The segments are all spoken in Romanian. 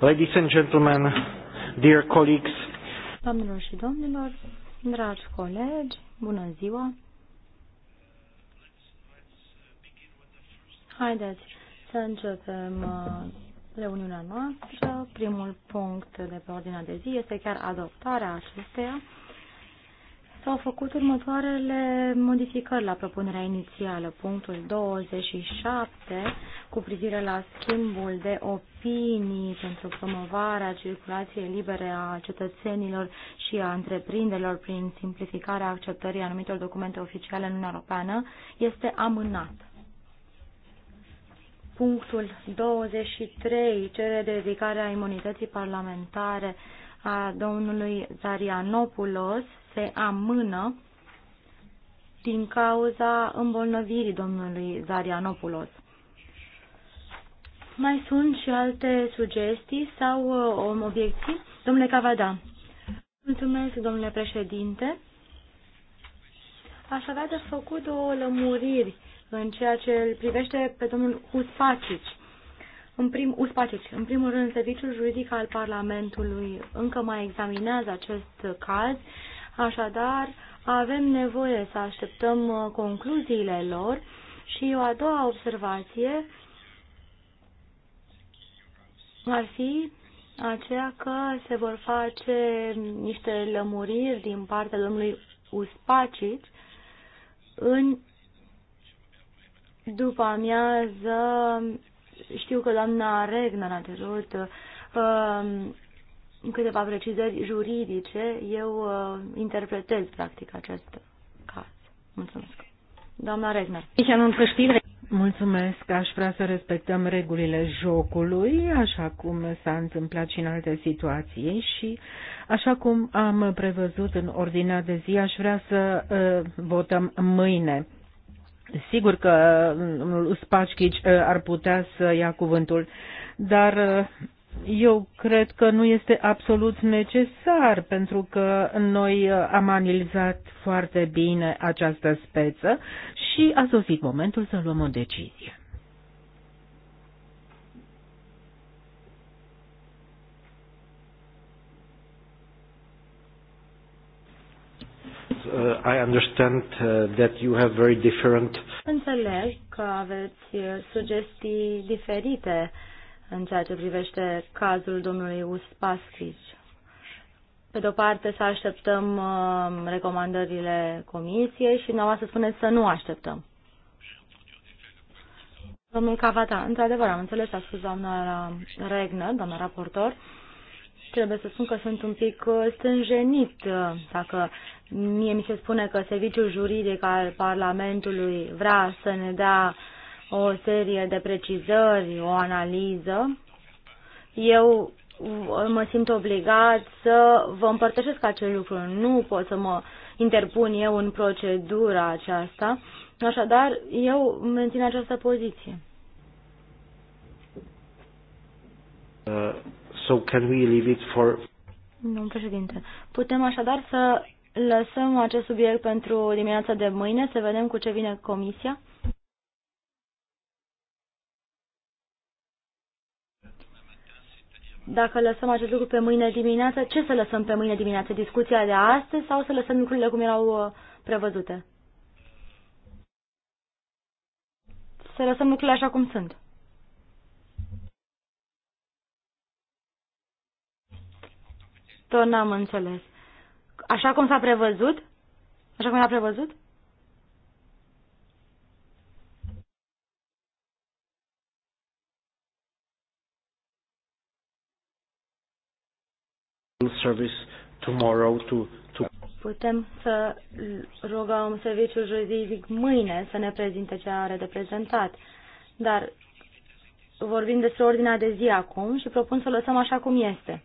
Ladies and gentlemen, dear colleagues. Doamnelor și domnilor, dragi colegi, bună ziua. Haideți să începem uh, reuniunea noastră. Primul punct de pe ordinea de zi este chiar adoptarea acesteia. S-au făcut următoarele modificări la propunerea inițială. Punctul 27 cu privire la schimbul de opinii pentru promovarea circulației libere a cetățenilor și a întreprinderilor prin simplificarea acceptării anumitor documente oficiale în Uniunea Europeană este amânat. Punctul 23 cere de ridicare a imunității parlamentare a domnului Zarianopoulos se amână din cauza îmbolnăvirii domnului Zarianopoulos. Mai sunt și alte sugestii sau uh, obiecții? Domnule Cavada. Mulțumesc, domnule președinte. Aș avea de făcut o lămuriri în ceea ce îl privește pe domnul Uspacici. În prim, Uspacici, în primul rând, serviciul juridic al Parlamentului încă mai examinează acest caz, așadar avem nevoie să așteptăm uh, concluziile lor și o a doua observație ar fi aceea că se vor face niște lămuriri din partea domnului Uspacic în după amiază știu că doamna Regner a cerut uh, câteva precizări juridice. Eu uh, interpretez, practic, acest caz. Mulțumesc. Doamna Regner. Deci, Mulțumesc, aș vrea să respectăm regulile jocului, așa cum s-a întâmplat și în alte situații și așa cum am prevăzut în ordinea de zi, aș vrea să uh, votăm mâine. Sigur că uh, Spacchici uh, ar putea să ia cuvântul, dar uh, eu cred că nu este absolut necesar, pentru că noi uh, am analizat foarte bine această speță și a sosit momentul să luăm o decizie. Uh, I understand uh, that you have very different. Înțeleg că aveți sugestii diferite în ceea ce privește cazul domnului Uspaschic. Pe de-o parte să așteptăm uh, recomandările comisiei și noua să spuneți să nu așteptăm. Domnul Cavata, într-adevăr am înțeles, a spus doamna Regnă, doamna raportor, trebuie să spun că sunt un pic uh, stânjenit uh, dacă mie mi se spune că serviciul juridic al Parlamentului vrea să ne dea uh, o serie de precizări, o analiză, eu uh, mă simt obligat să vă împărtășesc acel lucru. Nu pot să mă interpun eu în procedura aceasta. Așadar, eu mențin această poziție. Uh, so can we leave it for... Nu, președinte, putem așadar să lăsăm acest subiect pentru dimineața de mâine, să vedem cu ce vine comisia? dacă lăsăm acest lucru pe mâine dimineață, ce să lăsăm pe mâine dimineață? Discuția de astăzi sau să lăsăm lucrurile cum erau uh, prevăzute? Să lăsăm lucrurile așa cum sunt. Tot n-am înțeles. Așa cum s-a prevăzut? Așa cum s-a prevăzut? service tomorrow to, to Putem să rugăm serviciul juridic mâine să ne prezinte ce are de prezentat. Dar vorbim despre ordinea de zi acum și propun să o lăsăm așa cum este.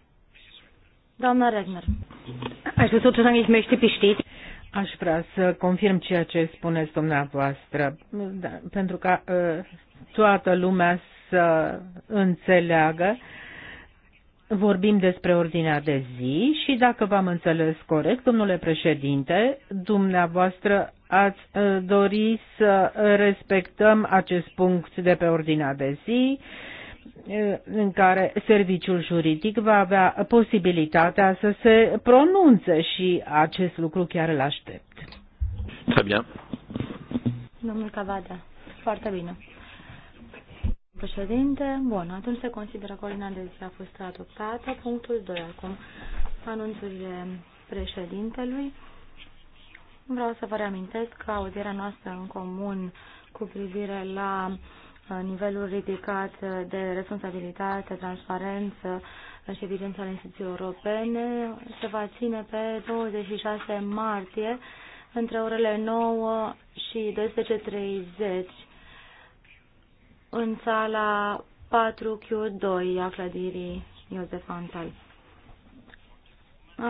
Doamna Regner. Aș vrea să Aș vrea să confirm ceea ce spuneți dumneavoastră, da, pentru ca uh, toată lumea să înțeleagă. Uh, vorbim despre ordinea de zi și dacă v-am înțeles corect, domnule președinte, dumneavoastră ați uh, dori să respectăm acest punct de pe ordinea de zi uh, în care serviciul juridic va avea posibilitatea să se pronunțe și acest lucru chiar îl aștept. bine. Domnul Cavada, foarte bine președinte. Bun, atunci se consideră că ordinea de zi a fost adoptată. Punctul 2 acum, anunțurile președintelui. Vreau să vă reamintesc că audierea noastră în comun cu privire la uh, nivelul ridicat de responsabilitate, transparență și evidență ale instituțiilor europene se va ține pe 26 martie între orele 9 și 12.30 în sala 4Q2 a clădirii Iosef Antal.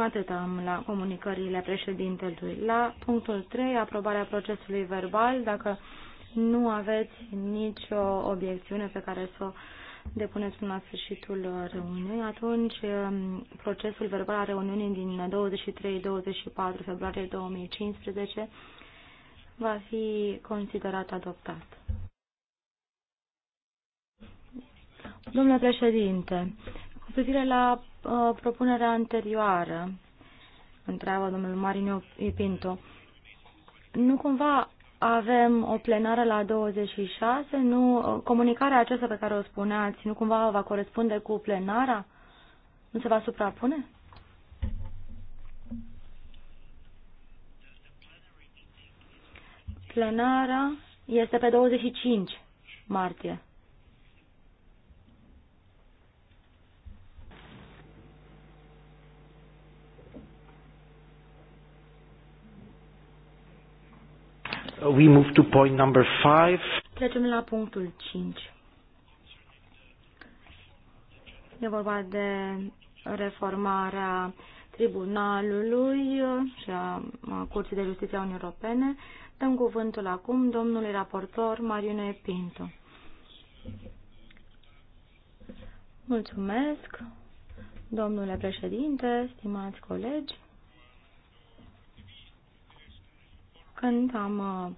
Atât am la comunicările președintelui. La punctul 3, aprobarea procesului verbal, dacă nu aveți nicio obiecțiune pe care să o depuneți până la sfârșitul reuniunii, atunci um, procesul verbal al reuniunii din 23-24 februarie 2015 va fi considerat adoptat. Domnule președinte, cu privire la uh, propunerea anterioară, întreabă domnul Marino Pinto, nu cumva avem o plenară la 26? Nu, uh, comunicarea aceasta pe care o spuneați, nu cumva va corespunde cu plenara? Nu se va suprapune? Plenara este pe 25 martie. we move to point number five. Trecem la punctul 5. E vorba de reformarea Tribunalului și a Curții de Justiție a Uniunii Europene. Dăm cuvântul acum domnului raportor Mariune Pinto. Mulțumesc, domnule președinte, stimați colegi. Când am uh,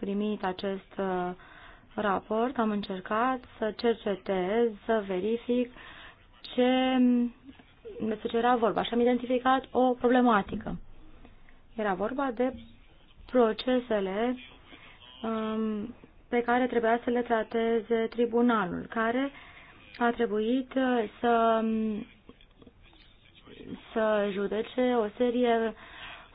primit acest uh, raport, am încercat să cercetez, să verific ce, despre ce era vorba și am identificat o problematică. Era vorba de procesele um, pe care trebuia să le trateze tribunalul, care a trebuit uh, să, să judece o serie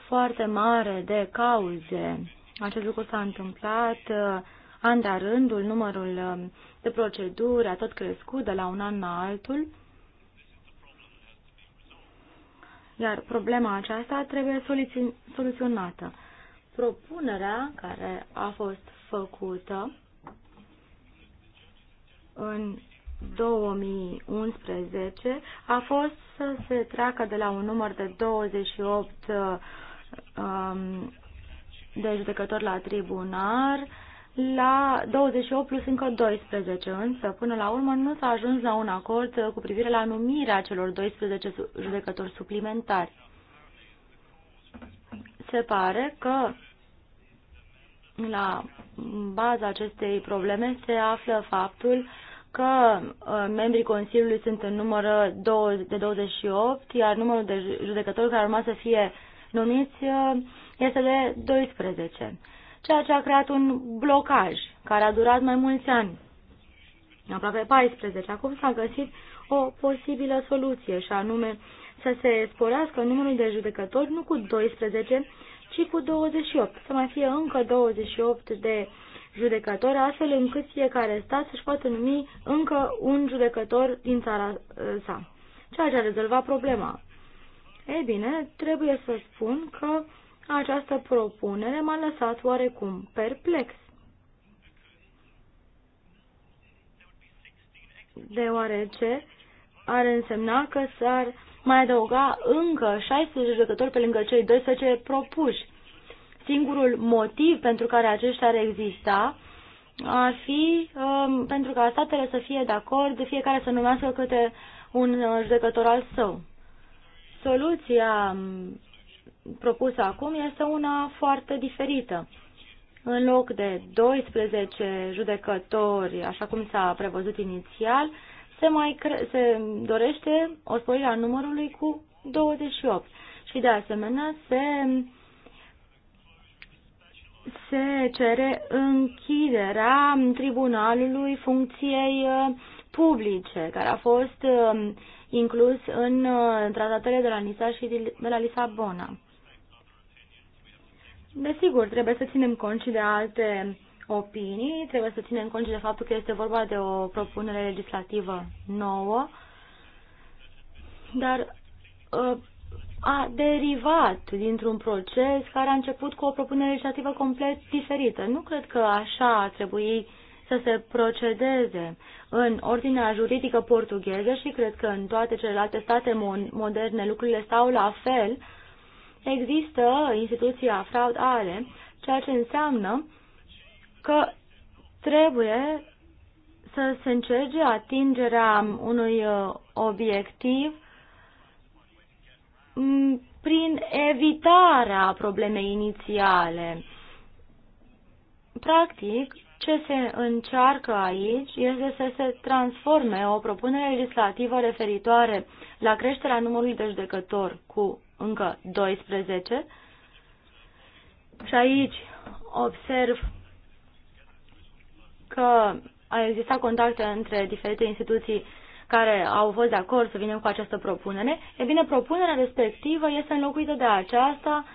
foarte mare de cauze. Acest lucru s-a întâmplat uh, an de rândul, numărul uh, de proceduri a tot crescut de la un an la altul. Iar problema aceasta trebuie soluționată. Propunerea care a fost făcută în 2011 a fost să se treacă de la un număr de 28 Um, de judecători la tribunar la 28 plus încă 12, însă până la urmă nu s-a ajuns la un acord cu privire la numirea celor 12 judecători suplimentari. Se pare că la baza acestei probleme se află faptul că uh, membrii Consiliului sunt în număr de 28, iar numărul de judecători care urma să fie numiți uh, este de 12, ceea ce a creat un blocaj care a durat mai mulți ani, aproape 14. Acum s-a găsit o posibilă soluție și anume să se sporească numărul de judecători nu cu 12, ci cu 28, să mai fie încă 28 de judecători, astfel încât fiecare stat să-și poată numi încă un judecător din țara uh, sa, ceea ce a rezolvat problema. Ei bine, trebuie să spun că această propunere m-a lăsat oarecum perplex. Deoarece ar însemna că s-ar mai adăuga încă 16 judecători pe lângă cei 12 propuși. Singurul motiv pentru care aceștia ar exista ar fi um, pentru ca statele să fie de acord, de fiecare să numească câte un uh, judecător al său. Soluția propusă acum este una foarte diferită. În loc de 12 judecători, așa cum s-a prevăzut inițial, se, mai se dorește o sporire a numărului cu 28. Și de asemenea se, se cere închiderea tribunalului funcției uh, publice, care a fost uh, inclus uh, în tratatele de la Nisa și de la Lisabona. Desigur, trebuie să ținem cont și de alte opinii, trebuie să ținem cont și de faptul că este vorba de o propunere legislativă nouă, dar uh, a derivat dintr-un proces care a început cu o propunere legislativă complet diferită. Nu cred că așa ar trebui uh, să se procedeze în ordinea juridică portugheză și cred că în toate celelalte state moderne lucrurile stau la fel, există instituția ale, ceea ce înseamnă că trebuie să se încerce atingerea unui uh, obiectiv prin evitarea problemei inițiale. Practic, ce se încearcă aici este să se transforme o propunere legislativă referitoare la creșterea numărului de judecători cu încă 12. Și aici observ că a existat contacte între diferite instituții care au fost de acord să vină cu această propunere. E bine, propunerea respectivă este înlocuită de aceasta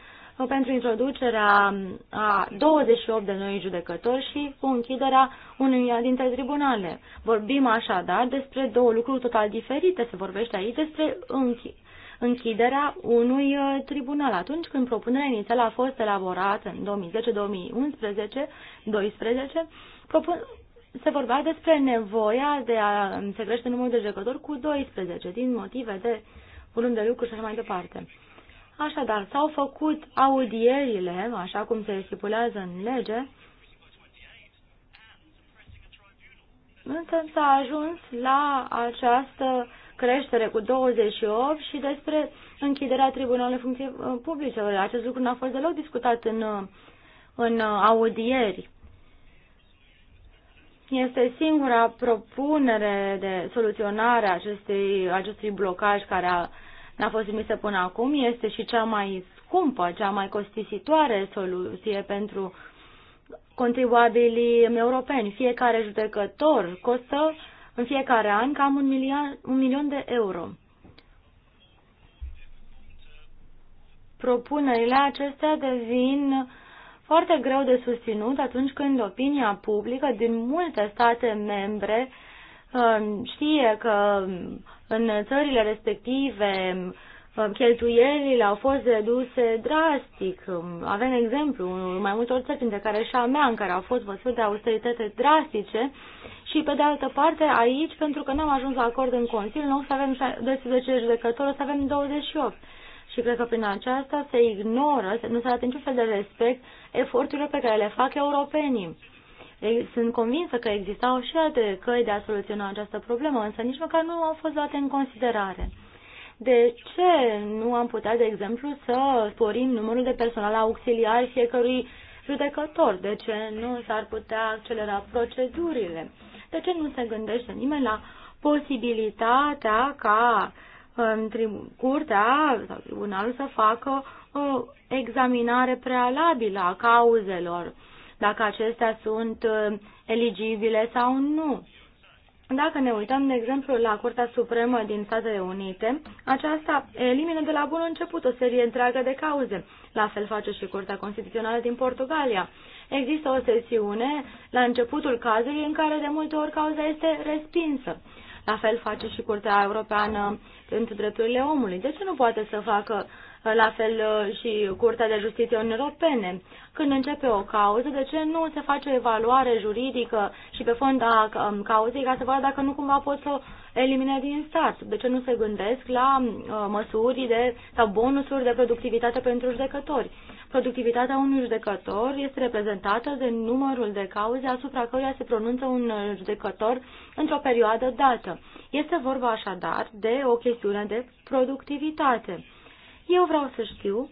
pentru introducerea a 28 de noi judecători și cu închiderea unui dintre tribunale. Vorbim așadar despre două lucruri total diferite. Se vorbește aici despre închi închiderea unui uh, tribunal. Atunci când propunerea inițială a fost elaborată în 2010, 2011, 2012, propun se vorbea despre nevoia de a se crește numărul de judecători cu 12 din motive de volum de lucru și așa mai departe. Așadar, s-au făcut audierile, așa cum se stipulează în lege, însă s-a ajuns la această creștere cu 28 și despre închiderea tribunalului funcției uh, publice. Acest lucru nu a fost deloc discutat în, uh, în uh, audieri. Este singura propunere de soluționare a acestui, acestui blocaj care a n-a fost trimisă până acum, este și cea mai scumpă, cea mai costisitoare soluție pentru contribuabilii europeni. Fiecare judecător costă în fiecare an cam un milion, un milion de euro. Propunerile acestea devin foarte greu de susținut atunci când opinia publică din multe state membre uh, știe că în țările respective um, cheltuielile au fost reduse drastic. Um, avem exemplu mai multor țări, printre care și a mea, în care au fost văzute de austeritate drastice și, pe de altă parte, aici, pentru că n-am ajuns la acord în Consiliu, nu o să avem 12 judecători, o să avem 28. Și cred că prin aceasta se ignoră, nu se arată niciun fel de respect eforturile pe care le fac europenii. Sunt convinsă că existau și alte căi de a soluționa această problemă, însă nici măcar nu au fost luate în considerare. De ce nu am putea, de exemplu, să sporim numărul de personal auxiliar fiecărui judecător? De ce nu s-ar putea accelera procedurile? De ce nu se gândește nimeni la posibilitatea ca curtea sau tribunalul să facă o examinare prealabilă a cauzelor dacă acestea sunt uh, eligibile sau nu. Dacă ne uităm, de exemplu, la Curtea Supremă din Statele Unite, aceasta elimină de la bun început o serie întreagă de cauze. La fel face și Curtea Constituțională din Portugalia. Există o sesiune la începutul cazului în care de multe ori cauza este respinsă. La fel face și Curtea Europeană pentru Drepturile Omului. De ce nu poate să facă la fel uh, și Curtea de Justiție Uniunii Europene. Când începe o cauză, de ce nu se face o evaluare juridică și pe fond a um, cauzei ca să vadă dacă nu cumva pot să o elimine din stat? De ce nu se gândesc la uh, măsuri de, sau bonusuri de productivitate pentru judecători? Productivitatea unui judecător este reprezentată de numărul de cauze asupra căruia se pronunță un uh, judecător într-o perioadă dată. Este vorba așadar de o chestiune de productivitate. Eu vreau să știu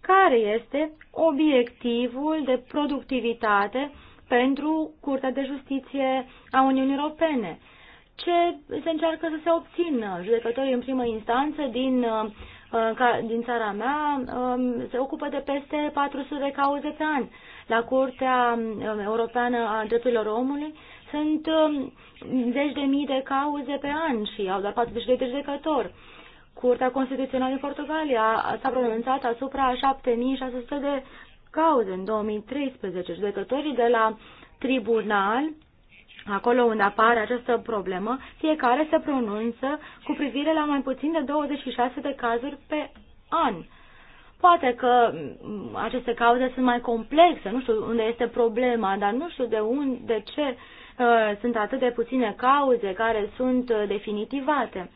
care este obiectivul de productivitate pentru Curtea de Justiție a Uniunii Europene. Ce se încearcă să se obțină? Judecătorii în primă instanță din, uh, din țara mea um, se ocupă de peste 400 de cauze pe an. La Curtea um, Europeană a Drepturilor Omului sunt um, zeci de mii de cauze pe an și au doar 40 de judecători. Curtea Constituțională din Portugalia s-a pronunțat asupra 7600 de cauze în 2013. Judecătorii de la tribunal, acolo unde apare această problemă, fiecare se pronunță cu privire la mai puțin de 26 de cazuri pe an. Poate că mm, aceste cauze sunt mai complexe, nu știu unde este problema, dar nu știu de unde, de ce uh, sunt atât de puține cauze care sunt uh, definitivate.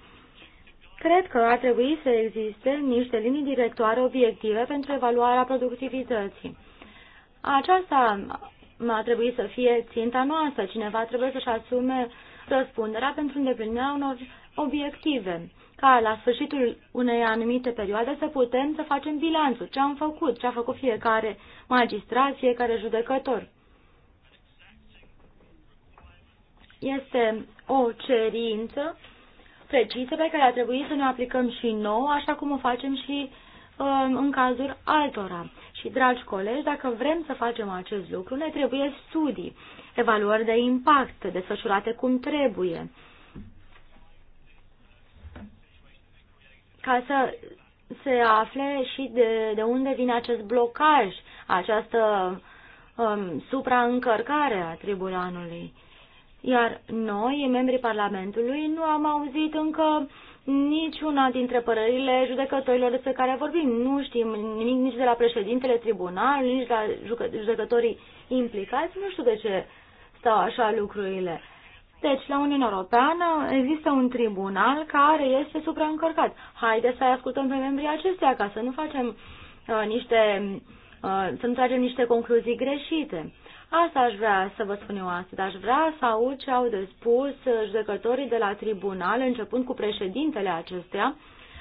Cred că ar trebui să existe niște linii directoare obiective pentru evaluarea productivității. Aceasta ar trebui să fie ținta noastră. Cineva trebuie să-și asume răspunderea pentru îndeplinirea unor obiective, ca la sfârșitul unei anumite perioade să putem să facem bilanțul, ce am făcut, ce a făcut fiecare magistrat, fiecare judecător. Este o cerință precise pe care ar trebui să ne aplicăm și nouă, așa cum o facem și um, în cazul altora. Și, dragi colegi, dacă vrem să facem acest lucru, ne trebuie studii, evaluări de impact desfășurate cum trebuie, ca să se afle și de, de unde vine acest blocaj, această um, supraîncărcare a tribunalului. Iar noi, membrii Parlamentului, nu am auzit încă niciuna dintre părările judecătorilor despre care vorbim. Nu știm nimic nici de la președintele tribunalului, nici de la judecătorii implicați. Nu știu de ce stau așa lucrurile. Deci, la Uniunea Europeană există un tribunal care este supraîncărcat. Haideți să-i ascultăm pe membrii acestea ca să nu facem uh, niște, uh, să nu tragem niște concluzii greșite. Asta aș vrea să vă spun eu astăzi. Aș vrea să aud ce au de spus judecătorii de la tribunal, începând cu președintele acestea,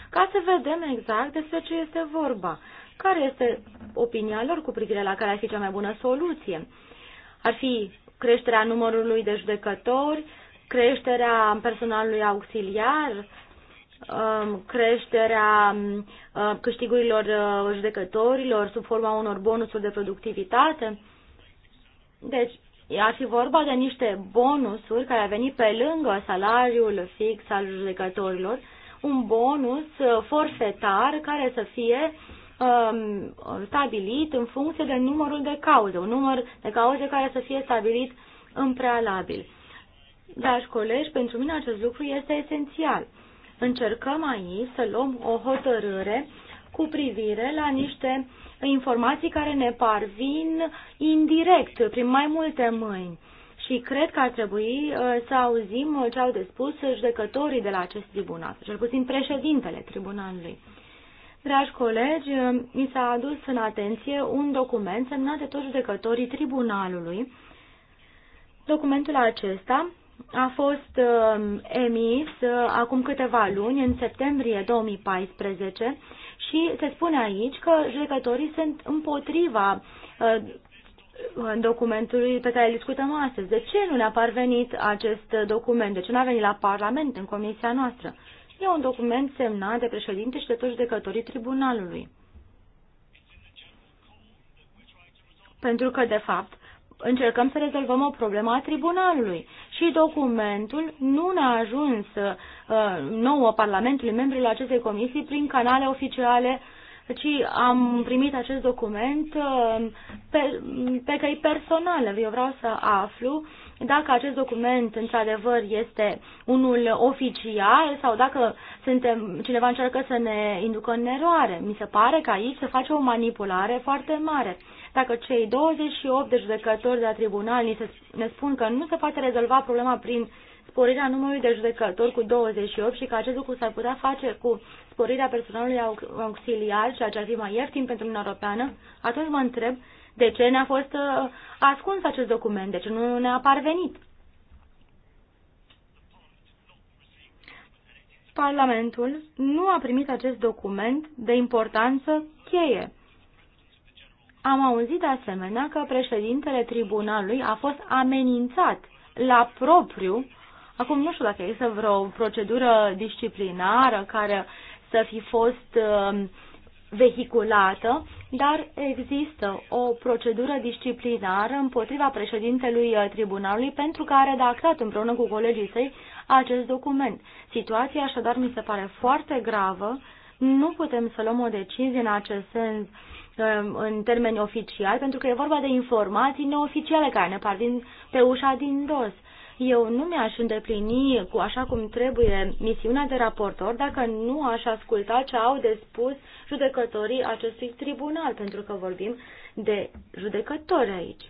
ca să vedem exact despre ce este vorba, care este opinia lor cu privire la care ar fi cea mai bună soluție. Ar fi creșterea numărului de judecători, creșterea personalului auxiliar, um, creșterea um, câștigurilor uh, judecătorilor sub forma unor bonusuri de productivitate. Deci, ar fi vorba de niște bonusuri care a venit pe lângă salariul fix al judecătorilor, un bonus uh, forfetar care să fie um, stabilit în funcție de numărul de cauze, un număr de cauze care să fie stabilit în prealabil. Dragi colegi, pentru mine acest lucru este esențial. Încercăm aici să luăm o hotărâre cu privire la niște informații care ne parvin indirect, prin mai multe mâini. Și cred că ar trebui uh, să auzim uh, ce au de spus judecătorii de la acest tribunal, cel puțin președintele tribunalului. Dragi colegi, uh, mi s-a adus în atenție un document semnat de toți judecătorii tribunalului. Documentul acesta a fost emis acum câteva luni, în septembrie 2014, și se spune aici că judecătorii sunt împotriva uh, în documentului pe care îl discutăm astăzi. De ce nu ne-a parvenit acest document? De ce nu a venit la Parlament, în comisia noastră? E un document semnat de președinte și de toți judecătorii tribunalului. Pentru că, de fapt, încercăm să rezolvăm o problemă a tribunalului și documentul nu ne-a ajuns uh, nouă Parlamentului, membrilor acestei comisii, prin canale oficiale, ci am primit acest document uh, pe, pe căi personale. Eu vreau să aflu dacă acest document într-adevăr este unul oficial sau dacă suntem, cineva încearcă să ne inducă în eroare. Mi se pare că aici se face o manipulare foarte mare. Dacă cei 28 de judecători de la tribunal ne spun că nu se poate rezolva problema prin sporirea numărului de judecători cu 28 și că acest lucru s-ar putea face cu sporirea personalului auxiliar, ceea ce ar fi mai ieftin pentru Uniunea Europeană, atunci mă întreb de ce ne-a fost uh, ascuns acest document, de ce nu ne-a parvenit. Parlamentul nu a primit acest document de importanță cheie am auzit de asemenea că președintele tribunalului a fost amenințat la propriu. Acum nu știu dacă există vreo procedură disciplinară care să fi fost um, vehiculată, dar există o procedură disciplinară împotriva președintelui uh, tribunalului pentru că a redactat împreună cu colegii săi acest document. Situația așadar mi se pare foarte gravă. Nu putem să luăm o decizie în acest sens Um, în termeni oficiali, pentru că e vorba de informații neoficiale care ne par din pe ușa din dos. Eu nu mi-aș îndeplini cu așa cum trebuie misiunea de raportor dacă nu aș asculta ce au de spus judecătorii acestui tribunal, pentru că vorbim de judecători aici.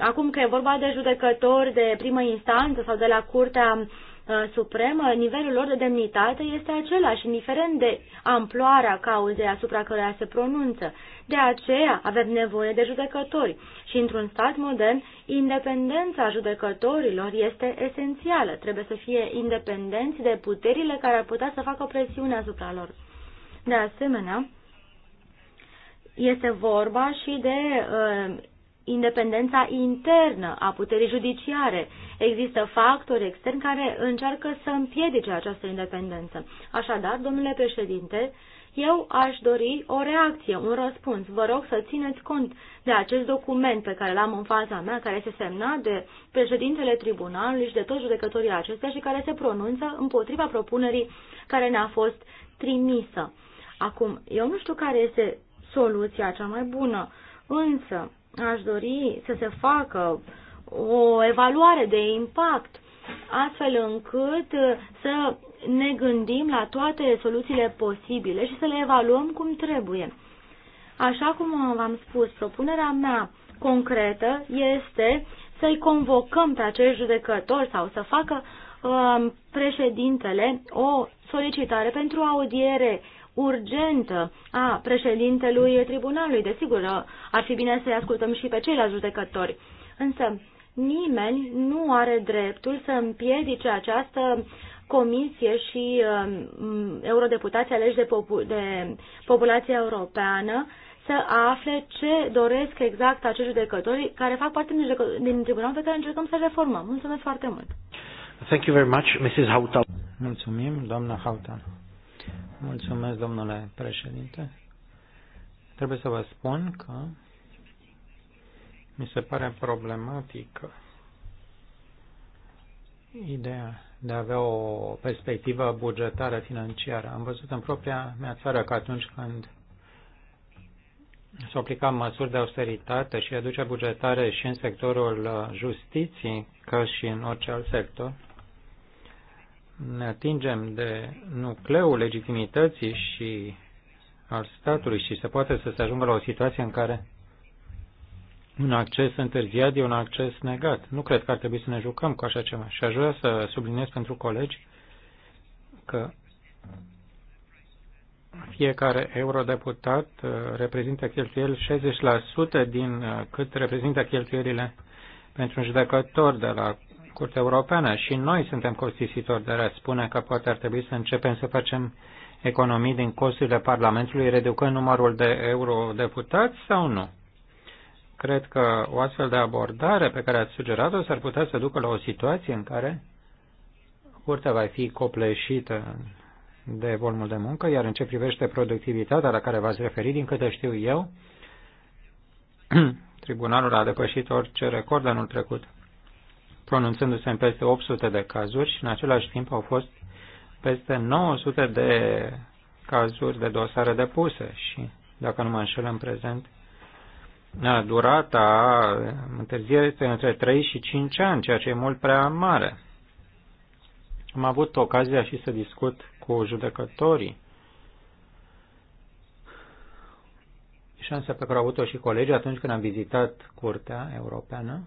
Acum că e vorba de judecători de primă instanță sau de la curtea Uh, supremă, nivelul lor de demnitate este același, indiferent de amploarea cauzei asupra căreia se pronunță. De aceea avem nevoie de judecători și, într-un stat modern, independența judecătorilor este esențială. Trebuie să fie independenți de puterile care ar putea să facă presiune asupra lor. De asemenea, este vorba și de uh, independența internă a puterii judiciare. Există factori externi care încearcă să împiedice această independență. Așadar, domnule președinte, eu aș dori o reacție, un răspuns. Vă rog să țineți cont de acest document pe care l-am în fața mea, care se semna de președintele tribunalului și de toți judecătorii acestea și care se pronunță împotriva propunerii care ne-a fost trimisă. Acum, eu nu știu care este soluția cea mai bună, însă aș dori să se facă o evaluare de impact, astfel încât uh, să ne gândim la toate soluțiile posibile și să le evaluăm cum trebuie. Așa cum v-am spus, propunerea mea concretă este să-i convocăm pe acești judecători sau să facă uh, președintele o solicitare pentru audiere urgentă a președintelui tribunalului. Desigur, ar fi bine să-i ascultăm și pe ceilalți judecători. Însă nimeni nu are dreptul să împiedice această comisie și uh, eurodeputații aleși de, popu- de populația europeană să afle ce doresc exact acești judecători care fac parte din, din tribunal pe care încercăm să reformăm. Mulțumesc foarte mult! Thank you very much, Mrs. Hautala. Mulțumim, doamna Hautala. Mulțumesc, domnule președinte. Trebuie să vă spun că mi se pare problematică ideea de a avea o perspectivă bugetară financiară. Am văzut în propria mea țară că atunci când s-au aplicat măsuri de austeritate și reducere bugetare și în sectorul justiției, ca și în orice alt sector, ne atingem de nucleul legitimității și al statului și se poate să se ajungă la o situație în care un acces întârziat e un acces negat. Nu cred că ar trebui să ne jucăm cu așa ceva. Și aș vrea să subliniez pentru colegi că fiecare eurodeputat uh, reprezintă cheltuieli 60% din uh, cât reprezintă cheltuielile pentru un judecător de la Curtea Europeană și noi suntem costisitori, de rest. spune că poate ar trebui să începem să facem economii din costurile Parlamentului, reducând numărul de eurodeputați sau nu? Cred că o astfel de abordare pe care ați sugerat-o s-ar putea să ducă la o situație în care curtea va fi copleșită de volumul de muncă, iar în ce privește productivitatea la care v-ați referit, din câte știu eu, tribunalul a depășit orice record anul trecut pronunțându-se în peste 800 de cazuri și în același timp au fost peste 900 de cazuri de dosare depuse și, dacă nu mă înșel în prezent, durata întârzierii este între 3 și 5 ani, ceea ce e mult prea mare. Am avut ocazia și să discut cu judecătorii șansa pe care au avut-o și colegii atunci când am vizitat Curtea Europeană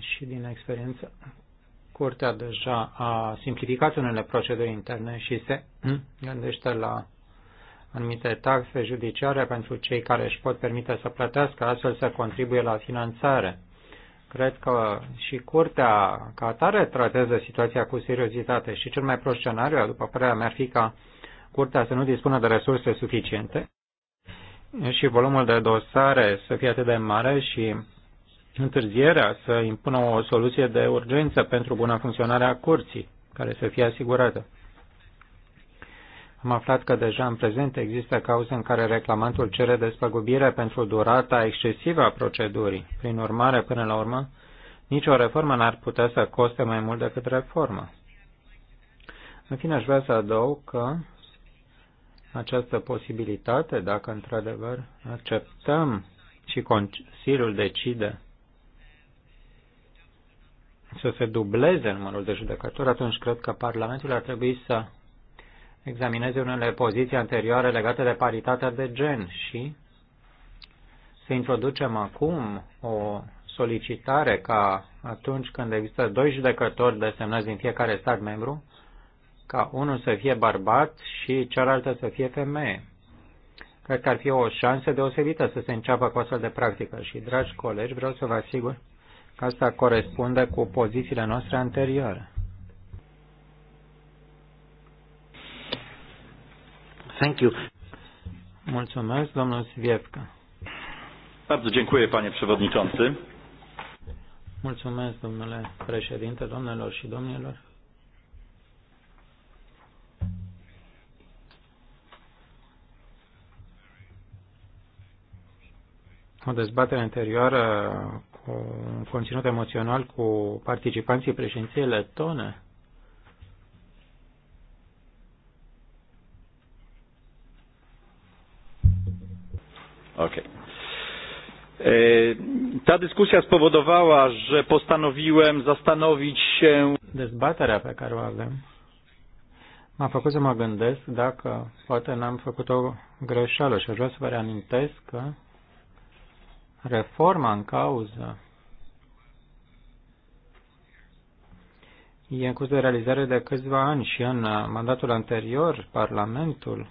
și din experiență, Curtea deja a simplificat unele proceduri interne și se gândește la anumite taxe judiciare pentru cei care își pot permite să plătească, astfel să contribuie la finanțare. Cred că și curtea ca atare tratează situația cu seriozitate și cel mai prost scenariu, după părerea mea, ar fi ca curtea să nu dispună de resurse suficiente și volumul de dosare să fie atât de mare și întârzierea să impună o soluție de urgență pentru buna funcționare a curții, care să fie asigurată. Am aflat că deja în prezent există cauze în care reclamantul cere despăgubire pentru durata excesivă a procedurii. Prin urmare, până la urmă, nicio reformă n-ar putea să coste mai mult decât reformă. În fine, aș vrea să adaug că această posibilitate, dacă într-adevăr acceptăm și Consiliul decide să se dubleze numărul de judecători, atunci cred că Parlamentul ar trebui să examineze unele poziții anterioare legate de paritatea de gen și să introducem acum o solicitare ca atunci când există doi judecători desemnați din fiecare stat membru, ca unul să fie bărbat și cealaltă să fie femeie. Cred că ar fi o șansă deosebită să se înceapă cu astfel de practică și, dragi colegi, vreau să vă asigur că asta corespunde cu pozițiile noastre anterioare. Thank you. Mulțumesc, domnul Svievka. Bardzo dziękuję, panie przewodniczący. Mulțumesc, domnule președinte, domnilor și domnilor. O dezbatere anterioară un conținut emoțional cu participanții președinției letone. Ok. Ta discuția spowodowała, że postanowiłem zastanowić się... Dezbaterea pe care o avem m-a făcut să mă gândesc dacă poate n-am făcut o greșeală și aș vrea să vă reamintesc că Reforma în cauză e în curs de realizare de câțiva ani și în uh, mandatul anterior Parlamentul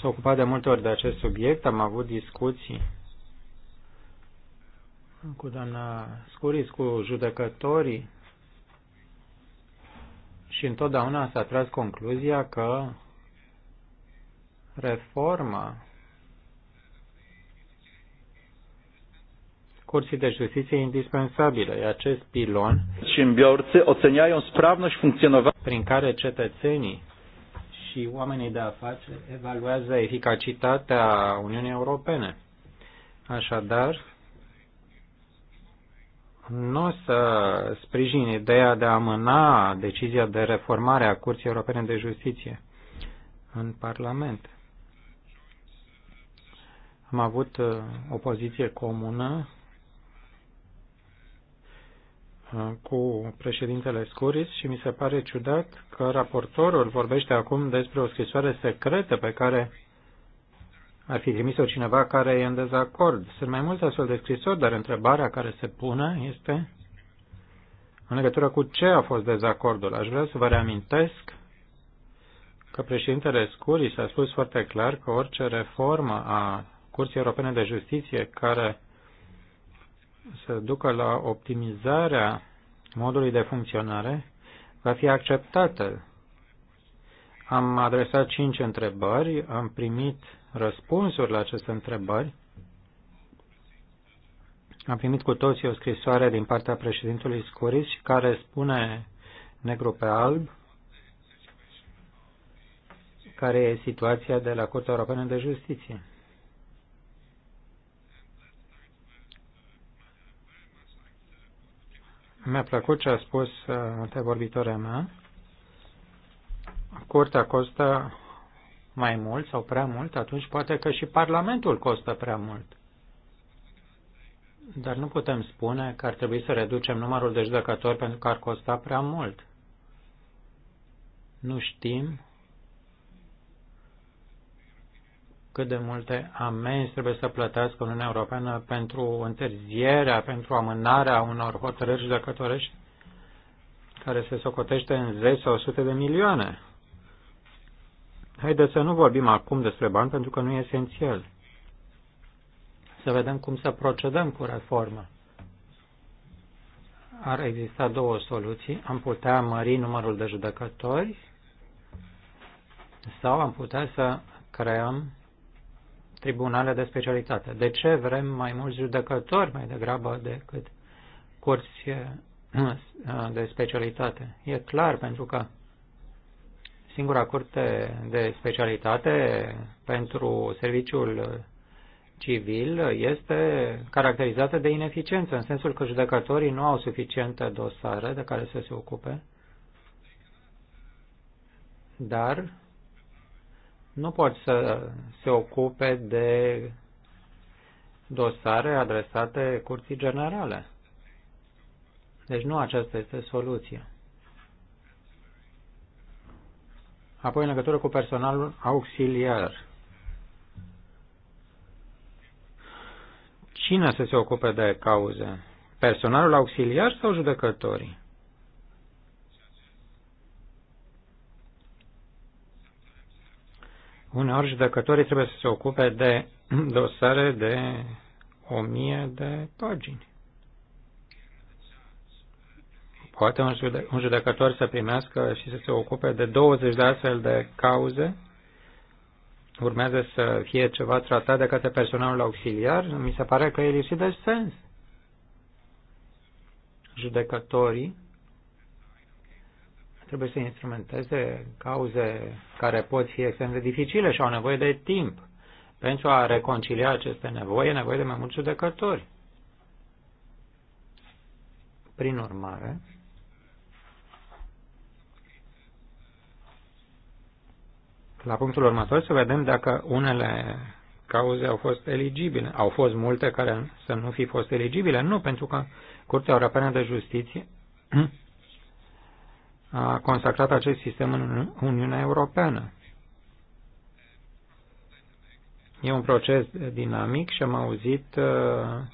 s-a ocupat de multe ori de acest subiect, am avut discuții cu doamna Scuris, cu judecătorii și întotdeauna s-a tras concluzia că reforma Curții de Justiție indispensabile. Acest pilon prin care cetățenii și oamenii de afaceri evaluează eficacitatea Uniunii Europene. Așadar, nu o să sprijin ideea de a amâna decizia de reformare a Curții Europene de Justiție în Parlament. Am avut uh, o poziție comună cu președintele Scuris și mi se pare ciudat că raportorul vorbește acum despre o scrisoare secretă pe care ar fi trimis-o cineva care e în dezacord. Sunt mai multe astfel de scrisori, dar întrebarea care se pune este în legătură cu ce a fost dezacordul. Aș vrea să vă reamintesc că președintele Scuris a spus foarte clar că orice reformă a Curții Europene de Justiție care să ducă la optimizarea modului de funcționare va fi acceptată. Am adresat cinci întrebări, am primit răspunsuri la aceste întrebări. Am primit cu toții o scrisoare din partea președintelui Scuris care spune negru pe alb care e situația de la Curtea Europeană de Justiție. Mi-a plăcut ce a spus uh, antevorbitoarea mea. Curtea costă mai mult sau prea mult, atunci poate că și Parlamentul costă prea mult. Dar nu putem spune că ar trebui să reducem numărul de judecători pentru că ar costa prea mult. Nu știm cât de multe amenzi trebuie să plătească Uniunea Europeană pentru întârzierea, pentru amânarea unor hotărâri judecătorești care se socotește în 10 sau 100 de milioane. Haideți să nu vorbim acum despre bani pentru că nu e esențial. Să vedem cum să procedăm cu reforma. Ar exista două soluții. Am putea mări numărul de judecători sau am putea să creăm tribunale de specialitate. De ce vrem mai mulți judecători mai degrabă decât curți eh, de specialitate? E clar, pentru că singura curte de specialitate pentru serviciul civil este caracterizată de ineficiență, în sensul că judecătorii nu au suficiente dosare de care să se ocupe, dar nu pot să se ocupe de dosare adresate curții generale. Deci nu aceasta este soluția. Apoi în legătură cu personalul auxiliar. Cine să se ocupe de cauze? Personalul auxiliar sau judecătorii? Uneori judecătorii trebuie să se ocupe de dosare de o mie de pagini. Poate un, jude- un judecător să primească și să se ocupe de 20 de astfel de cauze. Urmează să fie ceva tratat de către personalul auxiliar. Mi se pare că e lipsit de sens. Judecătorii Trebuie să instrumenteze cauze care pot fi extrem de dificile și au nevoie de timp. Pentru a reconcilia aceste nevoi, e nevoie de mai mulți judecători. Prin urmare, la punctul următor să vedem dacă unele cauze au fost eligibile. Au fost multe care să nu fi fost eligibile? Nu, pentru că Curtea Europeană de Justiție a consacrat acest sistem în Uniunea Europeană. E un proces dinamic și am auzit uh,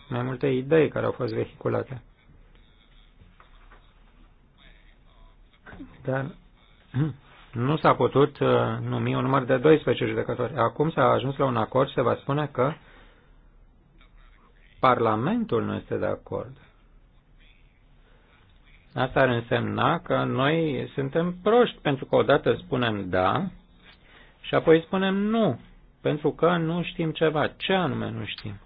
mai multe idei care au fost vehiculate. Dar nu s-a putut uh, numi un număr de 12 judecători. Acum s-a ajuns la un acord și se va spune că Parlamentul nu este de acord. Asta ar însemna că noi suntem proști pentru că odată spunem da și apoi spunem nu, pentru că nu știm ceva. Ce anume nu știm?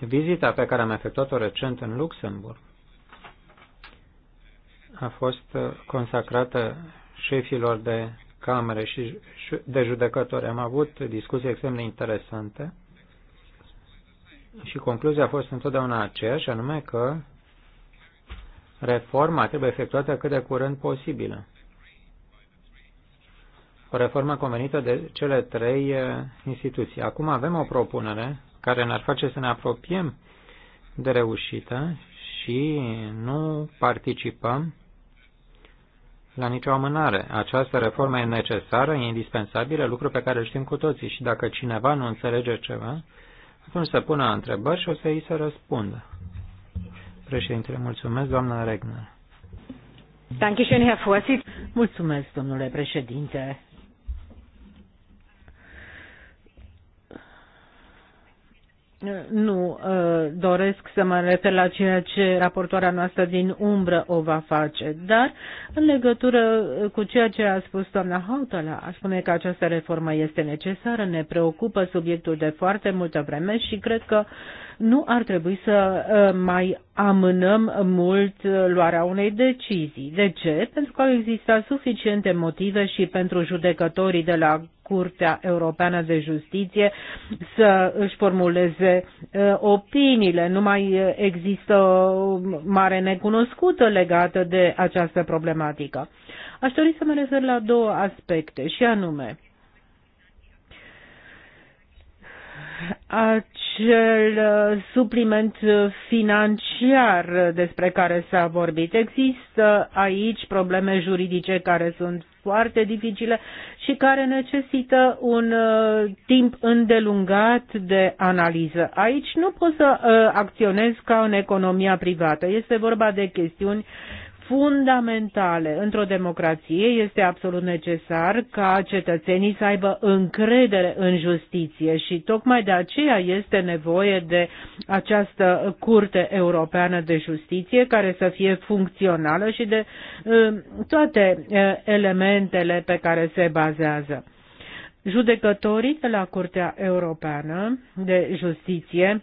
Vizita pe care am efectuat-o recent în Luxemburg a fost consacrată șefilor de camere și de judecători. Am avut discuții extrem de interesante și concluzia a fost întotdeauna aceeași, anume că Reforma trebuie efectuată cât de curând posibilă. O reformă convenită de cele trei eh, instituții. Acum avem o propunere care ne-ar face să ne apropiem de reușită și nu participăm la nicio amânare. Această reformă e necesară, e indispensabilă, lucru pe care îl știm cu toții și dacă cineva nu înțelege ceva, atunci se pună întrebări și o să îi se răspundă. Președintele, mulțumesc, doamna Regner. Mulțumesc, domnule președinte. nu ă, doresc să mă refer la ceea ce raportoarea noastră din umbră o va face, dar în legătură cu ceea ce a spus doamna Hautala, aș spune că această reformă este necesară, ne preocupă subiectul de foarte multă vreme și cred că nu ar trebui să ă, mai amânăm mult luarea unei decizii. De ce? Pentru că au existat suficiente motive și pentru judecătorii de la Curtea Europeană de Justiție să își formuleze ă, opiniile. Nu mai există o mare necunoscută legată de această problematică. Aș dori să mă refer la două aspecte și anume acel uh, supliment financiar despre care s-a vorbit. Există aici probleme juridice care sunt foarte dificile și care necesită un uh, timp îndelungat de analiză. Aici nu poți să uh, acționezi ca în economia privată. Este vorba de chestiuni fundamentale într-o democrație este absolut necesar ca cetățenii să aibă încredere în justiție și tocmai de aceea este nevoie de această Curte Europeană de Justiție care să fie funcțională și de uh, toate uh, elementele pe care se bazează. Judecătorii de la Curtea Europeană de Justiție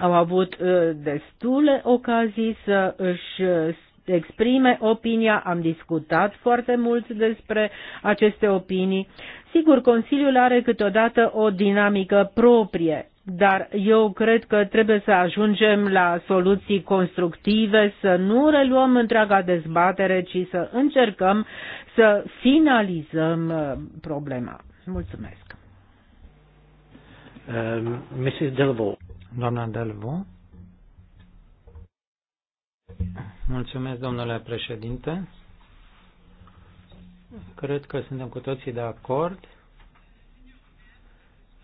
au avut uh, destule ocazii să își uh, exprime opinia, am discutat foarte mult despre aceste opinii. Sigur, Consiliul are câteodată o dinamică proprie, dar eu cred că trebuie să ajungem la soluții constructive, să nu reluăm întreaga dezbatere, ci să încercăm să finalizăm uh, problema. Mulțumesc. Um, Mrs. Delvaux. Doamna Delvo. Mulțumesc, domnule președinte. Cred că suntem cu toții de acord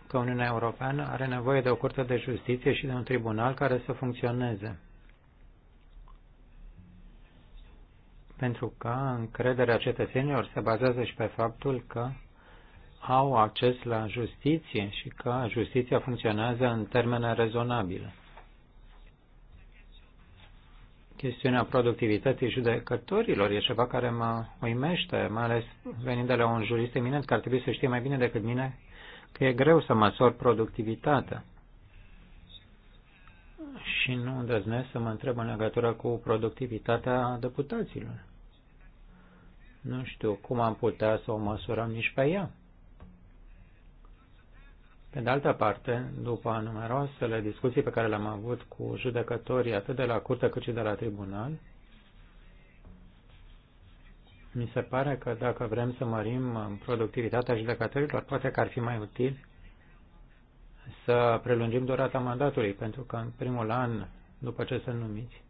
că Uniunea Europeană are nevoie de o curte de justiție și de un tribunal care să funcționeze. Pentru că încrederea cetățenilor se bazează și pe faptul că au acces la justiție și că justiția funcționează în termene rezonabile. Chestiunea productivității judecătorilor e ceva care mă uimește, mai ales venind de la un jurist eminent care ar trebui să știe mai bine decât mine că e greu să măsor productivitatea. Și nu îndrăznesc să mă întreb în legătură cu productivitatea deputaților. Nu știu cum am putea să o măsurăm nici pe ea. Pe de altă parte, după numeroasele discuții pe care le-am avut cu judecătorii atât de la curte cât și de la tribunal, mi se pare că dacă vrem să mărim productivitatea judecătorilor, poate că ar fi mai util să prelungim durata mandatului, pentru că în primul an, după ce sunt numiți,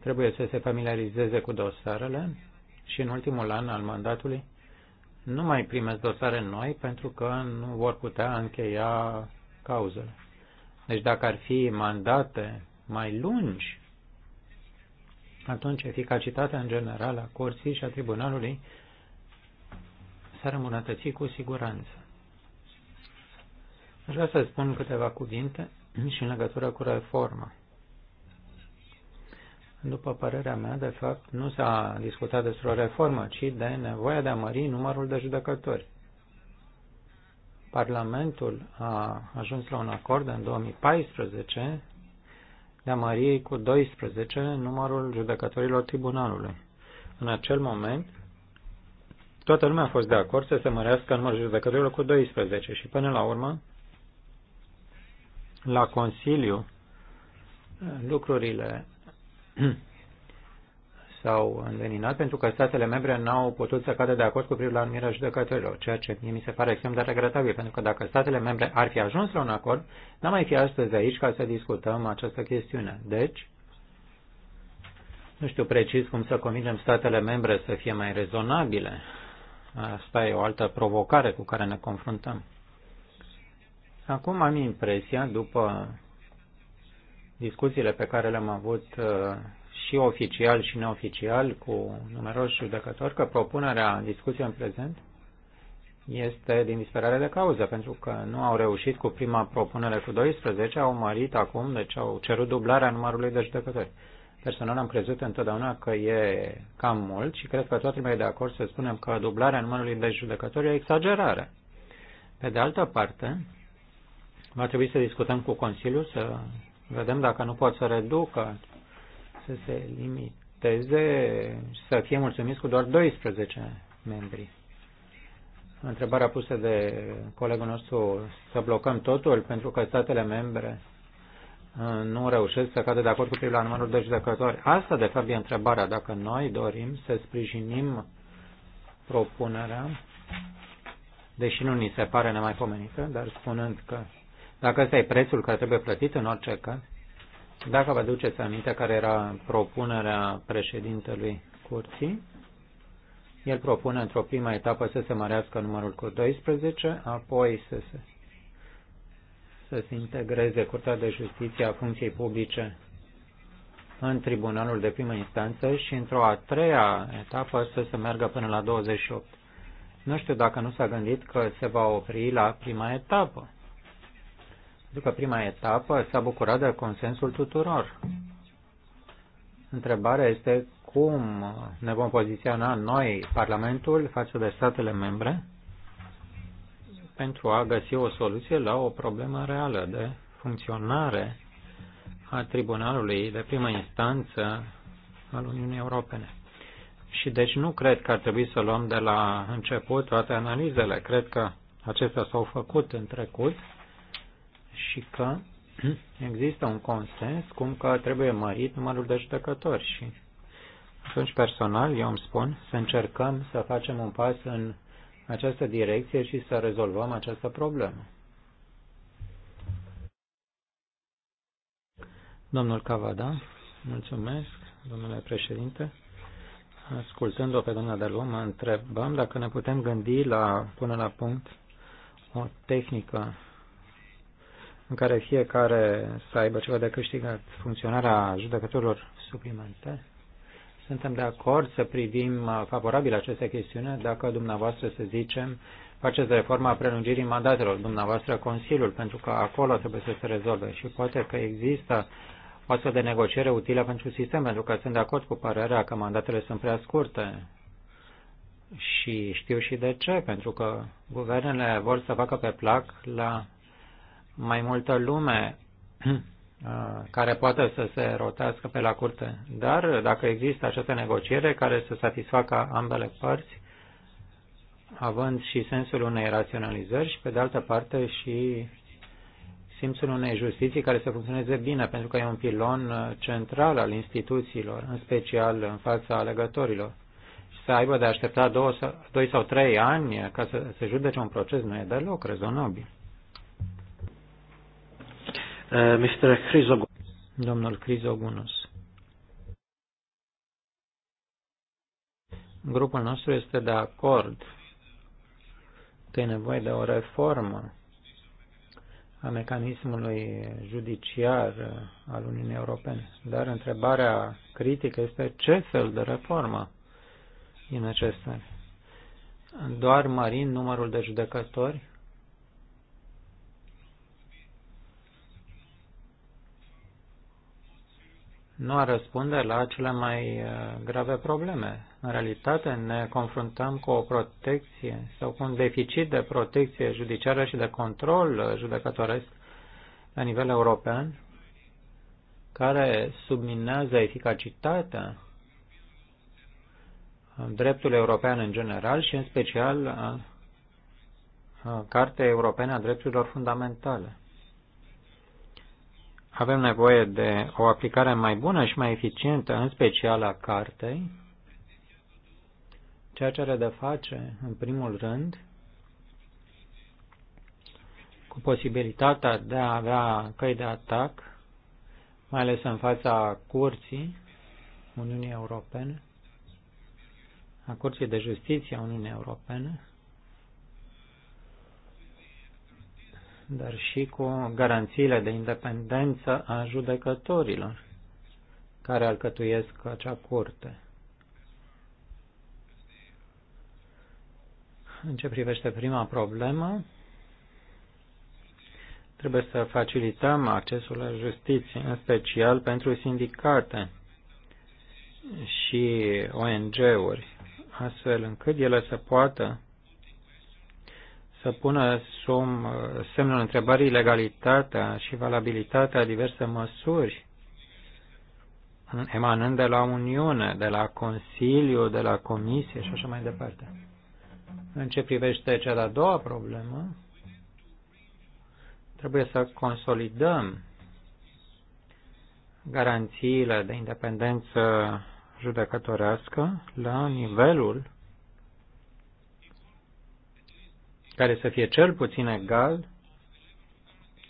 trebuie să se familiarizeze cu dosarele și în ultimul an al mandatului nu mai primesc dosare noi pentru că nu vor putea încheia cauzele. Deci dacă ar fi mandate mai lungi, atunci eficacitatea în general a Corții și a Tribunalului s-ar îmbunătăți cu siguranță. Aș vrea să spun câteva cuvinte și în legătură cu reforma. După părerea mea, de fapt, nu s-a discutat despre o reformă, ci de nevoia de a mări numărul de judecători. Parlamentul a ajuns la un acord în 2014 de a mări cu 12 numărul judecătorilor tribunalului. În acel moment, toată lumea a fost de acord să se mărească numărul judecătorilor cu 12 și până la urmă, la Consiliu, lucrurile s-au înveninat pentru că statele membre n-au putut să cadă de acord cu privire la numirea judecătorilor, ceea ce mie mi se pare extrem de regretabil, pentru că dacă statele membre ar fi ajuns la un acord, n-am mai fi astăzi aici ca să discutăm această chestiune. Deci, nu știu precis cum să convingem statele membre să fie mai rezonabile. Asta e o altă provocare cu care ne confruntăm. Acum am impresia, după discuțiile pe care le-am avut uh, și oficial și neoficial cu numeroși judecători că propunerea în discuție în prezent este din disperare de cauză, pentru că nu au reușit cu prima propunere cu 12, au mărit acum, deci au cerut dublarea numărului de judecători. Personal am crezut întotdeauna că e cam mult și cred că toată lumea e de acord să spunem că dublarea numărului de judecători e exagerare. Pe de altă parte, va trebui să discutăm cu Consiliul, să Vedem dacă nu pot să reducă, să se limiteze și să fie mulțumiți cu doar 12 membri. Întrebarea pusă de colegul nostru, să blocăm totul pentru că statele membre uh, nu reușesc să cadă de acord cu privire la numărul de judecători. Asta, de fapt, e întrebarea. Dacă noi dorim să sprijinim propunerea, deși nu ni se pare nemaipomenită, dar spunând că dacă ăsta e prețul care trebuie plătit în orice caz, dacă vă duceți aminte care era propunerea președintelui curții, el propune într-o prima etapă să se mărească numărul cu 12, apoi să se, să se integreze Curtea de Justiție a funcției publice în tribunalul de primă instanță și într-o a treia etapă să se meargă până la 28. Nu știu dacă nu s-a gândit că se va opri la prima etapă. După prima etapă s-a bucurat de consensul tuturor. Întrebarea este cum ne vom poziționa noi, Parlamentul, față de statele membre, pentru a găsi o soluție la o problemă reală de funcționare a Tribunalului de primă instanță al Uniunii Europene. Și deci nu cred că ar trebui să luăm de la început toate analizele. Cred că acestea s-au făcut în trecut și că există un consens cum că trebuie mărit numărul de judecători și atunci personal, eu îmi spun, să încercăm să facem un pas în această direcție și să rezolvăm această problemă. Domnul Cavada, mulțumesc, domnule președinte. Ascultând-o pe doamna de lume, întrebăm dacă ne putem gândi la, până la punct, o tehnică în care fiecare să aibă ceva de câștigat funcționarea judecătorilor suplimente, Suntem de acord să privim favorabil aceste chestiune dacă dumneavoastră, să zicem, faceți reforma prelungirii mandatelor dumneavoastră Consiliul, pentru că acolo trebuie să se rezolve și poate că există o astfel de negociere utilă pentru sistem, pentru că sunt de acord cu părerea că mandatele sunt prea scurte. Și știu și de ce, pentru că guvernele vor să facă pe plac la mai multă lume uh, care poate să se rotească pe la curte. Dar dacă există această negociere care să satisfacă ambele părți, având și sensul unei raționalizări și, pe de altă parte, și simțul unei justiții care să funcționeze bine, pentru că e un pilon uh, central al instituțiilor, în special în fața alegătorilor. Și să aibă de aștepta două, doi sau trei ani ca să se judece un proces nu e deloc rezonabil. Eh, Mr. Chrysogonos. Domnul Chrysogonos. Grupul nostru este de acord că e nevoie de o reformă a mecanismului judiciar eh, al Uniunii Europene. Dar întrebarea critică este ce fel de reformă e necesar. Doar mărind numărul de judecători nu ar răspunde la cele mai uh, grave probleme. În realitate ne confruntăm cu o protecție sau cu un deficit de protecție judiciară și de control uh, judecătoresc la nivel european care subminează eficacitatea uh, dreptului european în general și în special a Cartea Europene a Drepturilor Fundamentale. Avem nevoie de o aplicare mai bună și mai eficientă, în special a cartei, ceea ce are de face, în primul rând, cu posibilitatea de a avea căi de atac, mai ales în fața curții Uniunii Europene, a Curții de Justiție a Uniunii Europene, dar și cu garanțiile de independență a judecătorilor care alcătuiesc acea curte. În ce privește prima problemă, trebuie să facilităm accesul la justiție, în special pentru sindicate și ONG-uri, astfel încât ele să poată să pună sum, semnul întrebării legalitatea și valabilitatea diverse măsuri emanând de la Uniune, de la Consiliu, de la Comisie și așa mai departe. În ce privește cea de-a doua problemă, trebuie să consolidăm garanțiile de independență judecătorească la nivelul care să fie cel puțin egal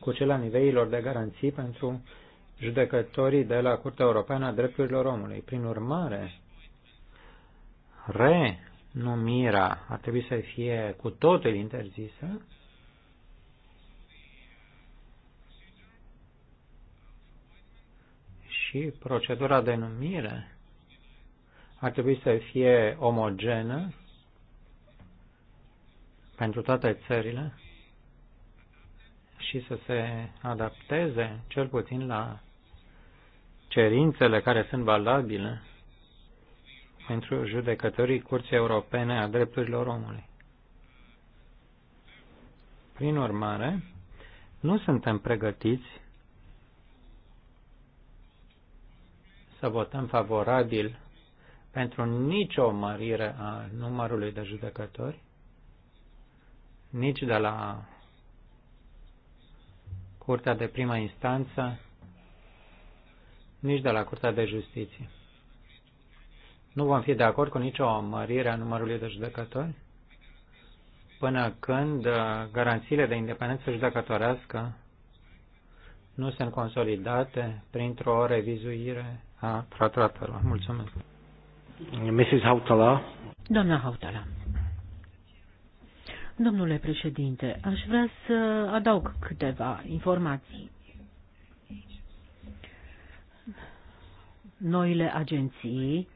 cu cel a nivelilor de garanții pentru judecătorii de la Curtea Europeană a Drepturilor Omului. Prin urmare, renumirea ar trebui să fie cu totul interzisă, și procedura de numire ar trebui să fie omogenă pentru toate țările și să se adapteze cel puțin la cerințele care sunt valabile pentru judecătorii Curții Europene a Drepturilor Omului. Prin urmare, nu suntem pregătiți să votăm favorabil pentru nicio mărire a numărului de judecători nici de la Curtea de Prima Instanță, nici de la Curtea de Justiție. Nu vom fi de acord cu nicio mărire a numărului de judecători până când uh, garanțiile de independență judecătorească nu sunt consolidate printr-o revizuire a tratatelor. Mulțumesc. Mrs. Hautala. Doamna Hautala. Domnule președinte, aș vrea să adaug câteva informații. Noile agenții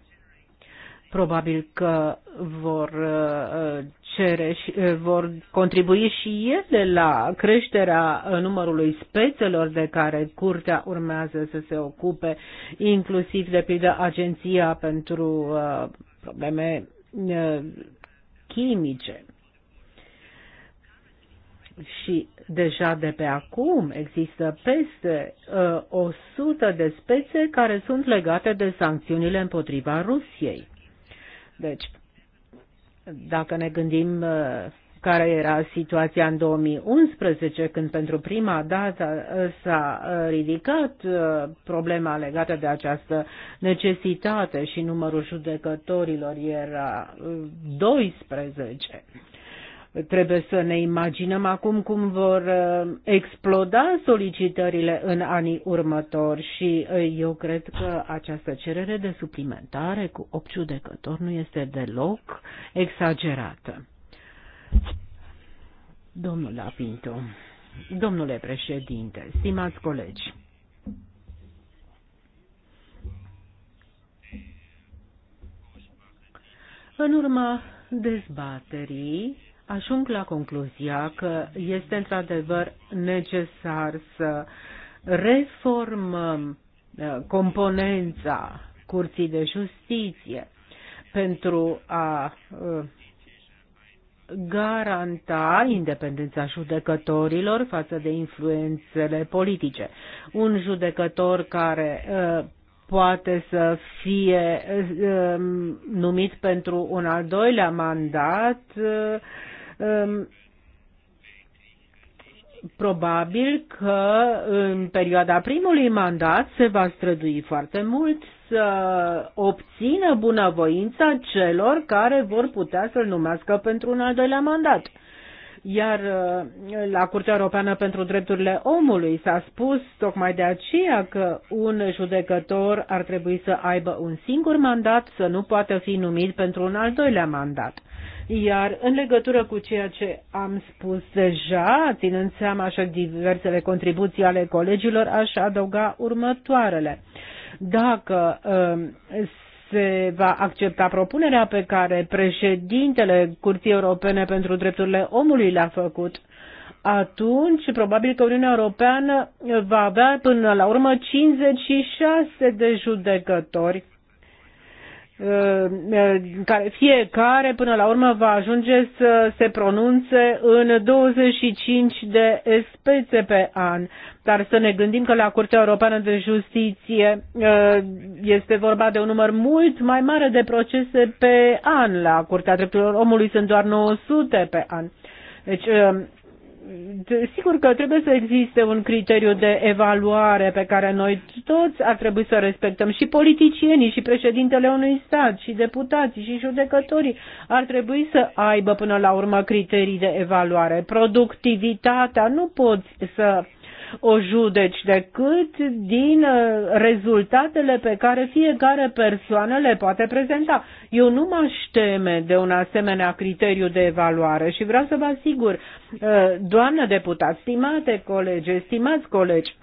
probabil că vor uh, cere și uh, vor contribui și ele la creșterea numărului spețelor de care curtea urmează să se ocupe, inclusiv de pildă agenția pentru uh, probleme chimice și deja de pe acum există peste uh, 100 de spețe care sunt legate de sancțiunile împotriva Rusiei. Deci, dacă ne gândim uh, care era situația în 2011, când pentru prima dată uh, s-a uh, ridicat uh, problema legată de această necesitate și numărul judecătorilor era 12. Trebuie să ne imaginăm acum cum vor uh, exploda solicitările în anii următori și uh, eu cred că această cerere de suplimentare cu 8 judecători nu este deloc exagerată. Domnul Apinto, domnule președinte, stimați colegi, În urma dezbaterii ajung la concluzia că este într-adevăr necesar să reformăm uh, componența Curții de Justiție pentru a uh, garanta independența judecătorilor față de influențele politice. Un judecător care uh, poate să fie um, numit pentru un al doilea mandat Um, probabil că în perioada primului mandat se va strădui foarte mult să obțină bunăvoința celor care vor putea să-l numească pentru un al doilea mandat. Iar uh, la Curtea Europeană pentru Drepturile Omului s-a spus tocmai de aceea că un judecător ar trebui să aibă un singur mandat, să nu poată fi numit pentru un al doilea mandat. Iar în legătură cu ceea ce am spus deja, ținând seama așa diversele contribuții ale colegilor, aș adăuga următoarele. Dacă um, se va accepta propunerea pe care președintele Curții Europene pentru Drepturile Omului l-a făcut, atunci probabil că Uniunea Europeană va avea până la urmă 56 de judecători Uh, care fiecare până la urmă va ajunge să se pronunțe în 25 de spețe pe an. Dar să ne gândim că la Curtea Europeană de Justiție uh, este vorba de un număr mult mai mare de procese pe an. La Curtea Drepturilor Omului sunt doar 900 pe an. Deci uh, Sigur că trebuie să existe un criteriu de evaluare pe care noi toți ar trebui să respectăm și politicienii și președintele unui stat și deputații și judecătorii ar trebui să aibă până la urmă criterii de evaluare. Productivitatea nu poți să uh, o judeci decât din uh, rezultatele pe care fiecare persoană le poate prezenta. Eu nu mă teme de un asemenea criteriu de evaluare și vreau să vă asigur, uh, doamnă deputat, stimate colegi, stimați colegi,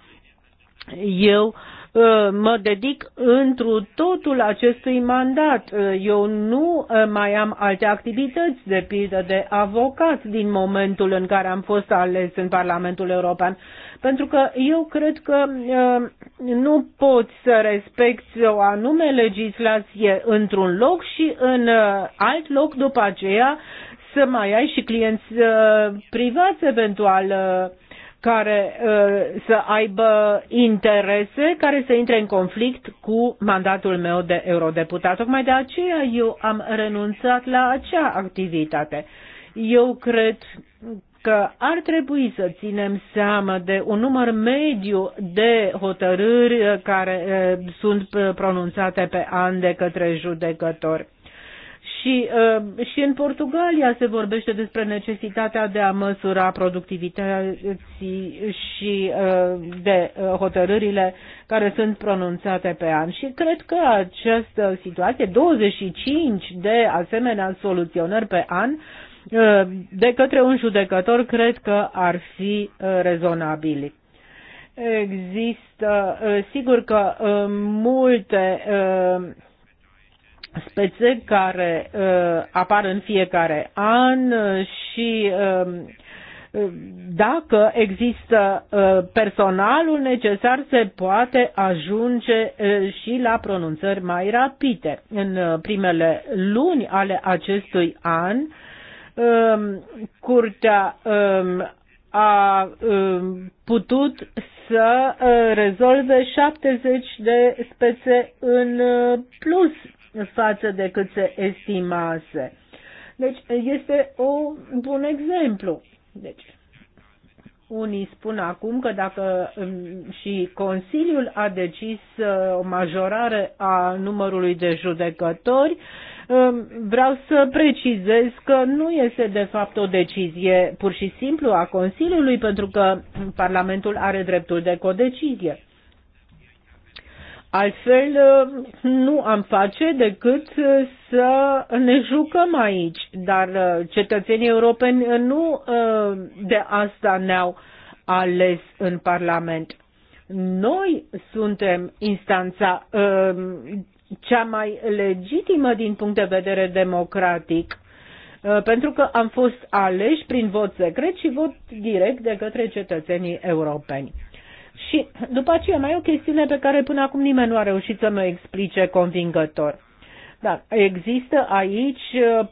eu uh, mă dedic întru totul acestui mandat. Eu nu mai am alte activități de pildă de avocat din momentul în care am fost ales în Parlamentul European. Pentru că eu cred că uh, nu poți să respecti o anume legislație într-un loc și în uh, alt loc după aceea să mai ai și clienți uh, privați eventual care să aibă interese care să intre în conflict cu mandatul meu de eurodeputat. Tocmai de aceea eu am renunțat la acea activitate. Eu cred că ar trebui să ținem seama de un număr mediu de hotărâri care sunt pronunțate pe an de către judecători. Și, și în Portugalia se vorbește despre necesitatea de a măsura productivității și de hotărârile care sunt pronunțate pe an. Și cred că această situație, 25 de asemenea soluționări pe an, de către un judecător, cred că ar fi uh, rezonabil. Există, uh, sigur că uh, multe spețe care apar în fiecare an și dacă există personalul necesar, se poate ajunge și la pronunțări mai rapide. În primele luni ale acestui an Um, curtea um, a um, putut să uh, rezolve 70 de spețe în uh, plus față de cât se estimase. Deci este o, un exemplu. Deci, unii spun acum că dacă și Consiliul a decis uh, o majorare a numărului de judecători, Ehm, vreau să precizez că nu este de fapt o decizie pur și simplu a Consiliului, pentru că Parlamentul are dreptul de codecizie. Altfel, ehm, nu am face decât eh, să ne jucăm aici, dar eh, cetățenii europeni eh, nu ehm, de asta ne-au ales în Parlament. Noi suntem instanța cea mai legitimă din punct de vedere democratic, uh, pentru că am fost aleși prin vot secret și vot direct de către cetățenii europeni. Și după aceea mai e o chestiune pe care până acum nimeni nu a reușit să mă explice convingător. Dar există aici uh,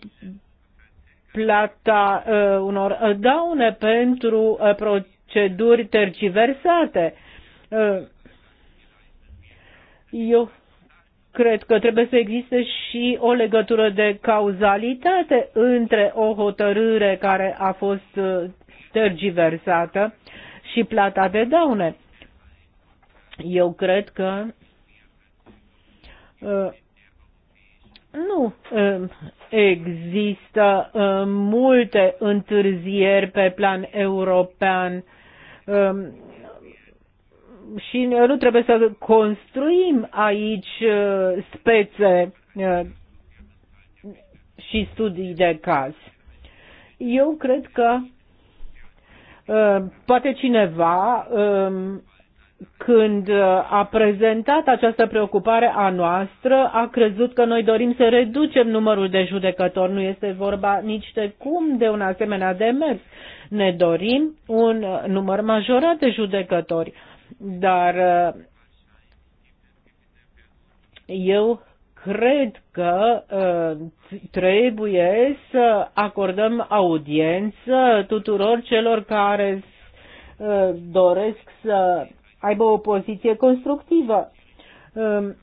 plata uh, unor uh, daune pentru uh, proceduri tergiversate. Uh, eu cred că trebuie să existe și o legătură de cauzalitate între o hotărâre care a fost uh, tergiversată și plata de daune. Eu cred că uh, nu uh, există multe întârzieri pe plan european și nu trebuie să construim aici uh, spețe uh, și studii de caz. Eu cred că uh, poate cineva um, când a prezentat această preocupare a noastră, a crezut că noi dorim să reducem numărul de judecători. Nu este vorba nici de cum de un asemenea demers. Ne dorim un număr majorat de judecători. Dar uh, eu cred că uh, trebuie să acordăm audiență tuturor celor care uh, doresc să aibă o poziție constructivă. Um,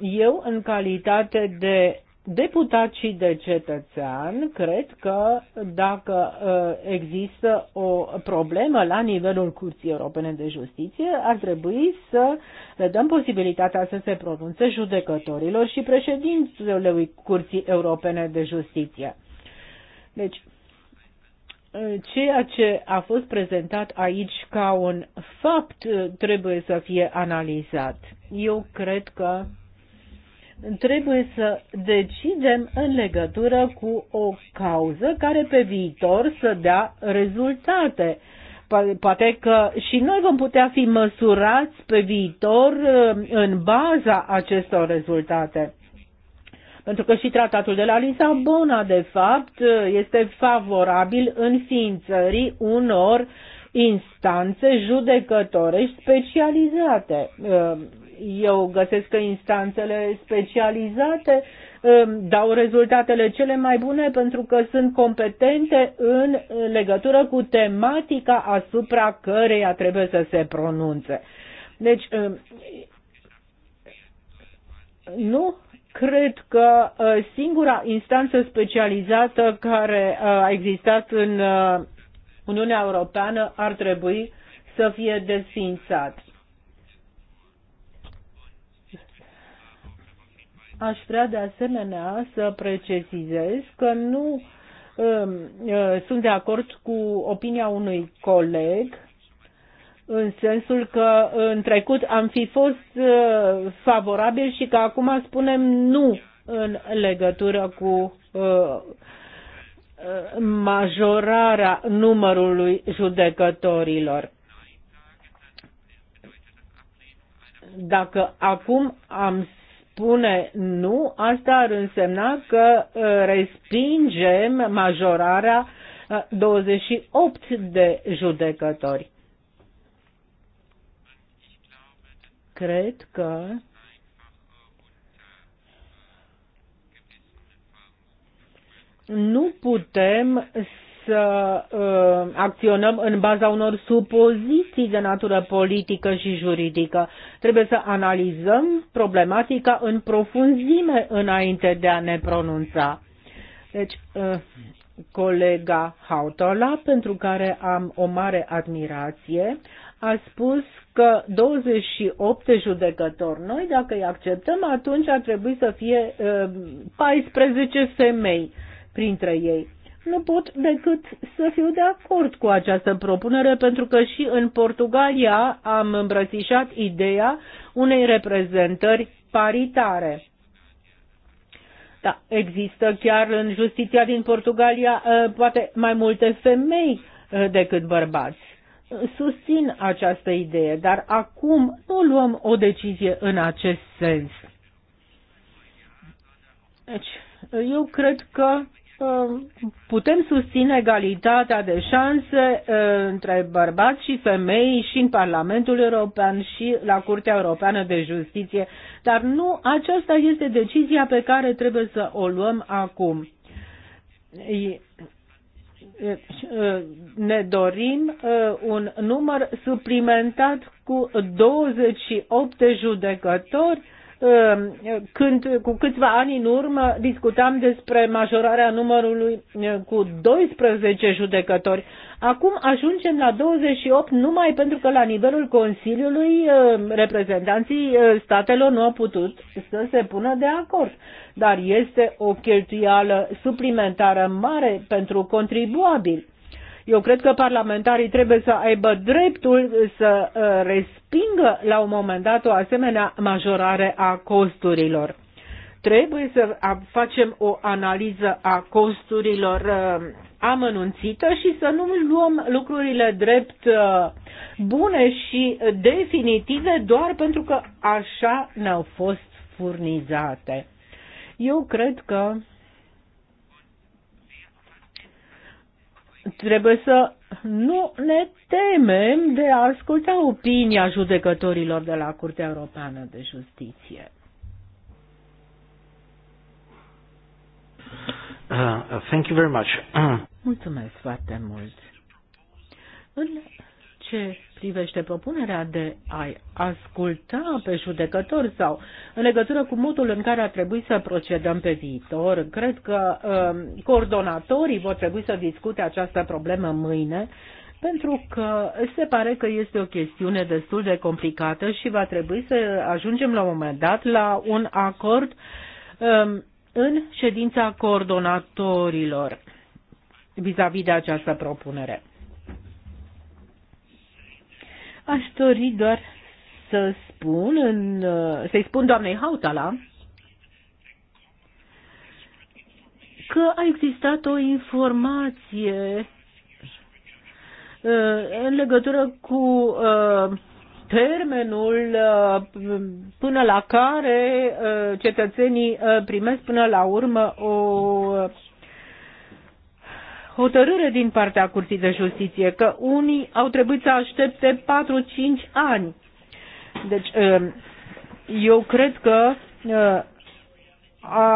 eu, în calitate de deputat și de cetățean, cred că dacă uh, există o problemă la nivelul Curții Europene de Justiție, ar trebui să le dăm posibilitatea să se pronunțe judecătorilor și președintelui Curții Europene de Justiție. Deci, uh, ceea ce a fost prezentat aici ca un fapt uh, trebuie să fie analizat. Eu cred că trebuie să decidem în legătură cu o cauză care pe viitor să dea rezultate. Poate că și noi vom putea fi măsurați pe viitor uh, în baza acestor rezultate. Pentru că și tratatul de la Lisabona, de fapt, uh, este favorabil înființării unor instanțe judecătorești specializate uh, eu găsesc că instanțele specializate um, dau rezultatele cele mai bune pentru că sunt competente în legătură cu tematica asupra căreia trebuie să se pronunțe. Deci, um, nu cred că uh, singura instanță specializată care uh, a existat în uh, Uniunea Europeană ar trebui să fie desfințat. Aș vrea de asemenea să precizez că nu um, uh, sunt de acord cu opinia unui coleg în sensul că în trecut am fi fost uh, favorabil și că acum spunem nu în legătură cu uh, majorarea numărului judecătorilor. Dacă acum am spune nu, asta ar însemna că uh, respingem majorarea 28 uh, de judecători. Cred că nu putem să uh, acționăm în baza unor supoziții de natură politică și juridică. Trebuie să analizăm problematica în profunzime înainte de a ne pronunța. Deci, uh, colega Hautola, pentru care am o mare admirație, a spus că 28 judecători noi, dacă îi acceptăm, atunci ar trebui să fie uh, 14 femei printre ei nu pot decât să fiu de acord cu această propunere, pentru că și în Portugalia am îmbrățișat ideea unei reprezentări paritare. Da, există chiar în justiția din Portugalia ă, poate mai multe femei ă, decât bărbați. Susțin această idee, dar acum nu luăm o decizie în acest sens. Deci, eu cred că Uh, putem susține egalitatea de șanse uh, între bărbați și femei și în Parlamentul European și la Curtea Europeană de Justiție, dar nu aceasta este decizia pe care trebuie să o luăm acum. Uh, ne dorim un număr suplimentat cu 28 judecători Ehm, când cu câțiva ani în urmă discutam despre majorarea numărului cu 12 judecători. Acum ajungem la 28 numai pentru că la nivelul Consiliului ehm, reprezentanții statelor nu au putut să se pună de acord. Dar este o cheltuială suplimentară mare pentru contribuabil. Eu cred că parlamentarii trebuie să aibă dreptul să uh, respingă la un moment dat o asemenea majorare a costurilor. Trebuie să facem o analiză a costurilor uh, amănunțită și să nu luăm lucrurile drept uh, bune și definitive doar pentru că așa ne-au fost furnizate. Eu cred că trebuie să nu ne temem de a asculta opinia judecătorilor de la Curtea Europeană de Justiție. Uh, thank you very much. Mulțumesc foarte mult. În ce privește propunerea de a asculta pe judecători sau în legătură cu modul în care ar trebui să procedăm pe viitor, cred că uh, coordonatorii vor trebui să discute această problemă mâine pentru că se pare că este o chestiune destul de complicată și va trebui să ajungem la un moment dat la un acord um, în ședința coordonatorilor vis-a-vis -vis de această propunere. Aș dori doar să spun, în, să-i spun doamnei Hautala, că a existat o informație uh, în legătură cu uh, termenul uh, până la care cetățenii primesc până la urmă o hotărâre din partea Curții de Justiție, că unii au trebuit să aștepte 4-5 ani. Deci, um, eu cred că uh,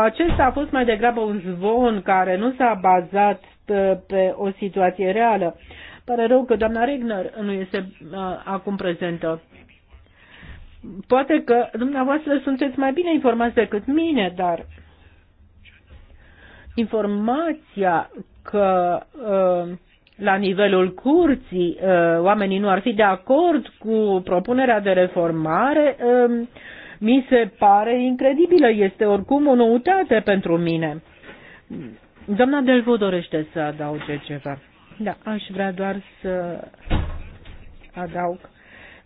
acesta a fost mai degrabă un zvon care nu s-a bazat pe, uh, pe o situație reală. Pare rău că doamna Regner nu este uh, acum prezentă. Poate că dumneavoastră sunteți mai bine informați decât mine, dar informația că uh, la nivelul curții uh, oamenii nu ar fi de acord cu propunerea de reformare um, mi se pare incredibilă, este oricum o noutate pentru mine. Doamna Delvo dorește să adauge ceva. Da, aș vrea doar să adaug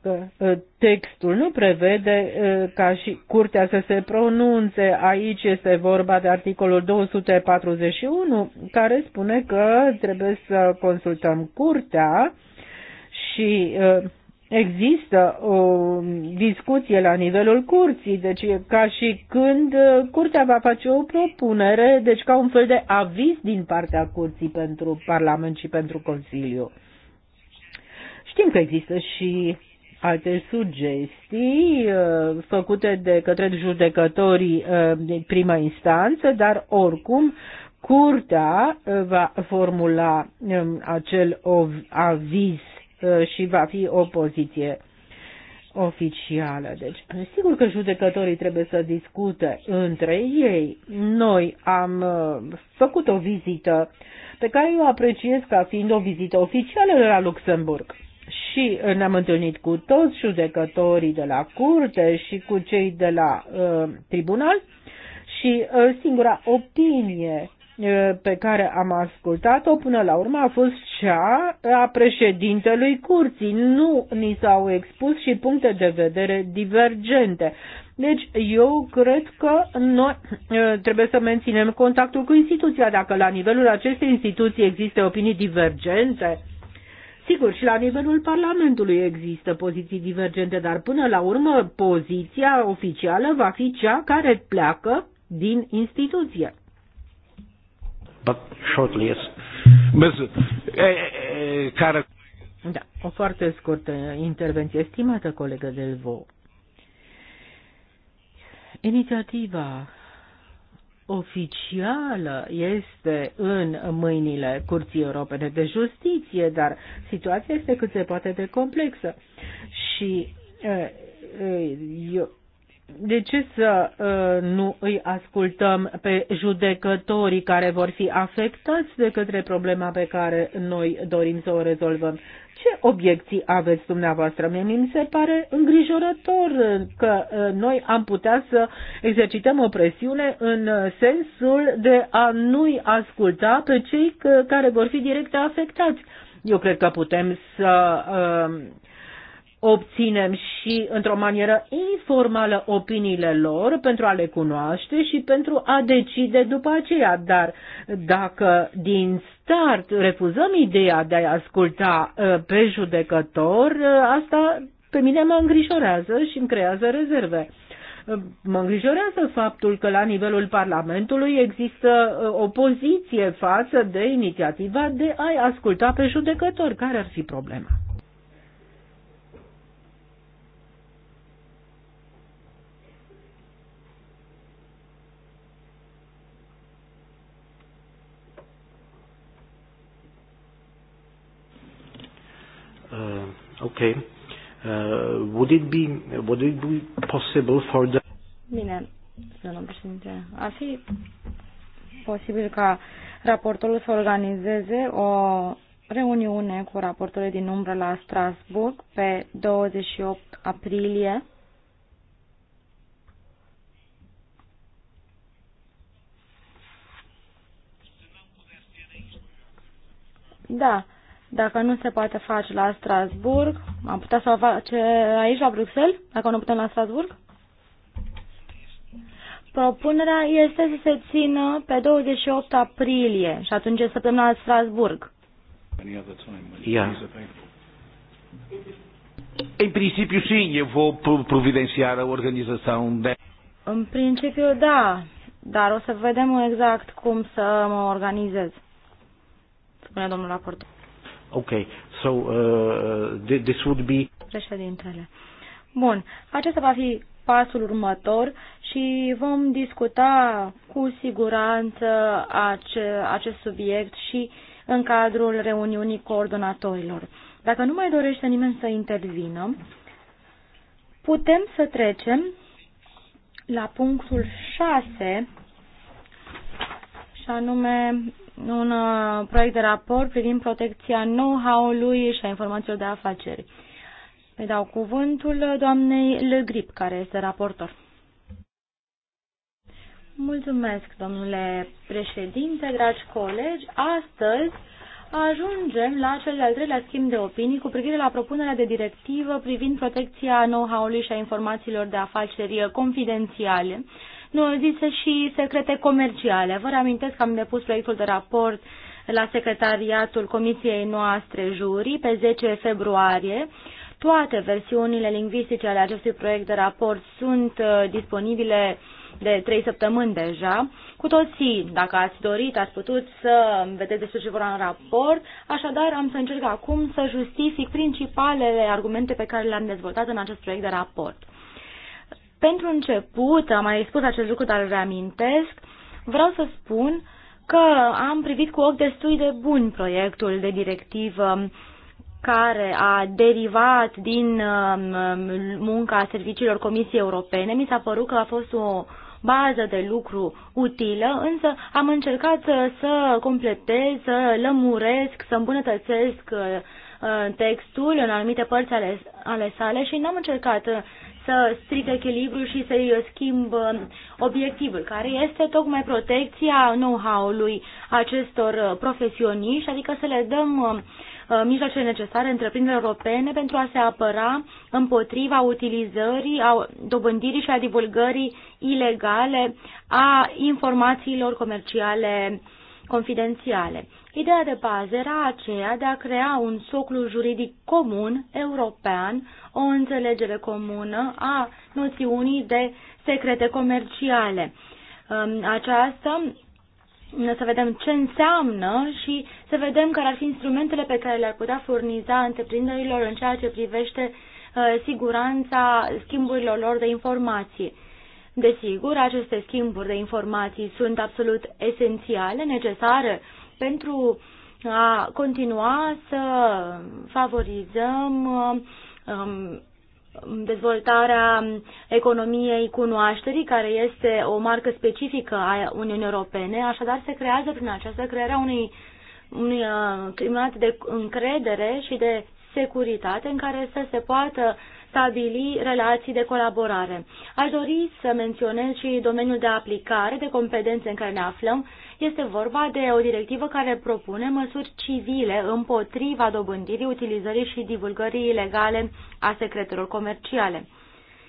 că ă, textul nu prevede ă, ca și curtea să se pronunțe. Aici este vorba de articolul 241 care spune că trebuie să consultăm curtea și ă, există o discuție la nivelul curții, deci ca și când curtea va face o propunere, deci ca un fel de aviz din partea curții pentru Parlament și pentru Consiliu. Știm că există și alte sugestii uh, făcute de către judecătorii uh, din prima instanță, dar oricum curtea uh, va formula um, acel aviz și va fi o poziție oficială. Deci, sigur că judecătorii trebuie să discute între ei. Noi am făcut o vizită pe care eu apreciez ca fiind o vizită oficială la Luxemburg și ne-am întâlnit cu toți judecătorii de la curte și cu cei de la uh, tribunal și uh, singura opinie uh, pe care am ascultat-o până la urmă a fost cea a președintelui curții. Nu ni s-au expus și puncte de vedere divergente. Deci eu cred că noi uh, trebuie să menținem contactul cu instituția. Dacă la nivelul acestei instituții există opinii divergente, Sigur, și la nivelul Parlamentului există poziții divergente, dar până la urmă poziția oficială va fi cea care pleacă din instituție. But shortly, yes. But, eh, eh, eh, care... Da, o foarte scurtă intervenție, estimată colegă Delvo. Inițiativa oficială este în mâinile Curții Europene de Justiție, dar situația este cât se poate de complexă. Și eu, de ce să nu îi ascultăm pe judecătorii care vor fi afectați de către problema pe care noi dorim să o rezolvăm? Ce obiecții aveți dumneavoastră? Mie mi se pare îngrijorător că uh, noi am putea să exercităm o presiune în uh, sensul de a nu-i asculta pe cei care vor fi direct afectați. Eu cred că putem să uh, obținem și într-o manieră informală opiniile lor pentru a le cunoaște și pentru a decide după aceea. Dar dacă din start refuzăm ideea de a asculta ă, pe judecător, ă, asta pe mine mă îngrijorează și îmi creează rezerve. Ă, mă îngrijorează faptul că la nivelul Parlamentului există opoziție față de inițiativa de a-i asculta pe judecători. Care ar fi problema? Uh, ok. Uh, would it be would it be possible for the Bine, domnul președinte. Ar fi posibil ca raportorul să organizeze o reuniune cu raportorul din umbră la Strasburg pe 28 aprilie Da, dacă nu se poate face la Strasburg, am putea să o face aici, la Bruxelles, dacă nu putem la Strasburg? Propunerea este să se țină pe 28 aprilie și atunci este săptămâna la Strasburg. Yeah. În principiu, sim, eu vou providenciar a organização de... În principiu, da, dar o să vedem exact cum să mă organizez, spune domnul raportor. Okay, so uh, this would be... Președintele. Bun, acesta va fi pasul următor și vom discuta cu siguranță ace, acest subiect și în cadrul reuniunii coordonatorilor. Dacă nu mai dorește nimeni să intervină, putem să trecem la punctul 6 și anume un uh, proiect de raport privind protecția know-how-ului și a informațiilor de afaceri. Îi dau cuvântul doamnei Le Grip, care este raportor. Mulțumesc, domnule președinte, dragi colegi. Astăzi ajungem la cel de-al treilea schimb de opinii cu privire la propunerea de directivă privind protecția know-how-ului și a informațiilor de afaceri confidențiale nu, zise și secrete comerciale. Vă reamintesc că am depus proiectul de raport la secretariatul comisiei noastre jurii pe 10 februarie. Toate versiunile lingvistice ale acestui proiect de raport sunt uh, disponibile de trei săptămâni deja. Cu toții, dacă ați dorit, ați putut să vedeți despre ce vor în raport, așadar am să încerc acum să justific principalele argumente pe care le-am dezvoltat în acest proiect de raport. Pentru început, am mai spus acest lucru, dar îl reamintesc, vreau să spun că am privit cu ochi destui de bun proiectul de directivă care a derivat din um, um, munca serviciilor Comisiei Europene. Mi s-a părut că a fost o bază de lucru utilă, însă am încercat uh, să completez, să lămuresc, să îmbunătățesc uh, uh, textul în anumite părți ale, ale sale și n-am încercat să strică echilibru și să-i schimb uh, obiectivul, care este tocmai protecția know-how-ului acestor uh, profesioniști, adică să le dăm uh, mijloacele necesare întreprinderilor europene pentru a se apăra împotriva utilizării, a dobândirii și a divulgării ilegale a informațiilor comerciale uh, confidențiale. Ideea de bază era aceea de a crea un soclu juridic comun, european, o înțelegere comună a noțiunii de secrete comerciale. Um, aceasta să vedem ce înseamnă și să vedem care ar fi instrumentele pe care le-ar putea furniza întreprinderilor în ceea ce privește uh, siguranța schimburilor lor de informații. Desigur, aceste schimburi de informații sunt absolut esențiale, necesare pentru a continua să favorizăm um, um, dezvoltarea economiei cunoașterii, care este o marcă specifică a Uniunii Europene. Așadar, se creează prin această crearea unui, unui uh, climat de încredere și de securitate în care să se poată stabili relații de colaborare. Aș dori să menționez și domeniul de aplicare, de competențe în care ne aflăm. Este vorba de o directivă care propune măsuri civile împotriva dobândirii, utilizării și divulgării ilegale a secretelor comerciale.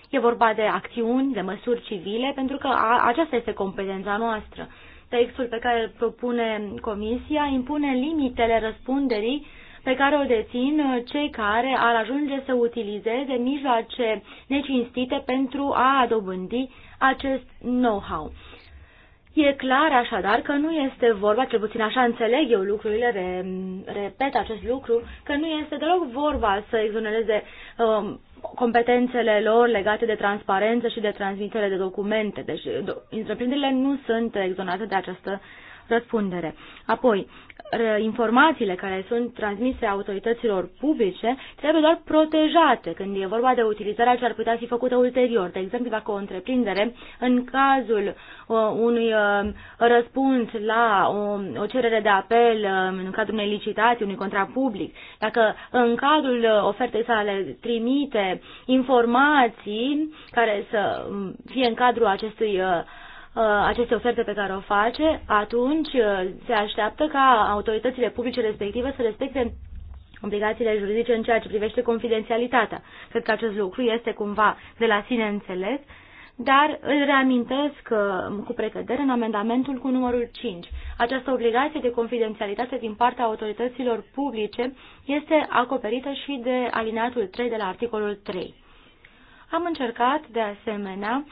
E vorba de acțiuni, de măsuri civile, pentru că aceasta este competența noastră. Textul pe care îl propune Comisia impune limitele răspunderii pe care o dețin uh, cei care ar ajunge să utilizeze mijloace necinstite pentru a dobândi acest know-how. E clar așadar că nu este vorba, cel puțin așa înțeleg eu lucrurile, re, repet acest lucru, că nu este deloc vorba să exoneleze um, competențele lor legate de transparență și de transmitere de documente. Deci do, întreprinderile nu sunt exonate de această răspundere. Apoi, informațiile care sunt transmise autorităților publice trebuie doar protejate când e vorba de utilizarea ce ar putea fi făcută ulterior. De exemplu, dacă o întreprindere, în cazul uh, unui uh, răspuns la o, o cerere de apel uh, în cadrul unei licitații, unui contract public, dacă în cadrul uh, ofertei sale trimite informații care să um, fie în cadrul acestui uh, Uh, aceste oferte pe care o face, atunci uh, se așteaptă ca autoritățile publice respective să respecte obligațiile juridice în ceea ce privește confidențialitatea. Cred că acest lucru este cumva de la sine înțeles, dar îl reamintesc uh, cu precădere în amendamentul cu numărul 5. Această obligație de confidențialitate din partea autorităților publice este acoperită și de alineatul 3 de la articolul 3. Am încercat, de asemenea,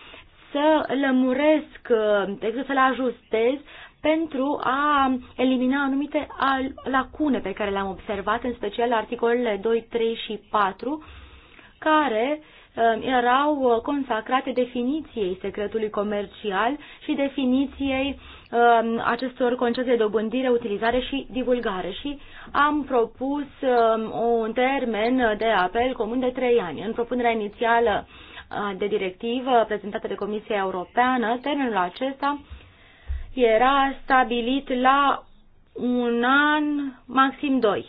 să lămuresc uh, textul, să-l ajustez pentru a elimina anumite lacune pe care le-am observat, în special articolele 2, 3 și 4, care uh, erau uh, consacrate definiției secretului comercial și definiției um, acestor concepte de dobândire, utilizare și divulgare. Și am propus um, un termen de apel comun de trei ani. În propunerea inițială Uh, de directivă prezentată de Comisia Europeană, termenul acesta era stabilit la un an, maxim doi.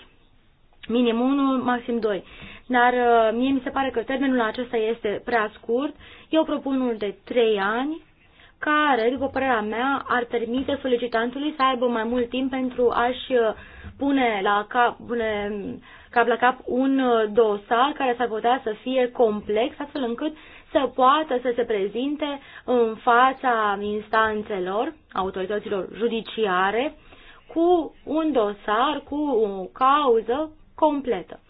Minim unul, maxim doi. Dar uh, mie mi se pare că termenul acesta este prea scurt. Eu propun unul de trei ani, care, după părerea mea, ar permite solicitantului să aibă mai mult timp pentru a-și uh, pune la cap, pune cap la cap un dosar care s-ar putea să fie complex, astfel încât să poată să se prezinte în fața instanțelor, autorităților judiciare, cu un dosar, cu o cauză completă.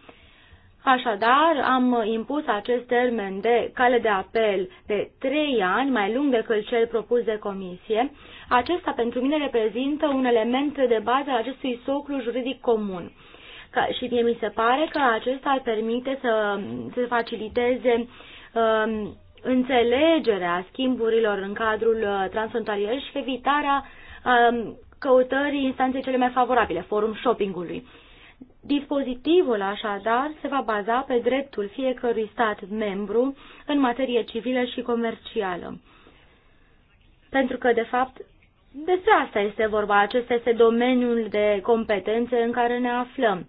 Așadar, am impus acest termen de cale de apel de trei ani, mai lung decât cel propus de comisie. Acesta pentru mine reprezintă un element de bază al acestui soclu juridic comun. Ca, și mie mi se pare că acesta ar permite să se faciliteze Um, înțelegerea schimburilor în cadrul uh, transfrontalier și evitarea um, căutării instanței cele mai favorabile, forum shoppingului. Dispozitivul, așadar, se va baza pe dreptul fiecărui stat membru în materie civilă și comercială. Pentru că, de fapt, despre asta este vorba, acesta este domeniul de competențe în care ne aflăm.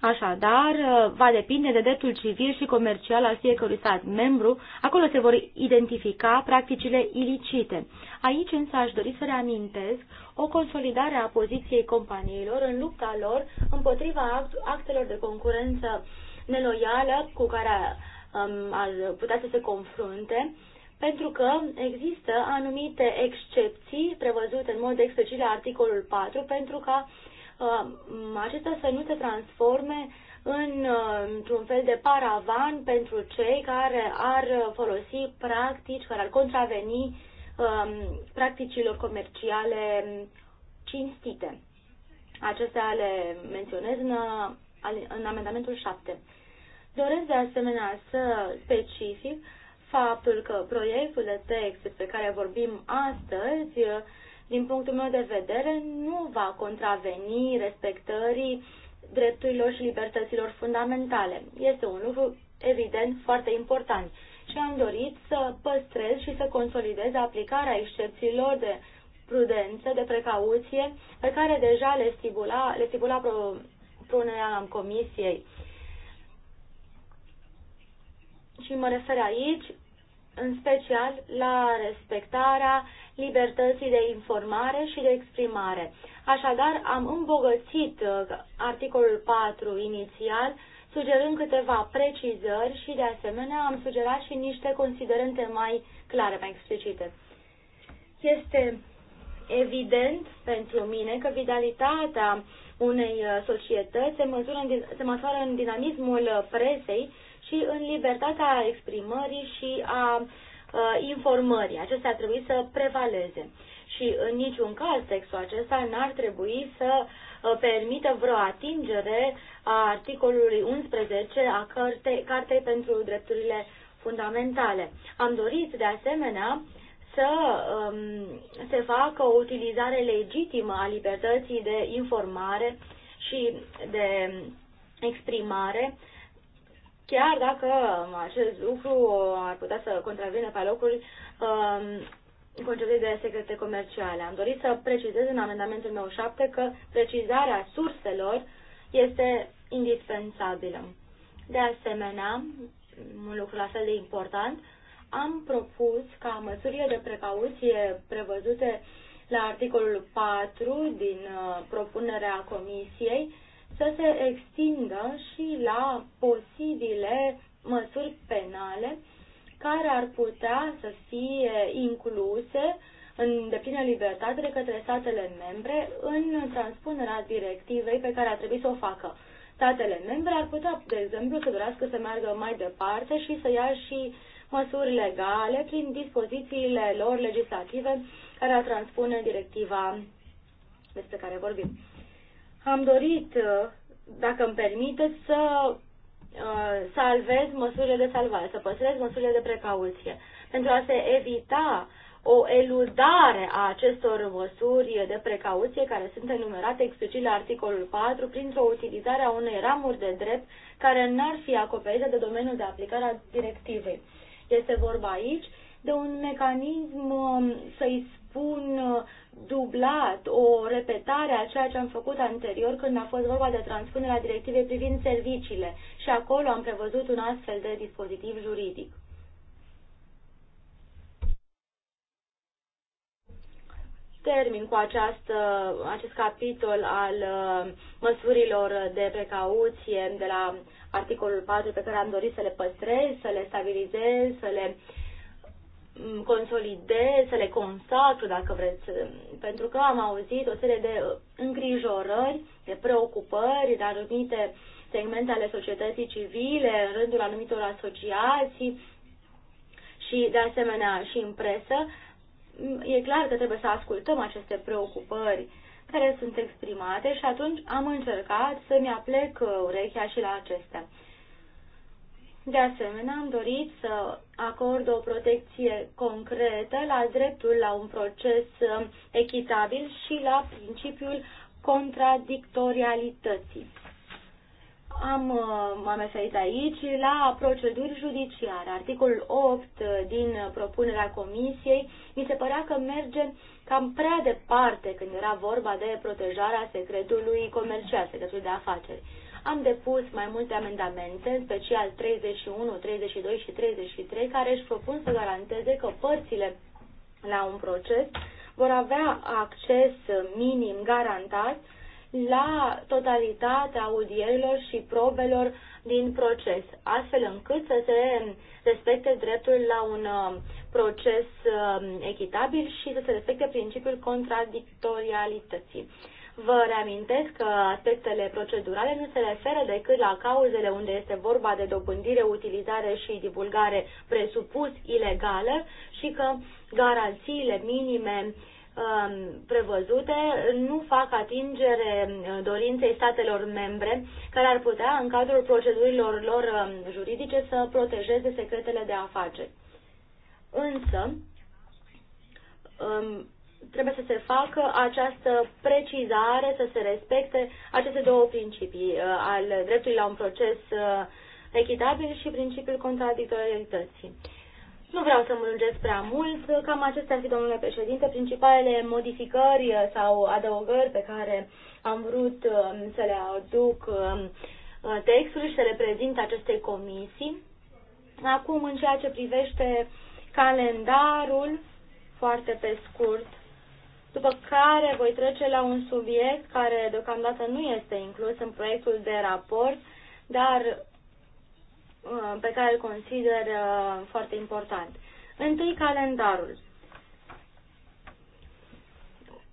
Așadar, uh, va depinde de dreptul civil și comercial al fiecărui stat membru, acolo se vor identifica practicile ilicite. Aici însă aș dori să reamintesc o consolidare a poziției companiilor în lupta lor împotriva act actelor de concurență neloială cu care um, ar putea să se confrunte, pentru că există anumite excepții prevăzute în mod explicit la articolul 4 pentru ca Uh, acesta să nu se transforme în, uh, într-un fel de paravan pentru cei care ar folosi practici, care ar contraveni um, practicilor comerciale cinstite. Acestea le menționez în, în amendamentul 7. Doresc de asemenea să specific faptul că proiectul de text despre care vorbim astăzi din punctul meu de vedere, nu va contraveni respectării drepturilor și libertăților fundamentale. Este un lucru, evident, foarte important și am dorit să păstrez și să consolidez aplicarea excepțiilor de prudență, de precauție, pe care deja le stipula, le stipula în comisiei. Și mă refer aici, în special, la respectarea libertății de informare și de exprimare. Așadar, am îmbogățit uh, articolul 4 inițial, sugerând câteva precizări și, de asemenea, am sugerat și niște considerente mai clare, mai explicite. Este evident pentru mine că vitalitatea unei uh, societăți se, măsură în, se măsoară în dinamismul uh, presei și în libertatea exprimării și a Uh, informării. Acestea ar trebui să prevaleze. Și în niciun caz textul acesta n-ar trebui să uh, permită vreo atingere a articolului 11 a Cartei, Cartei pentru Drepturile Fundamentale. Am dorit, de asemenea, să um, se facă o utilizare legitimă a libertății de informare și de exprimare chiar dacă acest lucru ar putea să contravină pe locuri um, conceptului de secrete comerciale. Am dorit să precizez în amendamentul meu 7 că precizarea surselor este indispensabilă. De asemenea, un lucru la fel de important, am propus ca măsurile de precauție prevăzute la articolul 4 din uh, propunerea Comisiei să se extindă și la posibile măsuri penale care ar putea să fie incluse în deplină libertate de către statele membre în transpunerea directivei pe care ar trebui să o facă. Statele membre ar putea, de exemplu, să dorească să meargă mai departe și să ia și măsuri legale prin dispozițiile lor legislative care ar transpune directiva despre care vorbim am dorit, uh, dacă îmi permiteți, să uh, salvez măsurile de salvare, să păstrez măsurile de precauție, pentru a se evita o eludare a acestor măsuri de precauție care sunt enumerate explicit la articolul 4 printr-o utilizare a unei ramuri de drept care n-ar fi acoperite de domeniul de aplicare a directivei. Este vorba aici de un mecanism, um, să-i spun, uh, dublat, o repetare a ceea ce am făcut anterior când a fost vorba de transpunerea directivei privind serviciile și acolo am prevăzut un astfel de dispozitiv juridic. termin cu această, acest capitol al uh, măsurilor de precauție de la articolul 4 pe care am dorit să le păstrez, să le stabilizez, să le Mm, consolidez, să le consacru, dacă vreți, mm, pentru că am auzit o serie de uh, îngrijorări, de preocupări, de anumite segmente ale societății civile, în rândul anumitor asociații și, de asemenea, și în presă. Mm, e clar că trebuie să ascultăm aceste preocupări care sunt exprimate și atunci am încercat să-mi aplec uh, urechea și la acestea. De asemenea, am dorit să acord o protecție concretă la dreptul la un proces um, echitabil și la principiul contradictorialității. Am, uh, m-am referit aici la proceduri judiciare. Articolul 8 din propunerea comisiei mi se părea că merge cam prea departe când era vorba de protejarea secretului comercial, secretului de afaceri am depus mai multe amendamente, în special 31, 32 și 33, care își propun să garanteze că părțile la un proces vor avea acces minim garantat la totalitatea audierilor și probelor din proces, astfel încât să se respecte dreptul la un um, proces um, echitabil și să se respecte principiul contradictorialității. Vă reamintesc că aspectele procedurale nu se referă decât la cauzele unde este vorba de dobândire, utilizare și divulgare presupus ilegală și că garanțiile minime um, prevăzute nu fac atingere uh, dorinței statelor membre care ar putea, în cadrul procedurilor lor um, juridice, să protejeze secretele de afaceri. Însă, um, trebuie să se facă această precizare, să se respecte aceste două principii uh, al dreptului la un proces uh, echitabil și principiul contradictorialității. Nu vreau să mă lungesc prea mult, cam acestea ar fi, domnule președinte, principalele modificări uh, sau adăugări pe care am vrut um, să le aduc um, textul și să le prezint acestei comisii. Acum, în ceea ce privește calendarul, foarte pe scurt, după care voi trece la un subiect care deocamdată nu este inclus în proiectul de raport, dar uh, pe care îl consider uh, foarte important. Întâi, calendarul.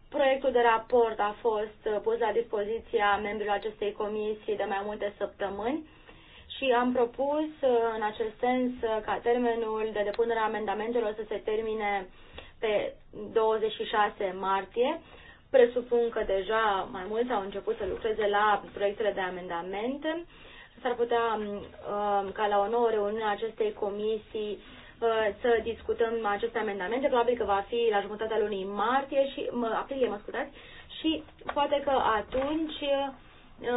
Proiectul de raport a fost uh, pus la dispoziția membrilor acestei comisii de mai multe săptămâni și am propus în acest sens ca termenul de depunere a amendamentelor să se termine pe 26 martie. Presupun că deja mai mulți au început să lucreze la proiectele de amendamente. S-ar putea um, ca la o nouă reuniune a acestei comisii uh, să discutăm aceste amendamente. Probabil că va fi la jumătatea lunii martie și mă, aprilie, mă scuzați, și poate că atunci uh,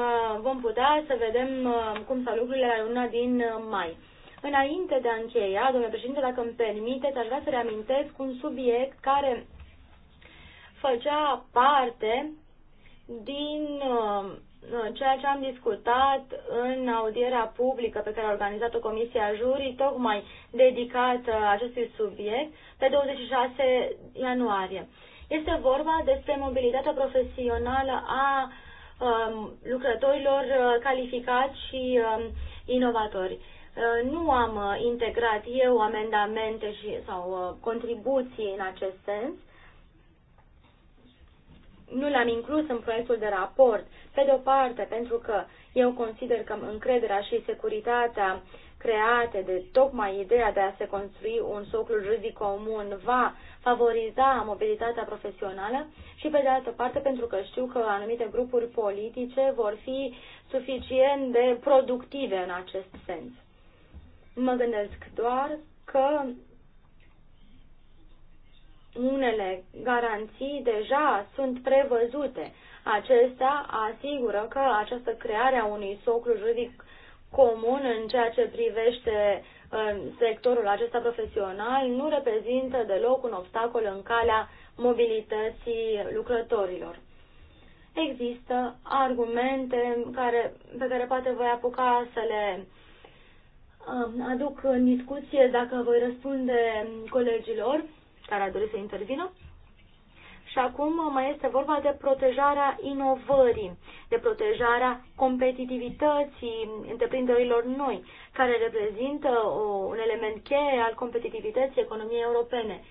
vom putea să vedem uh, cum stau lucrurile la luna din mai. Înainte de a încheia, domnule președinte, dacă îmi permiteți, aș vrea să reamintesc un subiect care făcea parte din uh, ceea ce am discutat în audierea publică pe care a organizat-o Comisia Jurii, tocmai dedicată uh, acestui subiect, pe 26 ianuarie. Este vorba despre mobilitatea profesională a um, lucrătorilor uh, calificați și um, inovatori. Uh, nu am uh, integrat eu amendamente și, sau uh, contribuții în acest sens. Nu le-am inclus în proiectul de raport, pe de o parte, pentru că eu consider că încrederea și securitatea create de tocmai ideea de a se construi un soclu juridic comun va favoriza mobilitatea profesională și, pe de altă parte, pentru că știu că anumite grupuri politice vor fi suficient de productive în acest sens. Mă gândesc doar că unele garanții deja sunt prevăzute. Acestea asigură că această creare a unui soclu juridic comun în ceea ce privește uh, sectorul acesta profesional nu reprezintă deloc un obstacol în calea mobilității lucrătorilor. Există argumente care, pe care poate voi apuca să le aduc în discuție dacă voi răspunde colegilor care ar dori să intervină. Și acum mai este vorba de protejarea inovării, de protejarea competitivității întreprinderilor noi, care reprezintă o, un element cheie al competitivității economiei europene.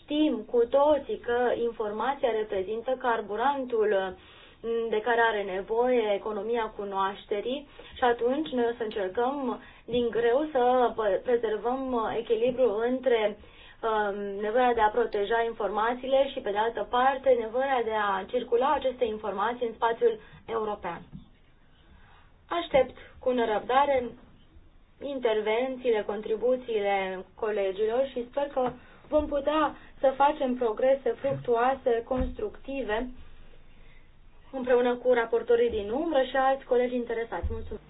Știm cu toții că informația reprezintă carburantul mm, de care are nevoie economia cunoașterii și atunci noi o să încercăm din greu să prezervăm uh, echilibru între um, nevoia de a proteja informațiile și, pe de altă parte, nevoia de a circula aceste informații în spațiul european. Aștept cu nerăbdare intervențiile, contribuțiile colegilor și sper că vom putea să facem progrese fructuoase, constructive, împreună cu raportorii din umbră și alți colegi interesați. Mulțumesc!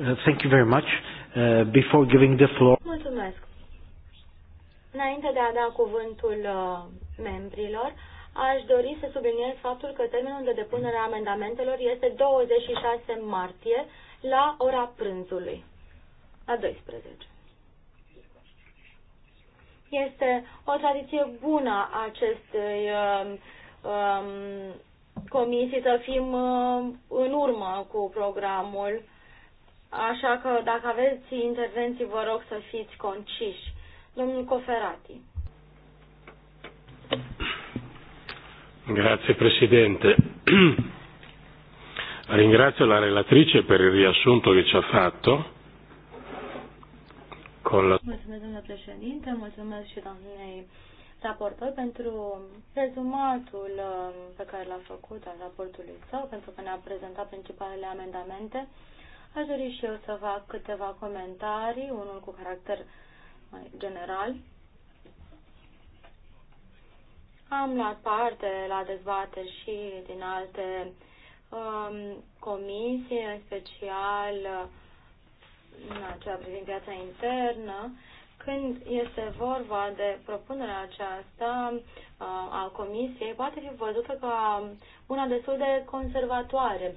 Uh, thank you very much. Uh, before giving the floor... Mulțumesc. Înainte de a da cuvântul uh, membrilor, aș dori să subliniez faptul că termenul de depunere a amendamentelor este 26 martie la ora prânzului, la 12. Este o tradiție bună acestei uh, um, comisii să fim uh, în urmă cu programul Așa că dacă aveți intervenții, vă rog să fiți conciși. Domnul Coferati. Grazie Presidente. Ringrazio la relatrice per il riassunto che ci ha fatto. Con la... Mulțumesc, domnule președinte, mulțumesc și doamnei raportor pentru rezumatul uh, pe care l-a făcut al raportului său, pentru că ne-a prezentat principalele amendamente. Aș dori și eu să fac câteva comentarii, unul cu caracter mai general. Am luat parte la dezbateri și din alte um, comisii, în special în acea privind piața internă, când este vorba de propunerea aceasta uh, a Comisiei, poate fi văzută ca una destul de conservatoare.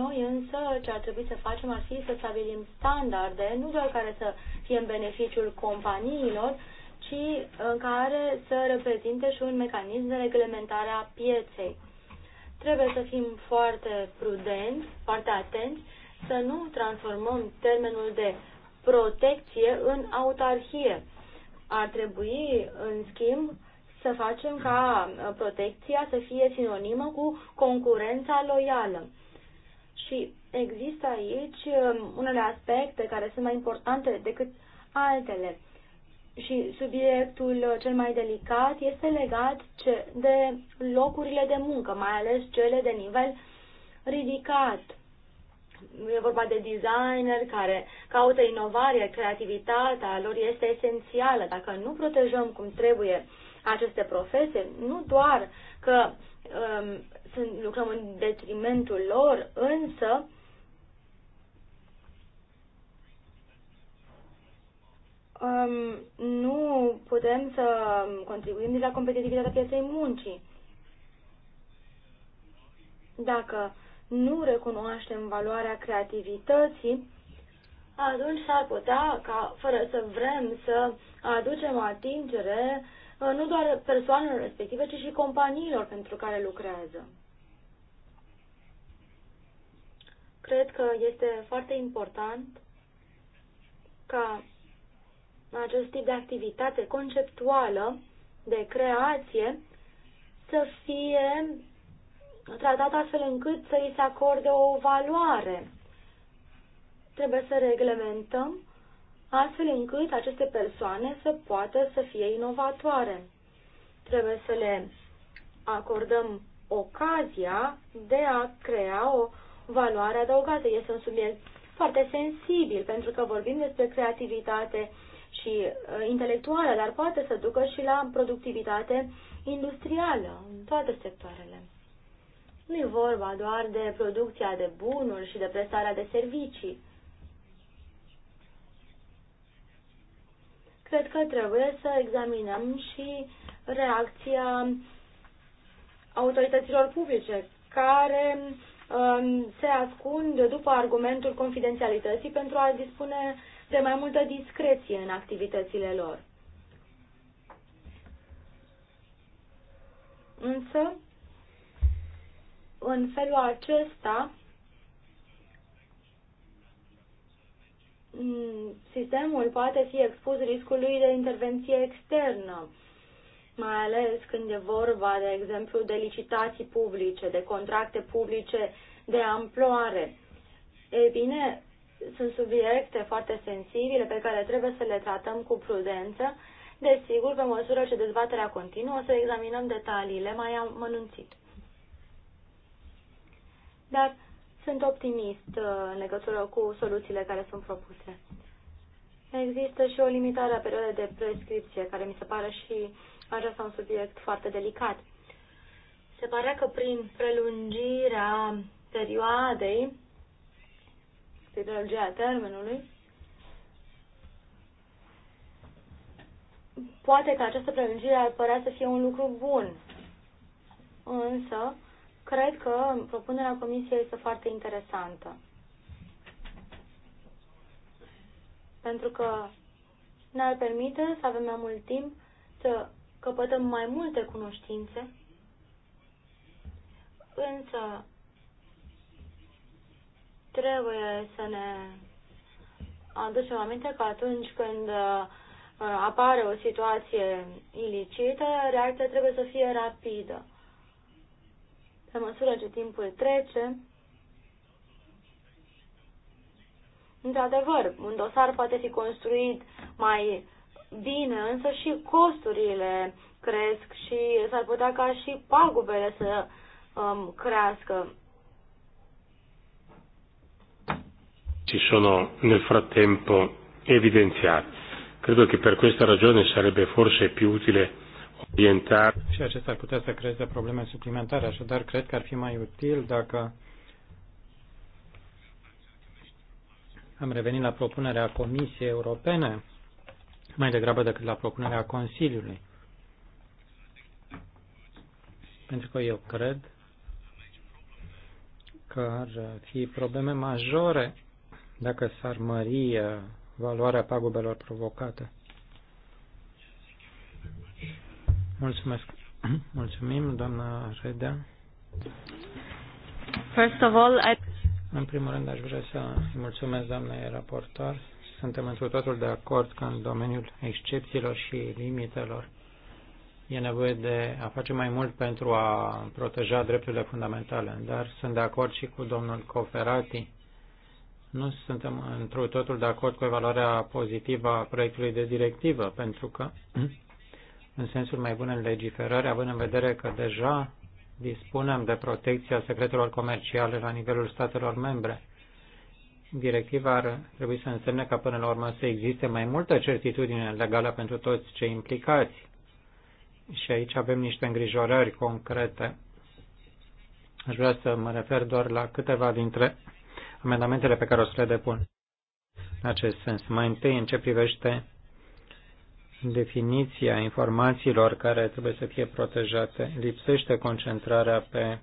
Noi însă ce ar trebui să facem ar fi să stabilim standarde, nu doar care să fie în beneficiul companiilor, ci în uh, care să reprezinte și un mecanism de reglementare a pieței. Trebuie să fim foarte prudenți, foarte atenți, să nu transformăm termenul de protecție în autarhie. Ar trebui, în schimb, să facem ca uh, protecția să fie sinonimă cu concurența loială. Și există aici um, unele aspecte care sunt mai importante decât altele. Și subiectul uh, cel mai delicat este legat de locurile de muncă, mai ales cele de nivel ridicat. E vorba de designer care caută inovare, creativitatea lor este esențială. Dacă nu protejăm cum trebuie aceste profese, nu doar că um, sunt, lucrăm în detrimentul lor, însă um, nu putem să contribuim la competitivitatea pieței muncii. Dacă nu recunoaștem valoarea creativității, atunci s-ar putea ca, fără să vrem, să aducem atingere uh, nu doar persoanelor respective, ci și companiilor pentru care lucrează. cred că este foarte important ca acest tip de activitate conceptuală de creație să fie tratat astfel încât să îi se acorde o valoare. Trebuie să reglementăm astfel încât aceste persoane să poată să fie inovatoare. Trebuie să le acordăm ocazia de a crea o valoare adăugată. Este un subiect foarte sensibil, pentru că vorbim despre creativitate și uh, intelectuală, dar poate să ducă și la productivitate industrială în toate sectoarele. Nu e vorba doar de producția de bunuri și de prestarea de servicii. Cred că trebuie să examinăm și reacția autorităților publice care Um, se ascund după argumentul confidențialității pentru a dispune de mai multă discreție în activitățile lor. Însă, în felul acesta, sistemul poate fi expus riscului de intervenție externă mai ales când e vorba, de exemplu, de licitații publice, de contracte publice de amploare. Ei bine, sunt subiecte foarte sensibile pe care trebuie să le tratăm cu prudență. Desigur, pe măsură ce dezbaterea continuă, o să examinăm detaliile mai amănunțit. Dar sunt optimist uh, în legătură cu soluțiile care sunt propuse. Există și o limitare a perioadei de prescripție, care mi se pare și asta un subiect foarte delicat. Se pare că prin prelungirea perioadei, prin prelungirea termenului, poate că această prelungire ar părea să fie un lucru bun. Însă, cred că propunerea comisiei este foarte interesantă. Pentru că ne-ar permite să avem mai mult timp să căpătăm mai multe cunoștințe, însă trebuie să ne aducem aminte că atunci când uh, apare o situație ilicită, reacția trebuie să fie rapidă. Pe măsură ce timpul trece, într-adevăr, un dosar poate fi construit mai bine, însă și costurile cresc și s-ar putea ca și pagubele să um, crească. Ci sono nel frattempo evidenziati. Credo che per questa ragione sarebbe forse più utile orientare. Și acesta ar putea să creeze probleme suplimentare, așadar cred că ar fi mai util dacă am revenit la propunerea Comisiei Europene mai degrabă decât la propunerea Consiliului. Pentru că eu cred că ar fi probleme majore dacă s-ar mări uh, valoarea pagubelor provocate. Mulțumesc. Mulțumim, doamna Redea. First of all, I... În primul rând aș vrea să mulțumesc doamnei raportor suntem într totul de acord că în domeniul excepțiilor și limitelor e nevoie de a face mai mult pentru a proteja drepturile fundamentale, dar sunt de acord și cu domnul Coferati. Nu suntem într totul de acord cu evaluarea pozitivă a proiectului de directivă, pentru că, în sensul mai bun în legiferare, având în vedere că deja dispunem de protecția secretelor comerciale la nivelul statelor membre, Directiva ar trebui să însemne ca până la urmă să existe mai multă certitudine legală pentru toți cei implicați. Și aici avem niște îngrijorări concrete. Aș vrea să mă refer doar la câteva dintre amendamentele pe care o să le depun. În acest sens, mai întâi în ce privește definiția informațiilor care trebuie să fie protejate, lipsește concentrarea pe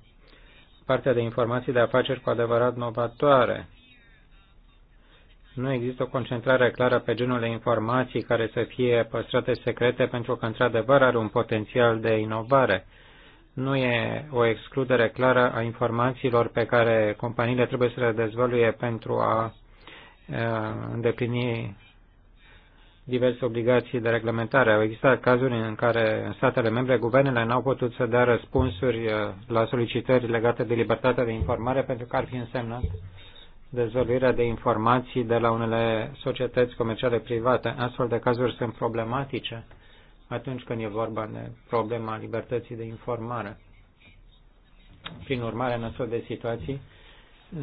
partea de informații de afaceri cu adevărat novatoare nu există o concentrare clară pe genul de informații care să fie păstrate secrete pentru că, într-adevăr, are un potențial de inovare. Nu e o excludere clară a informațiilor pe care companiile trebuie să le dezvăluie pentru a uh, îndeplini diverse obligații de reglementare. Au existat cazuri în care în statele membre guvernele n-au putut să dea răspunsuri uh, la solicitări legate de libertatea de informare pentru că ar fi însemnat dezvăluirea de informații de la unele societăți comerciale private. Astfel de cazuri sunt problematice atunci când e vorba de problema libertății de informare. Prin urmare, în astfel de situații,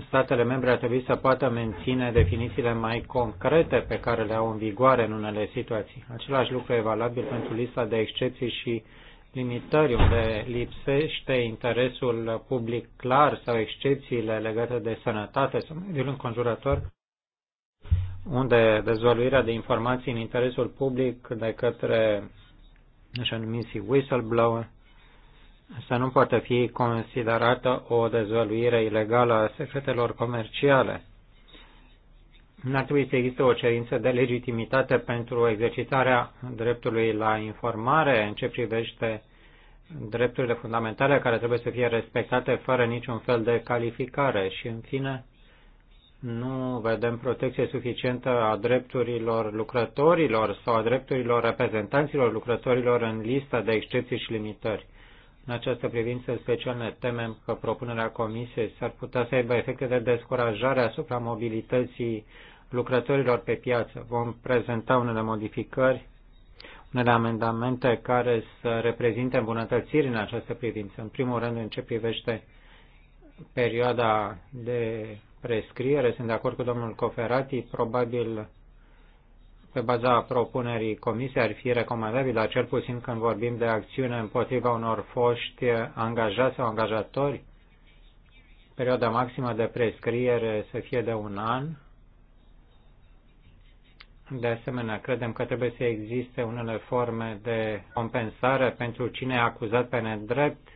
statele membre ar trebui să poată menține definițiile mai concrete pe care le au în vigoare în unele situații. Același lucru e valabil pentru lista de excepții și limitări unde lipsește interesul public clar sau excepțiile legate de sănătate sau mediul înconjurător, unde dezvăluirea de informații în interesul public de către așa numiți whistleblower să nu poate fi considerată o dezvăluire ilegală a secretelor comerciale n-ar trebui să existe o cerință de legitimitate pentru exercitarea dreptului la informare în ce privește drepturile fundamentale care trebuie să fie respectate fără niciun fel de calificare și, în fine, nu vedem protecție suficientă a drepturilor lucrătorilor sau a drepturilor reprezentanților lucrătorilor în lista de excepții și limitări. În această privință special ne temem că propunerea Comisiei s-ar putea să aibă efecte de descurajare asupra mobilității lucrătorilor pe piață. Vom prezenta unele modificări, unele amendamente care să reprezinte îmbunătățiri în această privință. În primul rând, în ce privește perioada de prescriere, sunt de acord cu domnul Coferati, probabil pe baza propunerii comisiei ar fi recomandabil, cel puțin când vorbim de acțiune împotriva unor foști angajați sau angajatori, perioada maximă de prescriere să fie de un an de asemenea, credem că trebuie să existe unele forme de compensare pentru cine e acuzat pe nedrept.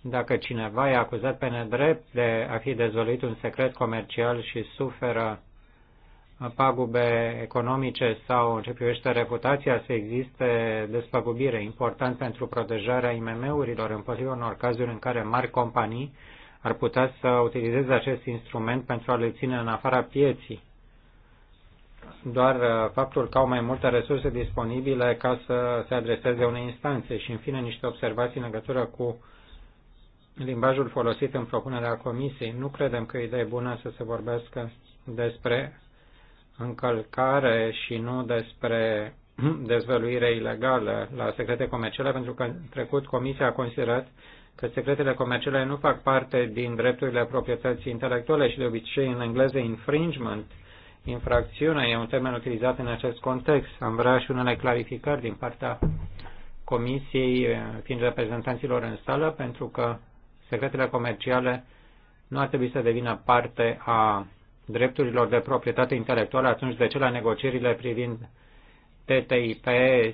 Dacă cineva e acuzat pe nedrept de a fi dezvăluit un secret comercial și suferă pagube economice sau în ce privește reputația, să existe despăgubire. Important pentru protejarea IMM-urilor împotriva unor cazuri în care mari companii ar putea să utilizeze acest instrument pentru a le ține în afara pieții doar uh, faptul că au mai multe resurse disponibile ca să se adreseze unei instanțe și, în fine, niște observații în legătură cu limbajul folosit în propunerea comisiei. Nu credem că e idee bună să se vorbească despre încălcare și nu despre dezvăluire ilegală la secrete comerciale, pentru că în trecut Comisia a considerat că secretele comerciale nu fac parte din drepturile proprietății intelectuale și de obicei în engleză infringement Infracțiunea e un termen utilizat în acest context. Am vrea și unele clarificări din partea Comisiei, eh, fiind reprezentanților în sală, pentru că secretele comerciale nu ar trebui să devină parte a drepturilor de proprietate intelectuală atunci de ce la negocierile privind TTIP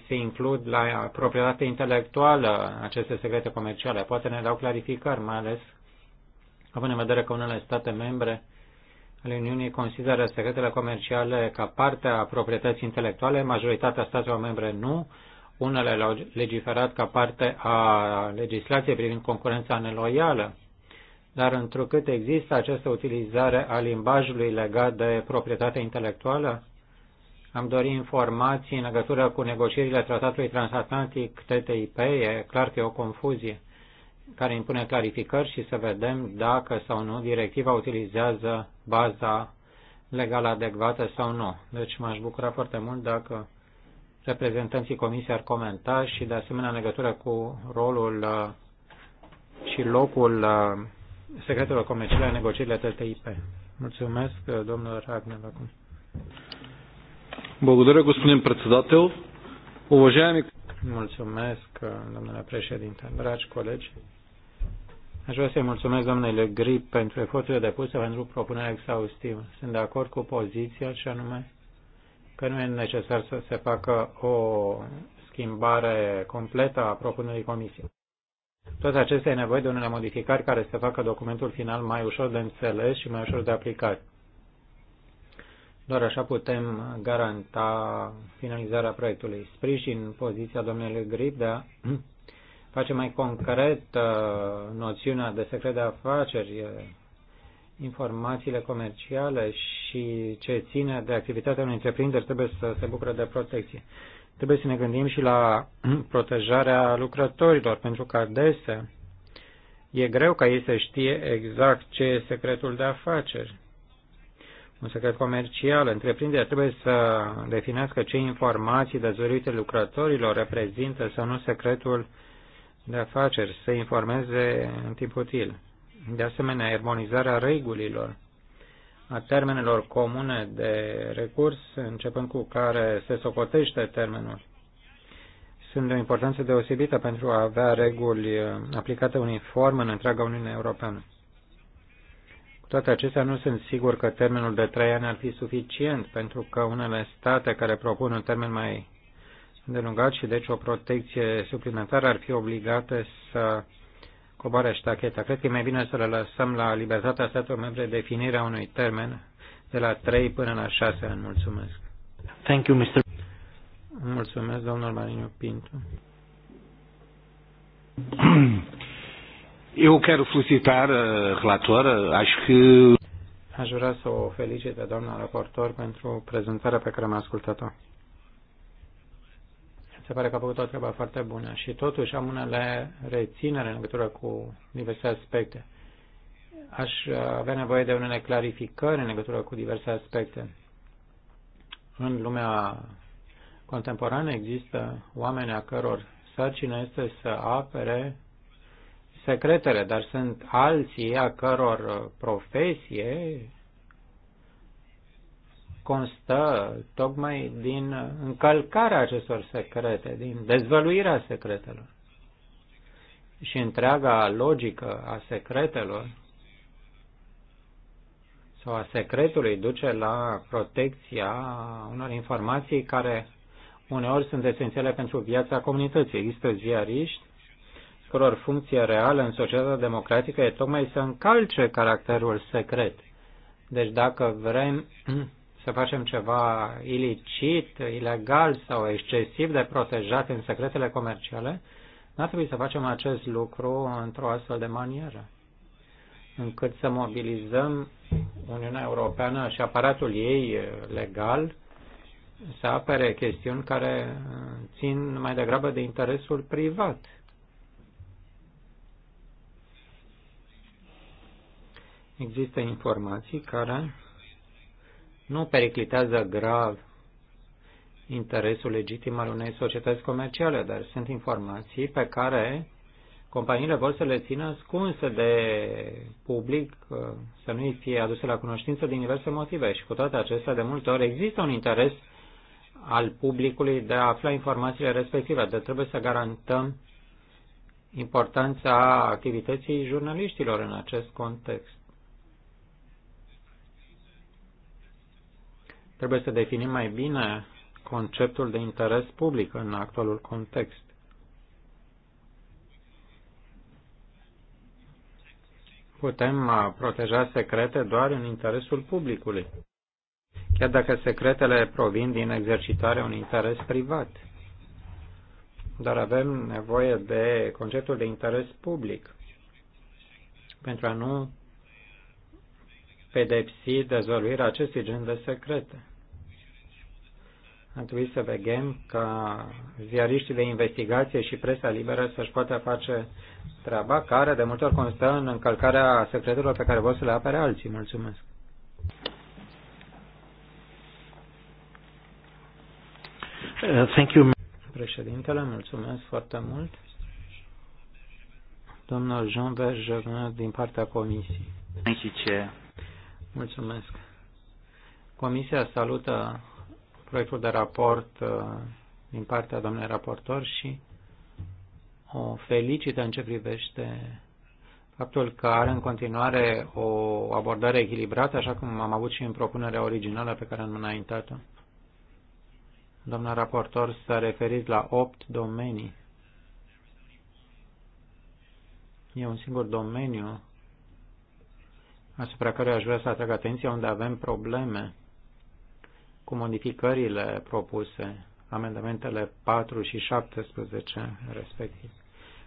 se includ la proprietate intelectuală aceste secrete comerciale. Poate ne dau clarificări, mai ales având în vedere că unele state membre ale Uniunii consideră secretele comerciale ca parte a proprietății intelectuale, majoritatea statelor membre nu, unele le au legiferat ca parte a legislației privind concurența neloială, dar întrucât există această utilizare a limbajului legat de proprietatea intelectuală, am dorit informații în legătură cu negocierile Tratatului Transatlantic TTIP, e clar că e o confuzie care impune clarificări și să vedem dacă sau nu directiva utilizează baza legală adecvată sau nu. Deci m-aș bucura foarte mult dacă reprezentanții comisiei ar comenta și de asemenea în legătură cu rolul uh, și locul uh, secretelor comerciale în negocierile TTIP. Mulțumesc, uh, domnul Ragnar. acum. Благодаря, господин председател. Уважаеми... Mulțumesc, domnule președinte. Dragi colegi, Aș vrea să-i mulțumesc domnule Grip pentru eforturile depuse pentru propunerea exhaustivă. Sunt de acord cu poziția și anume că nu e necesar să se facă o schimbare completă a propunerii comisiei. Toate acestea e nevoie de unele modificări care să facă documentul final mai ușor de înțeles și mai ușor de aplicat. Doar așa putem garanta finalizarea proiectului. Sprijin poziția domnului Grip de a face mai concret uh, noțiunea de secret de afaceri, informațiile comerciale și ce ține de activitatea unei întreprinderi trebuie să se bucure de protecție. Trebuie să ne gândim și la protejarea lucrătorilor, pentru că adesea e greu ca ei să știe exact ce e secretul de afaceri. Un secret comercial, întreprinderea trebuie să definească ce informații dezvăluite lucrătorilor reprezintă sau nu secretul uh, de afaceri să informeze în timp util. De asemenea, armonizarea regulilor a termenelor comune de recurs, începând cu care se socotește termenul, sunt de o importanță deosebită pentru a avea reguli uh, aplicate uniform în întreaga Uniune Europeană. Cu toate acestea, nu sunt sigur că termenul de trei ani ar fi suficient, pentru că unele state care propun un termen mai îndelungat și deci o protecție suplimentară ar fi obligată să coboare ștacheta. Cred că e mai bine să le lăsăm la libertatea statului membre definirea unui termen de la 3 până la 6 ani. Mulțumesc. Thank you, Mr. Mulțumesc, domnul Mariniu Pinto. Eu chiar felicitar uh, relator, relatora. Uh, că... Aș vrea să o felicit pe doamna raportor pentru prezentarea pe care am ascultat-o se pare că a făcut o treabă foarte bună și totuși am unele reținere în legătură cu diverse aspecte. Aș uh, avea nevoie de unele clarificări în legătură cu diverse aspecte. În lumea contemporană există oameni a căror sarcină este să apere secretele, dar sunt alții a căror profesie constă tocmai din încălcarea acestor secrete, din dezvăluirea secretelor. Și întreaga logică a secretelor sau a secretului duce la protecția unor informații care uneori sunt esențiale pentru viața comunității. Există ziariști căror funcție reală în societatea democratică e tocmai să încalce caracterul secret. Deci dacă vrem să facem ceva ilicit, ilegal sau excesiv de protejat în secretele comerciale, n-ar trebui să facem acest lucru într-o astfel de manieră, încât să mobilizăm Uniunea Europeană și aparatul ei legal să apere chestiuni care țin mai degrabă de interesul privat. Există informații care nu periclitează grav interesul legitim al unei societăți comerciale, dar sunt informații pe care companiile vor să le țină ascunse de public, să nu i fie aduse la cunoștință din diverse motive. Și cu toate acestea, de multe ori există un interes al publicului de a afla informațiile respective, De trebuie să garantăm importanța activității jurnaliștilor în acest context. Trebuie să definim mai bine conceptul de interes public în actualul context. Putem uh, proteja secrete doar în interesul publicului, chiar dacă secretele provin din exercitarea unui interes privat. Dar avem nevoie de conceptul de interes public pentru a nu pedepsi dezvăluirea acestui gen de secrete. Ar trebui să vegem ca ziariștii de investigație și presa liberă să-și poată face treaba care de multe ori constă în încălcarea secretelor pe care vor să le apere alții. Mulțumesc. Uh, thank you. Președintele, mulțumesc foarte mult. Domnul Jean Bergevin din partea Comisiei. Thank you, Chair. Mulțumesc. Comisia salută proiectul de raport uh, din partea domnului raportor și o felicită în ce privește faptul că are în continuare o abordare echilibrată, așa cum am avut și în propunerea originală pe care am înaintat-o. Doamna raportor s-a referit la opt domenii. E un singur domeniu asupra care aș vrea să atrag atenția unde avem probleme cu modificările propuse, amendamentele 4 și 17 respectiv.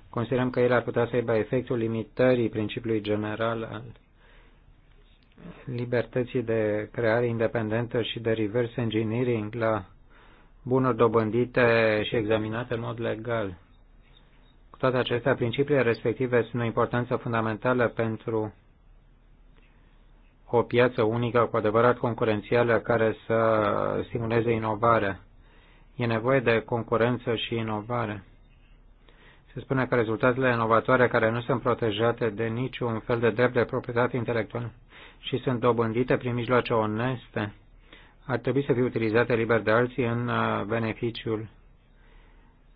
Considerăm că ele ar putea să aibă efectul limitării principiului general al libertății de creare independentă și de reverse engineering la bunuri dobândite și examinate în mod legal. Cu toate acestea, principiile respective sunt o importanță fundamentală pentru o piață unică cu adevărat concurențială care să stimuleze inovarea. E nevoie de concurență și inovare. Se spune că rezultatele inovatoare care nu sunt protejate de niciun fel de drept de proprietate intelectuală și sunt dobândite prin mijloace oneste, ar trebui să fie utilizate liber de alții în uh, beneficiul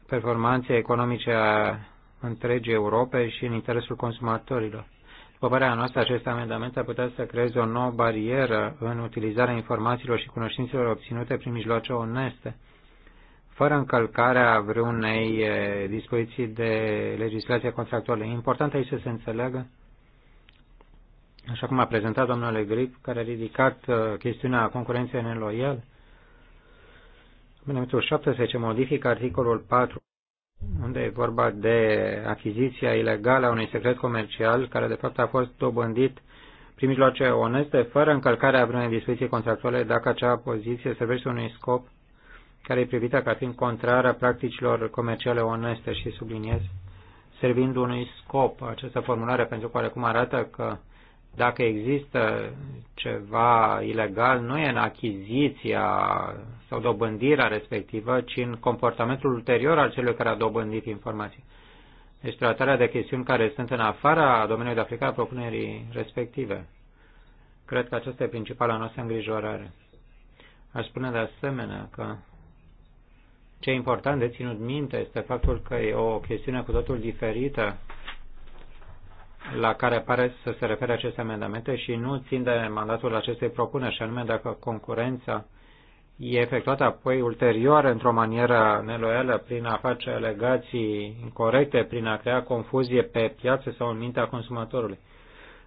performanței economice a întregii Europe și în interesul consumatorilor. După părerea noastră, acest amendament ar putea să creeze o nouă barieră în utilizarea informațiilor și cunoștințelor obținute prin mijloace oneste, fără încălcarea vreunei dispoziții de legislație contractuală. Important aici să se înțeleagă, așa cum a prezentat domnul Grip, care a ridicat chestiunea concurenței neloiale, Amendamentul 17 modifică articolul 4 unde e vorba de achiziția ilegală a unui secret comercial care de fapt a fost dobândit prin mijloace oneste, fără încălcarea vreunei dispoziții contractuale, dacă acea poziție servește unui scop care e privită ca fiind contrară practicilor comerciale oneste și subliniez, servind unui scop. Această formulare pentru care cum arată că dacă există ceva ilegal, nu e în achiziția sau dobândirea respectivă, ci în comportamentul ulterior al celui care a dobândit informații. Deci tratarea de chestiuni care sunt în afara domeniului de aplicare a propunerii respective. Cred că aceasta e principala noastră îngrijorare. Aș spune de asemenea că ce e important de ținut minte este faptul că e o chestiune cu totul diferită la care pare să se refere aceste amendamente și nu țin de mandatul acestei propuneri, și anume dacă concurența e efectuată apoi ulterior într-o manieră neloială prin a face alegații incorrecte, prin a crea confuzie pe piață sau în mintea consumatorului.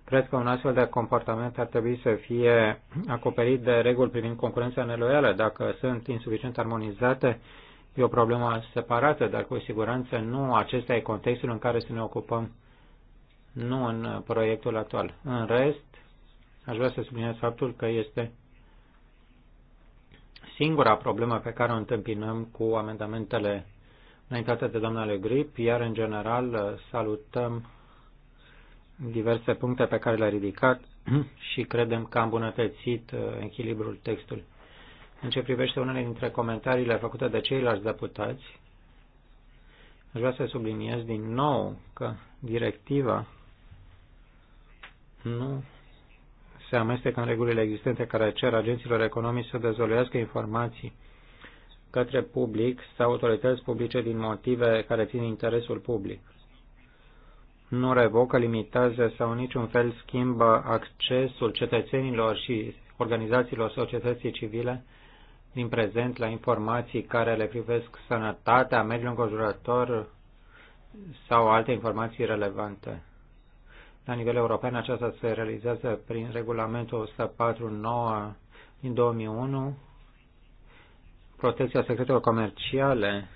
Cred că un astfel de comportament ar trebui să fie acoperit de reguli privind concurența neloială. Dacă sunt insuficient armonizate, e o problemă separată, dar cu siguranță nu acesta e contextul în care să ne ocupăm nu în proiectul actual. În rest, aș vrea să subliniez faptul că este singura problemă pe care o întâmpinăm cu amendamentele înaintate de doamna Grip, iar în general uh, salutăm diverse puncte pe care le-a ridicat și credem că a îmbunătățit uh, echilibrul textului. În ce privește unele dintre comentariile făcute de ceilalți deputați, aș vrea să subliniez din nou că directiva nu se amestecă în regulile existente care cer agenților economici să dezvăluiască informații către public sau autorități publice din motive care țin interesul public. Nu revocă, limitează sau în niciun fel schimbă accesul cetățenilor și organizațiilor societății civile din prezent la informații care le privesc sănătatea, mediul înconjurător sau alte informații relevante la nivel european. Aceasta se realizează prin regulamentul 149 din 2001. Protecția secretelor comerciale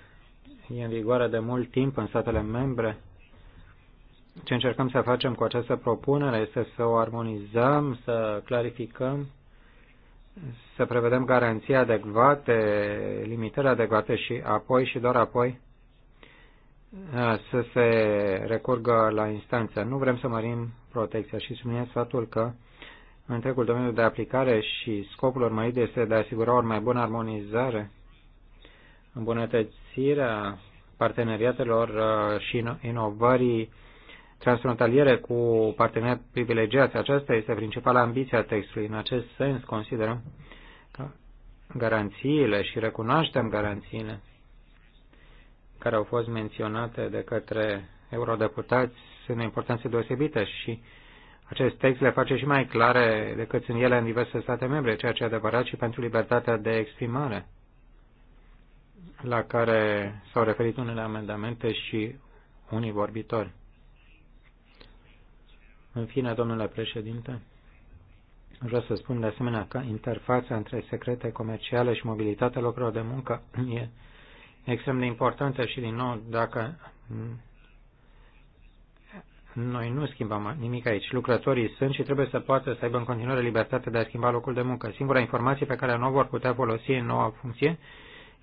e în vigoare de mult timp în statele membre. Ce încercăm să facem cu această propunere este să o armonizăm, să clarificăm, să prevedem garanții adecvate, limitări adecvate și apoi și doar apoi să se recurgă la instanță. Nu vrem să mărim protecția și subliniez faptul că întregul domeniu de aplicare și scopul urmărit este de a asigura o mai bună armonizare, îmbunătățirea parteneriatelor uh, și inovării transfrontaliere cu parteneri privilegiați. Aceasta este principala ambiție a textului. În acest sens, considerăm că garanțiile și recunoaștem garanțiile care au fost menționate de către eurodeputați sunt de importanță deosebită și acest text le face și mai clare decât sunt ele în diverse state membre, ceea ce e adevărat și pentru libertatea de exprimare, la care s-au referit unele amendamente și unii vorbitori. În fine, domnule președinte, vreau să spun de asemenea că interfața între secrete comerciale și mobilitatea locurilor de muncă e extrem de importantă și, din nou, dacă noi nu schimbăm nimic aici. Lucrătorii sunt și trebuie să poată să aibă în continuare libertate de a schimba locul de muncă. Singura informație pe care nu vor putea folosi în noua funcție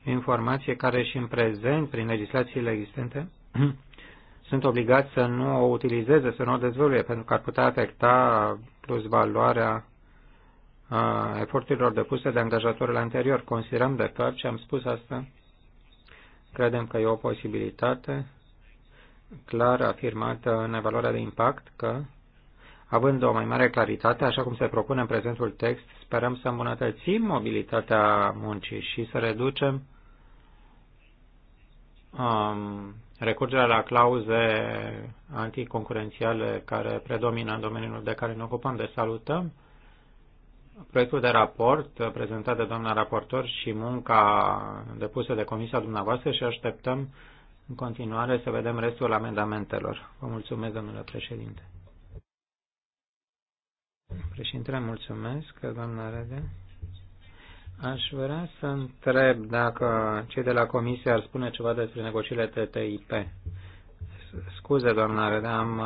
informație care și în prezent, prin legislațiile existente, sunt obligați să nu o utilizeze, să nu o dezvăluie, pentru că ar putea afecta plus valoarea a eforturilor depuse de angajatorul anterior. Considerăm de fapt, și am spus asta, Credem că e o posibilitate clar afirmată în evaluarea de impact că, având o mai mare claritate, așa cum se propune în prezentul text, sperăm să îmbunătățim mobilitatea muncii și să reducem um, recurgerea la clauze anticoncurențiale care predomină în domeniul de care ne ocupăm, de deci salutăm proiectul de raport uh, prezentat de doamna raportor și munca depusă de comisia dumneavoastră și așteptăm în continuare să vedem restul amendamentelor. Vă mulțumesc, domnule președinte. Președintele, mulțumesc, doamna Rede. Aș vrea să întreb dacă cei de la comisie ar spune ceva despre negocierile TTIP. Scuze, doamna Rede, am,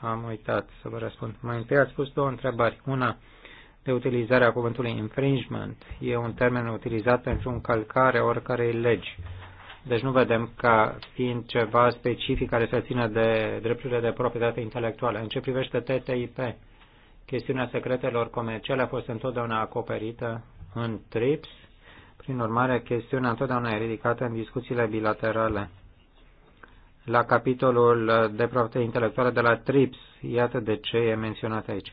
am uitat să vă răspund. Mai întâi ați spus două întrebări. Una, de utilizarea cuvântului infringement. E un termen utilizat pentru încălcare oricărei legi. Deci nu vedem ca fiind ceva specific care se țină de drepturile de proprietate intelectuală. În ce privește TTIP, chestiunea secretelor comerciale a fost întotdeauna acoperită în TRIPS, prin urmare, chestiunea întotdeauna e ridicată în discuțiile bilaterale. La capitolul de proprietate intelectuală de la TRIPS, iată de ce e menționat aici.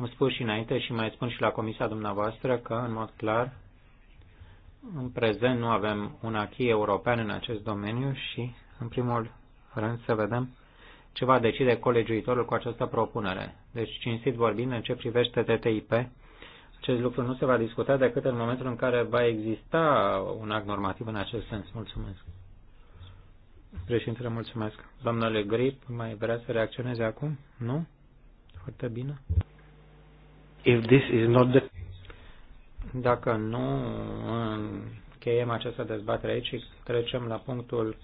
Am spus și înainte și mai spun și la comisia dumneavoastră că, în mod clar, în prezent nu avem un achii european în acest domeniu și, în primul rând, să vedem ce va decide colegiuitorul cu această propunere. Deci, cinstit vorbind, în ce privește TTIP, acest lucru nu se va discuta decât în momentul în care va exista un act normativ în acest sens. Mulțumesc. Președintele, mulțumesc. Domnule Grip, mai vrea să reacționeze acum? Nu? Foarte bine. If this is not the... Dacă nu încheiem această dezbatere aici și trecem la punctul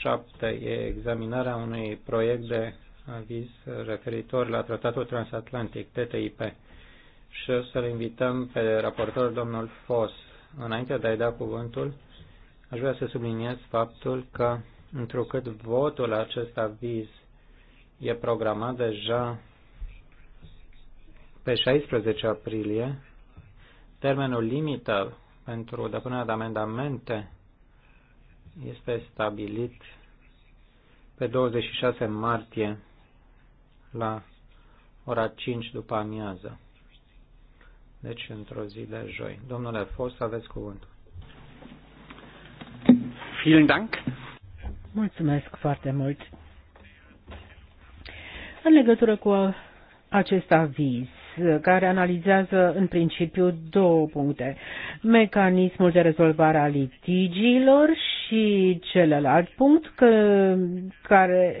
7, e examinarea unui proiect de aviz referitor la Tratatul Transatlantic, TTIP. Și o să-l invităm pe raportor domnul Fos. Înainte de a-i da cuvântul, aș vrea să subliniez faptul că, întrucât votul acest aviz e programat deja pe 16 aprilie, termenul limită pentru depunerea de amendamente este stabilit pe 26 martie la ora 5 după amiază. Deci într-o zi de joi. Domnule Fos, aveți cuvântul. Vielen Dank. Mulțumesc foarte mult. În legătură cu acest aviz, care analizează în principiu două puncte. Mecanismul de rezolvare a litigiilor și celălalt punct că, care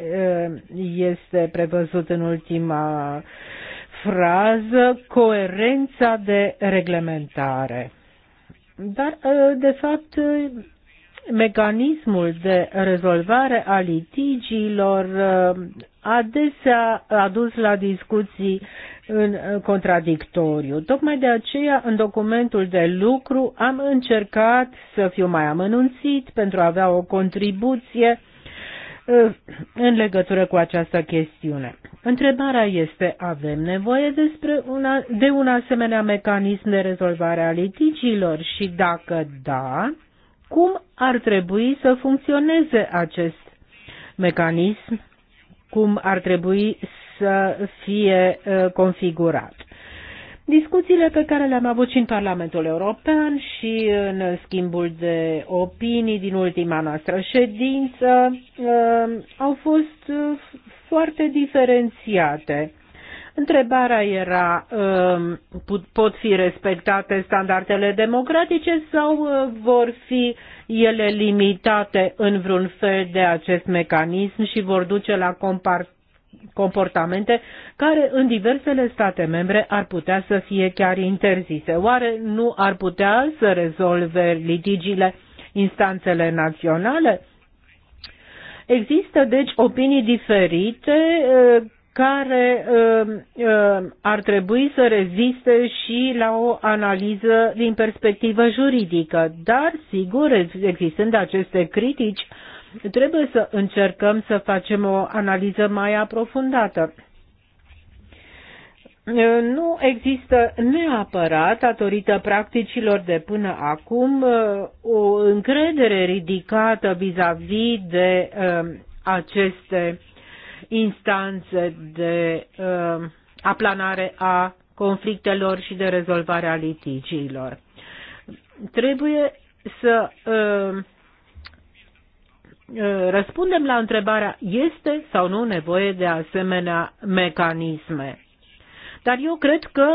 uh, este prevăzut în ultima frază, coerența de reglementare. Dar, uh, de fapt, mecanismul de rezolvare a litigiilor uh, adesea adus la discuții în contradictoriu. Tocmai de aceea, în documentul de lucru, am încercat să fiu mai amănunțit pentru a avea o contribuție eh, în legătură cu această chestiune. Întrebarea este, avem nevoie despre una, de un asemenea mecanism de rezolvare a litigiilor și dacă da, cum ar trebui să funcționeze acest mecanism cum ar trebui să fie uh, configurat. Discuțiile pe care le-am avut și în Parlamentul European și în schimbul de opinii din ultima noastră ședință uh, au fost uh, foarte diferențiate. Întrebarea era, um, pot fi respectate standardele democratice sau uh, vor fi ele limitate în vreun fel de acest mecanism și vor duce la comportamente care în diversele state membre ar putea să fie chiar interzise? Oare nu ar putea să rezolve litigiile instanțele naționale? Există, deci, opinii diferite uh, care um, um, ar trebui să reziste și la o analiză din perspectivă juridică. Dar, sigur, existând aceste critici, trebuie să încercăm să facem o analiză mai aprofundată. Uh, nu există neapărat, datorită practicilor de până acum, uh, o încredere ridicată vis-a-vis -vis de um, aceste instanțe de uh, aplanare a conflictelor și de rezolvare a litigiilor. Trebuie să um, uh, răspundem la întrebarea este sau nu nevoie de asemenea mecanisme. Dar eu cred că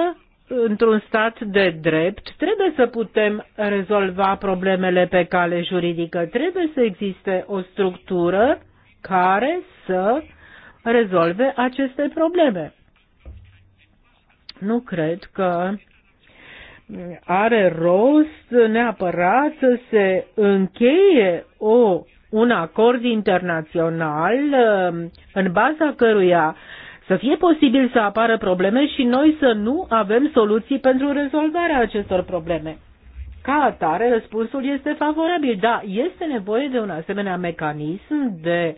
într-un stat de drept trebuie să putem rezolva problemele pe cale juridică. Trebuie să existe o structură care să rezolve aceste probleme. Nu cred că are rost neapărat să se încheie o, un acord internațional um, în baza căruia să fie posibil să apară probleme și noi să nu avem soluții pentru rezolvarea acestor probleme. Ca atare, răspunsul este favorabil. Da, este nevoie de un asemenea mecanism de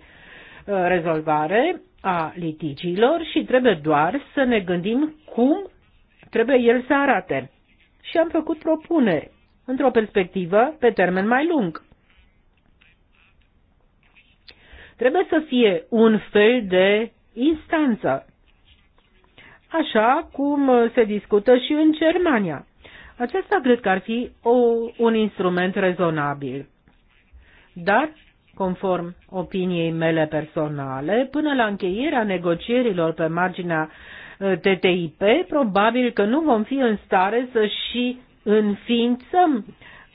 uh, rezolvare a litigiilor și trebuie doar să ne gândim cum trebuie el să arate. Și am făcut propuneri într-o perspectivă pe termen mai lung. Trebuie să fie un fel de instanță, așa cum se discută și în Germania. Acesta cred că ar fi o, un instrument rezonabil. Dar conform opiniei mele personale, până la încheierea negocierilor pe marginea uh, TTIP, probabil că nu vom fi în stare să și înființăm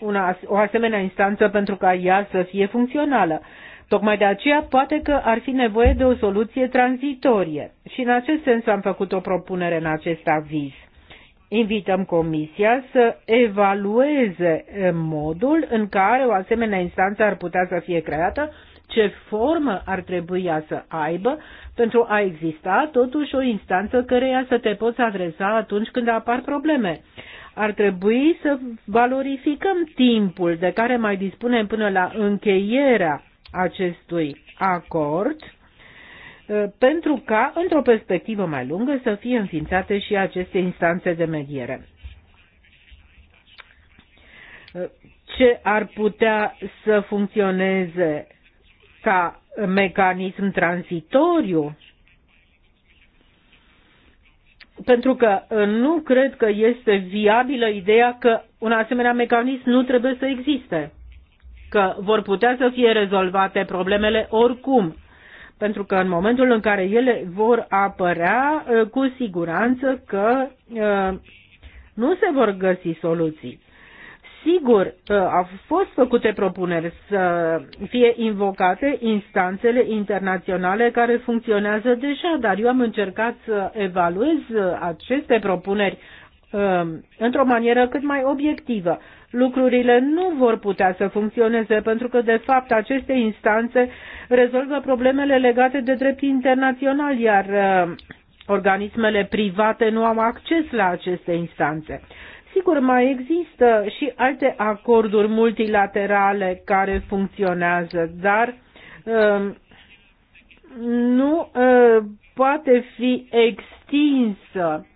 una, o asemenea instanță pentru ca ea să fie funcțională. Tocmai de aceea poate că ar fi nevoie de o soluție tranzitorie și în acest sens am făcut o propunere în acest aviz invităm Comisia să evalueze eh, modul în care o asemenea instanță ar putea să fie creată, ce formă ar trebui ea să aibă pentru a exista totuși o instanță căreia să te poți adresa atunci când apar probleme. Ar trebui să valorificăm timpul de care mai dispunem până la încheierea acestui acord Uh, pentru ca, într-o perspectivă mai lungă, să fie înființate și aceste instanțe de mediere. Uh, ce ar putea să funcționeze ca mecanism tranzitoriu? Pentru că uh, nu cred că este viabilă ideea că un asemenea mecanism nu trebuie să existe că vor putea să fie rezolvate problemele oricum, pentru că în momentul în care ele vor apărea, ă, cu siguranță că ă, nu se vor găsi soluții. Sigur, ă, au fost făcute propuneri să fie invocate instanțele internaționale care funcționează deja, dar eu am încercat să evaluez aceste propuneri Um, într-o manieră cât mai obiectivă. Lucrurile nu vor putea să funcționeze pentru că, de fapt, aceste instanțe rezolvă problemele legate de drept internațional, iar um, organismele private nu au acces la aceste instanțe. Sigur, mai există și alte acorduri multilaterale care funcționează, dar um, nu uh, poate fi extinsă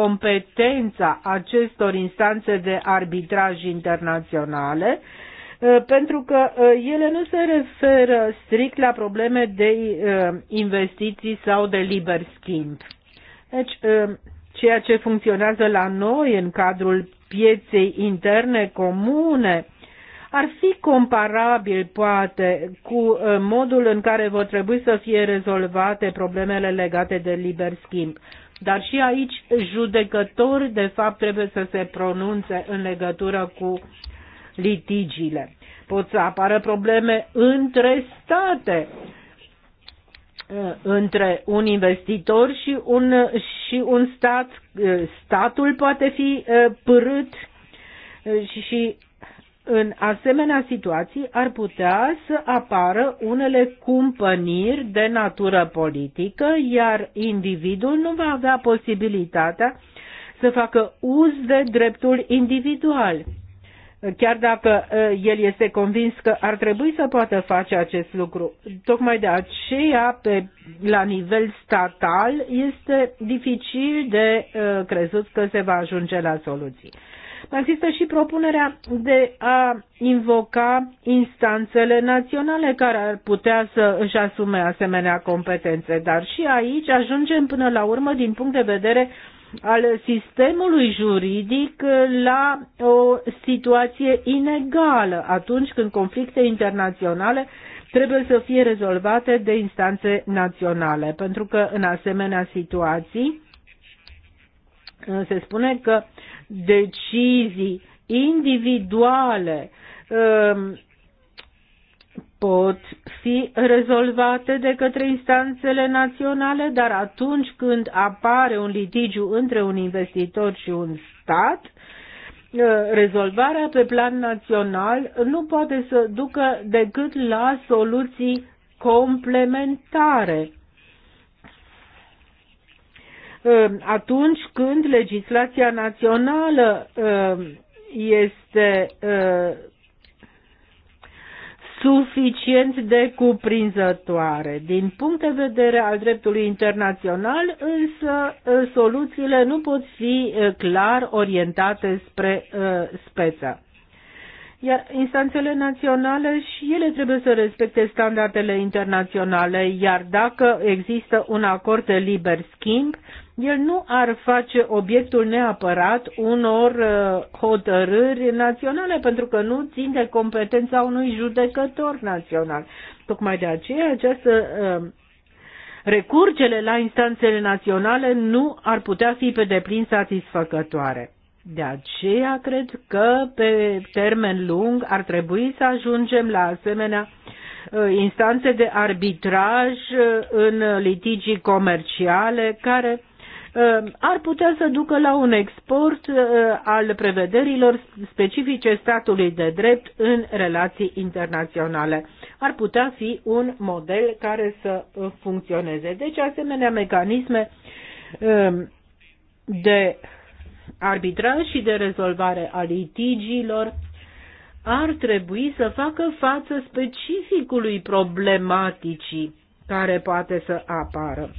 competența acestor instanțe de arbitraj internaționale, uh, pentru că uh, ele nu se referă strict la probleme de uh, investiții sau de liber schimb. Deci, ceea ce funcționează la noi în cadrul pieței interne comune ar fi comparabil, poate, cu modul în care vor trebui să fie rezolvate problemele legate de liber schimb. Dar și aici judecători, de fapt, trebuie să se pronunțe în legătură cu litigiile. Pot să apară probleme între state uh, între un investitor și un, și un stat. Uh, statul poate fi uh, părât și în asemenea situații ar putea să apară unele cumpăniri de natură politică, iar individul nu va avea posibilitatea să facă uz de dreptul individual. Chiar dacă el este convins că ar trebui să poată face acest lucru. Tocmai de aceea, pe, la nivel statal, este dificil de crezut că se va ajunge la soluții. Există și propunerea de a invoca instanțele naționale care ar putea să își asume asemenea competențe, dar și aici ajungem până la urmă din punct de vedere al sistemului juridic la o situație inegală atunci când conflicte internaționale trebuie să fie rezolvate de instanțe naționale, pentru că în asemenea situații se spune că decizii individuale um, pot fi rezolvate de către instanțele naționale, dar atunci când apare un litigiu între un investitor și un stat, uh, rezolvarea pe plan național nu poate să ducă decât la soluții complementare. Uh, atunci când legislația națională uh, este uh, suficient de cuprinzătoare. Din punct de vedere al dreptului internațional, însă, soluțiile nu pot fi clar orientate spre uh, speță. Iar instanțele naționale și ele trebuie să respecte standardele internaționale, iar dacă există un acord de liber schimb, el nu ar face obiectul neapărat unor uh, hotărâri naționale, pentru că nu țin de competența unui judecător național. Tocmai de aceea această uh, recurgere la instanțele naționale nu ar putea fi pe deplin satisfăcătoare. De aceea cred că pe termen lung ar trebui să ajungem la asemenea uh, instanțe de arbitraj în litigii comerciale care Ehm, ar putea să ducă la un export eh, al prevederilor specifice statului de drept în relații internaționale. Ar putea fi un model care să eh, funcționeze. Deci asemenea mecanisme ehm, de arbitraj și de rezolvare a litigiilor ar trebui să facă față specificului problematicii care poate să apară.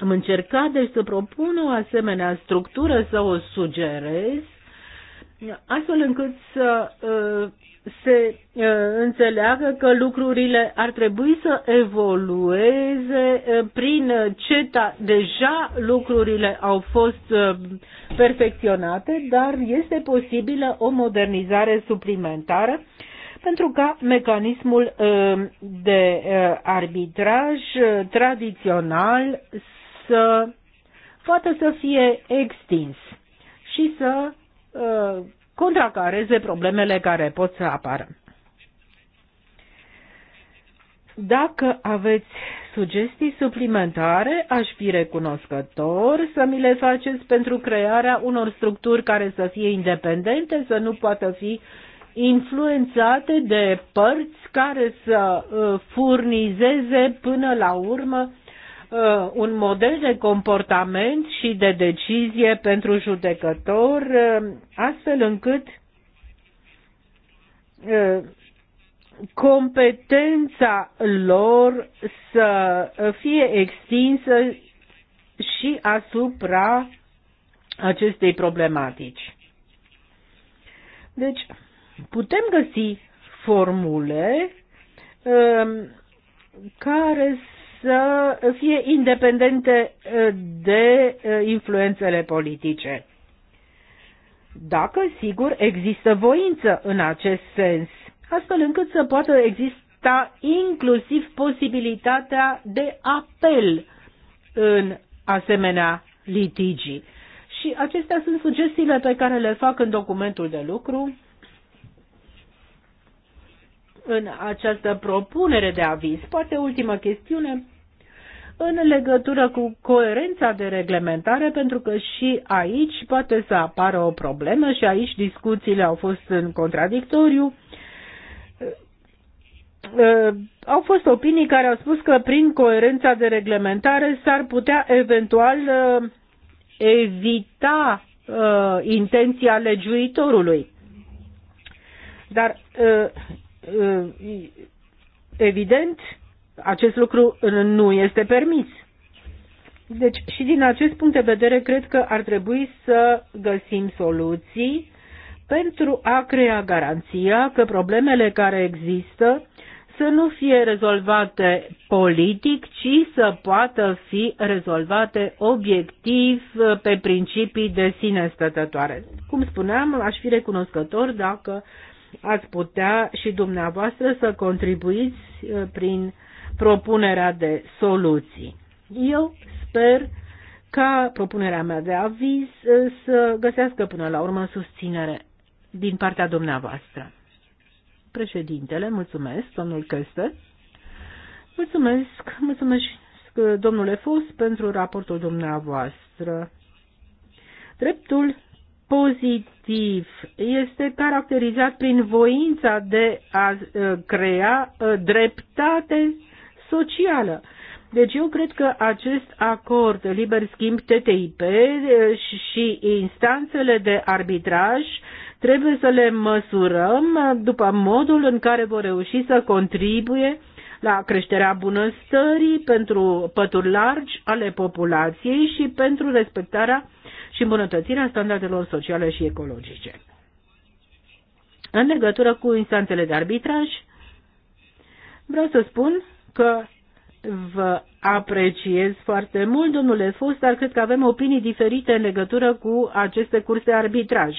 Am încercat deci să propun o asemenea structură, să o sugerez, astfel încât să ă, se ă, înțeleagă că lucrurile ar trebui să evolueze ă, prin CETA. Deja lucrurile au fost perfecționate, dar este posibilă o modernizare suplimentară pentru ca mecanismul de arbitraj tradițional să poată să fie extins și să uh, contracareze problemele care pot să apară. Dacă aveți sugestii suplimentare, aș fi recunoscător să mi le faceți pentru crearea unor structuri care să fie independente, să nu poată fi influențate de părți care să ă, furnizeze până la urmă Uh, un model de comportament și de decizie pentru judecător, uh, astfel încât uh, competența lor să fie extinsă și asupra acestei problematici. Deci, putem găsi formule care să fie independente eh, de eh, influențele politice. Dacă, sigur, există voință în acest sens, astfel încât să poată exista inclusiv posibilitatea de apel în asemenea litigii. Și acestea sunt sugestiile pe care le fac în documentul de lucru în această propunere de aviz. Poate ultima chestiune în legătură cu coerența de reglementare, pentru că și aici poate să apară o problemă și aici discuțiile au fost în contradictoriu. Ă, au fost opinii care au spus că prin coerența de reglementare s-ar putea eventual ă, evita ă, intenția legiuitorului. Dar Ă, evident, acest lucru nu este permis. Deci, și din acest punct de vedere, cred că ar trebui să găsim soluții pentru a crea garanția că problemele care există să nu fie rezolvate politic, ci să poată fi rezolvate obiectiv pe principii de sine stătătoare. Cum spuneam, aș fi recunoscător dacă ați putea și dumneavoastră să contribuiți uh, prin propunerea de soluții. Eu sper ca propunerea mea de aviz uh, să găsească până la urmă susținere din partea dumneavoastră. Președintele, mulțumesc, domnul Căstă. Mulțumesc, mulțumesc, domnule Fos, pentru raportul dumneavoastră. Dreptul pozitiv este caracterizat prin voința de a uh, crea uh, dreptate socială. Deci eu cred că acest acord liber schimb TTIP uh, și instanțele de arbitraj trebuie să le măsurăm după modul în care vor reuși să contribuie la creșterea bunăstării pentru pături largi ale populației și pentru respectarea și îmbunătățirea standardelor sociale și ecologice. În legătură cu instanțele de arbitraj, vreau să spun că vă apreciez foarte mult, domnule Fost, dar cred că avem opinii diferite în legătură cu aceste curse de arbitraj.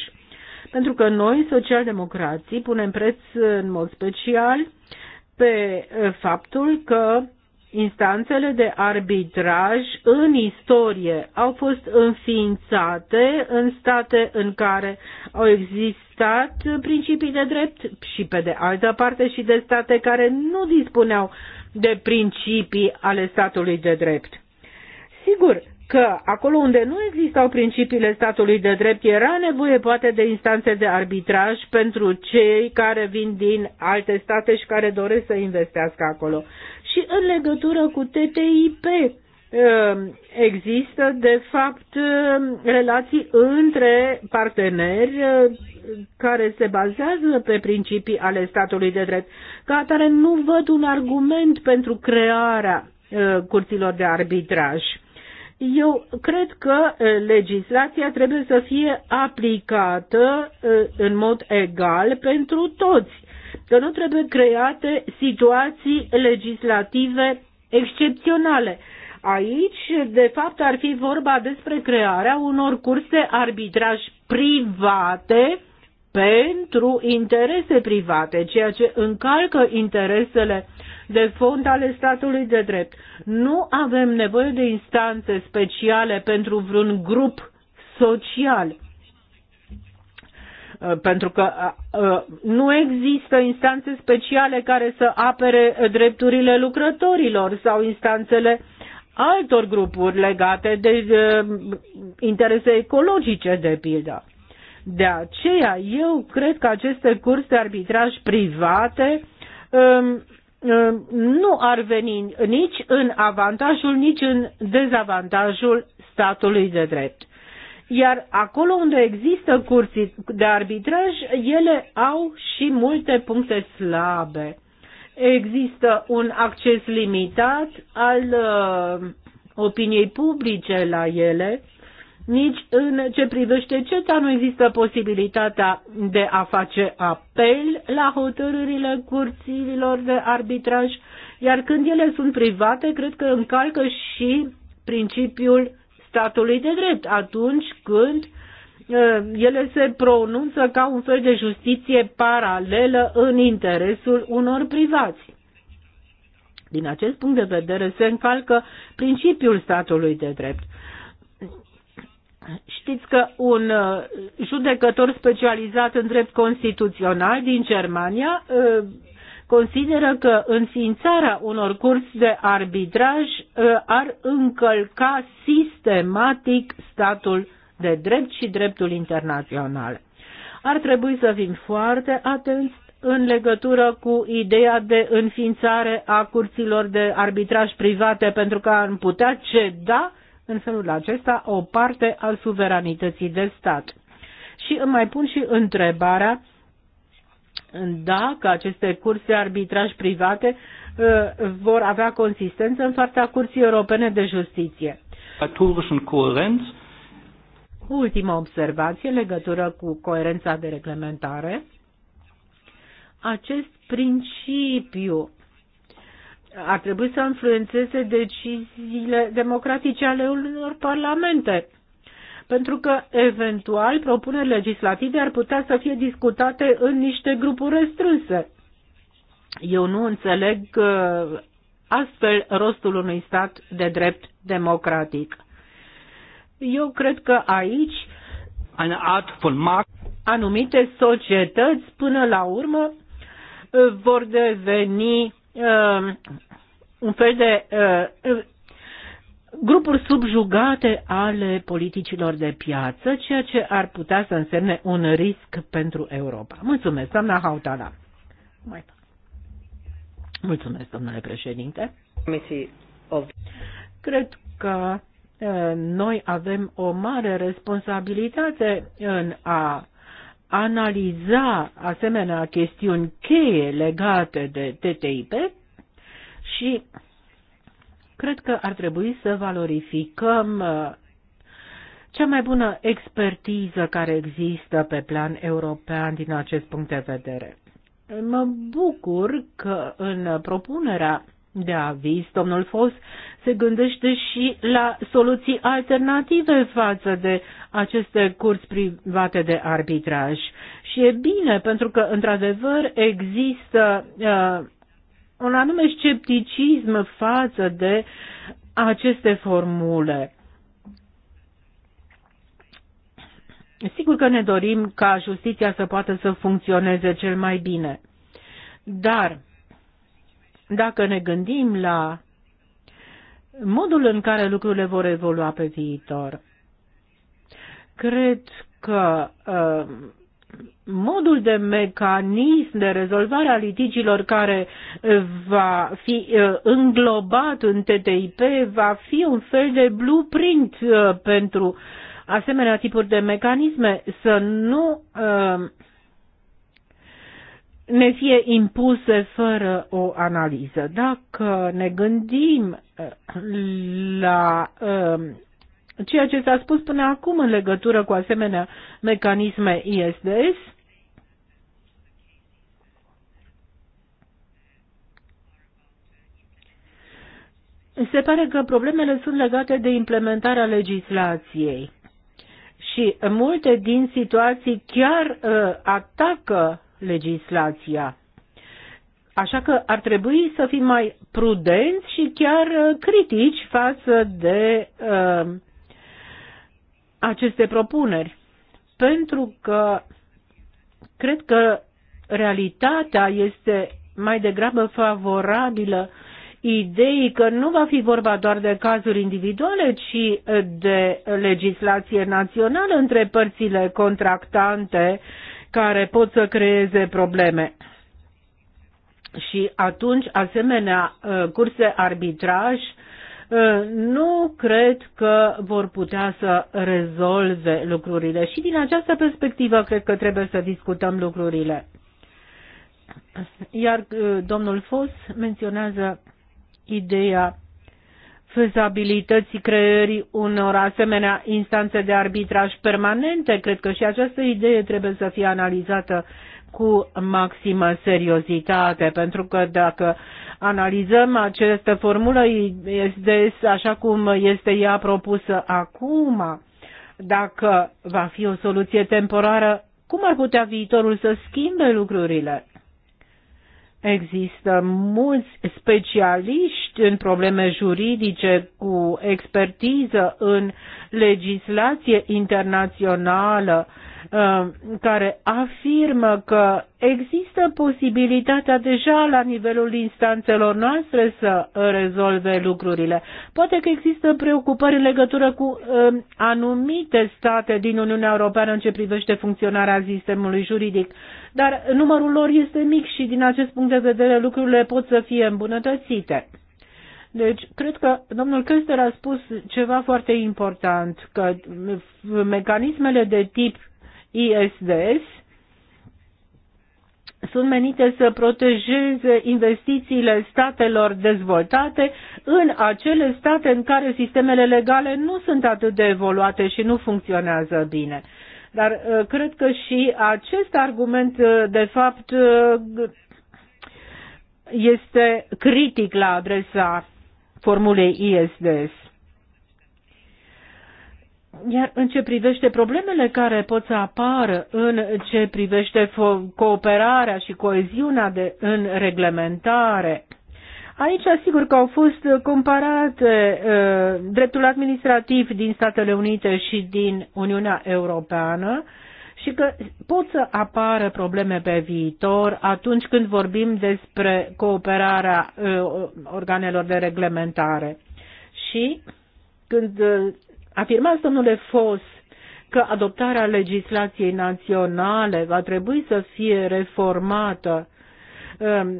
Pentru că noi, socialdemocrații, punem preț în mod special pe faptul că instanțele de arbitraj în istorie au fost înființate în state în care au existat principii de drept și pe de altă parte și de state care nu dispuneau de principii ale statului de drept. Sigur că acolo unde nu existau principiile statului de drept era nevoie poate de instanțe de arbitraj pentru cei care vin din alte state și care doresc să investească acolo. Și în legătură cu TTIP, ehm, există, de fapt, ehm, relații între parteneri ehm, care se bazează pe principii ale statului de drept. Ca atare, nu văd un argument pentru crearea curților de arbitraj. Eu cred că legislația trebuie să fie aplicată în mod egal pentru toți că nu trebuie create situații legislative excepționale. Aici, de fapt, ar fi vorba despre crearea unor curse arbitraj private pentru interese private, ceea ce încalcă interesele de fond ale statului de drept. Nu avem nevoie de instanțe speciale pentru vreun grup social pentru că Uh, nu există instanțe speciale care să apere uh, drepturile lucrătorilor sau instanțele altor grupuri legate de uh, interese ecologice, de pildă. De aceea, eu cred că aceste curs de arbitraj private um, um, nu ar veni nici în avantajul, nici în dezavantajul statului de drept. Iar acolo unde există curții de arbitraj, ele au și multe puncte slabe. Există un acces limitat al uh, opiniei publice la ele, nici în ce privește CETA nu există posibilitatea de a face apel la hotărârile curților de arbitraj, iar când ele sunt private, cred că încalcă și principiul statului de drept atunci când ele se pronunță ca un fel de justiție paralelă în interesul unor privați. Din acest punct de vedere se încalcă principiul statului de drept. Știți că un judecător specializat în drept constituțional din Germania consideră că înființarea unor curți de arbitraj uh, ar încălca sistematic statul de drept și dreptul internațional. Ar trebui să fim foarte atenți în legătură cu ideea de înființare a curților de arbitraj private pentru că ar putea ceda în felul acesta o parte al suveranității de stat. Și îmi mai pun și întrebarea dacă aceste curse arbitraj private uh, vor avea consistență în fața Curții Europene de Justiție. Ultima observație în legătură cu coerența de reglementare. Acest principiu ar trebui să influențeze deciziile democratice ale unor parlamente pentru că eventual propuneri legislative ar putea să fie discutate în niște grupuri restrânse. Eu nu înțeleg uh, astfel rostul unui stat de drept democratic. Eu cred că aici anumite societăți până la urmă uh, vor deveni uh, un fel de uh, grupuri subjugate ale politicilor de piață, ceea ce ar putea să însemne un risc pentru Europa. Mulțumesc, doamna Hautala. Mai Mulțumesc, domnule președinte. Cred că noi avem o mare responsabilitate în a analiza asemenea chestiuni cheie legate de TTIP și Cred că ar trebui să valorificăm uh, cea mai bună expertiză care există pe plan european din acest punct de vedere. Mă bucur că în propunerea de aviz, domnul Fos se gândește și la soluții alternative față de aceste curți private de arbitraj. Și e bine, pentru că, într-adevăr, există uh, un anume scepticism față de aceste formule. Sigur că ne dorim ca justiția să poată să funcționeze cel mai bine. Dar dacă ne gândim la modul în care lucrurile vor evolua pe viitor, cred că uh, modul de mecanism de rezolvare a litigilor care eh, va fi eh, înglobat în TTIP va fi un fel de blueprint eh, pentru asemenea tipuri de mecanisme să nu ne fie impuse fără o analiză. Dacă ne gândim la ceea ce s-a spus până acum în legătură cu asemenea mecanisme ISDS. Se pare că problemele sunt legate de implementarea legislației și multe din situații chiar uh, atacă legislația. Așa că ar trebui să fim mai prudenți și chiar uh, critici față de uh, aceste propuneri, pentru că cred că realitatea este mai degrabă favorabilă ideii că nu va fi vorba doar de cazuri individuale, ci de legislație națională între părțile contractante care pot să creeze probleme. Și atunci, asemenea, uh, curse arbitraj Ă, nu cred că vor putea să rezolve lucrurile și din această perspectivă cred că trebuie să discutăm lucrurile. Iar ă, domnul Fos menționează ideea fezabilității creării unor asemenea instanțe de arbitraj permanente. Cred că și această idee trebuie să fie analizată cu maximă seriozitate, pentru că dacă analizăm această formulă ISDS așa cum este ea propusă acum, dacă va fi o soluție temporară, cum ar putea viitorul să schimbe lucrurile? Există mulți specialiști în probleme juridice cu expertiză în legislație internațională Uh, care afirmă că există posibilitatea deja la nivelul instanțelor noastre să rezolve lucrurile. Poate că există preocupări în legătură cu uh, anumite state din Uniunea Europeană în ce privește funcționarea sistemului juridic, dar numărul lor este mic și din acest punct de vedere lucrurile pot să fie îmbunătățite. Deci, cred că domnul Căster a spus ceva foarte important, că mecanismele de tip ISDS sunt menite să protejeze investițiile statelor dezvoltate în acele state în care sistemele legale nu sunt atât de evoluate și nu funcționează bine. Dar uh, cred că și acest argument, uh, de fapt, uh, este critic la adresa formulei ISDS. Iar în ce privește problemele care pot să apară, în ce privește cooperarea și coeziunea de, în reglementare, Aici, asigur că au fost comparate uh, dreptul administrativ din Statele Unite și din Uniunea Europeană și că pot să apară probleme pe viitor atunci când vorbim despre cooperarea uh, organelor de reglementare. Și când uh, Afirmați, domnule Fos, că adoptarea legislației naționale va trebui să fie reformată um,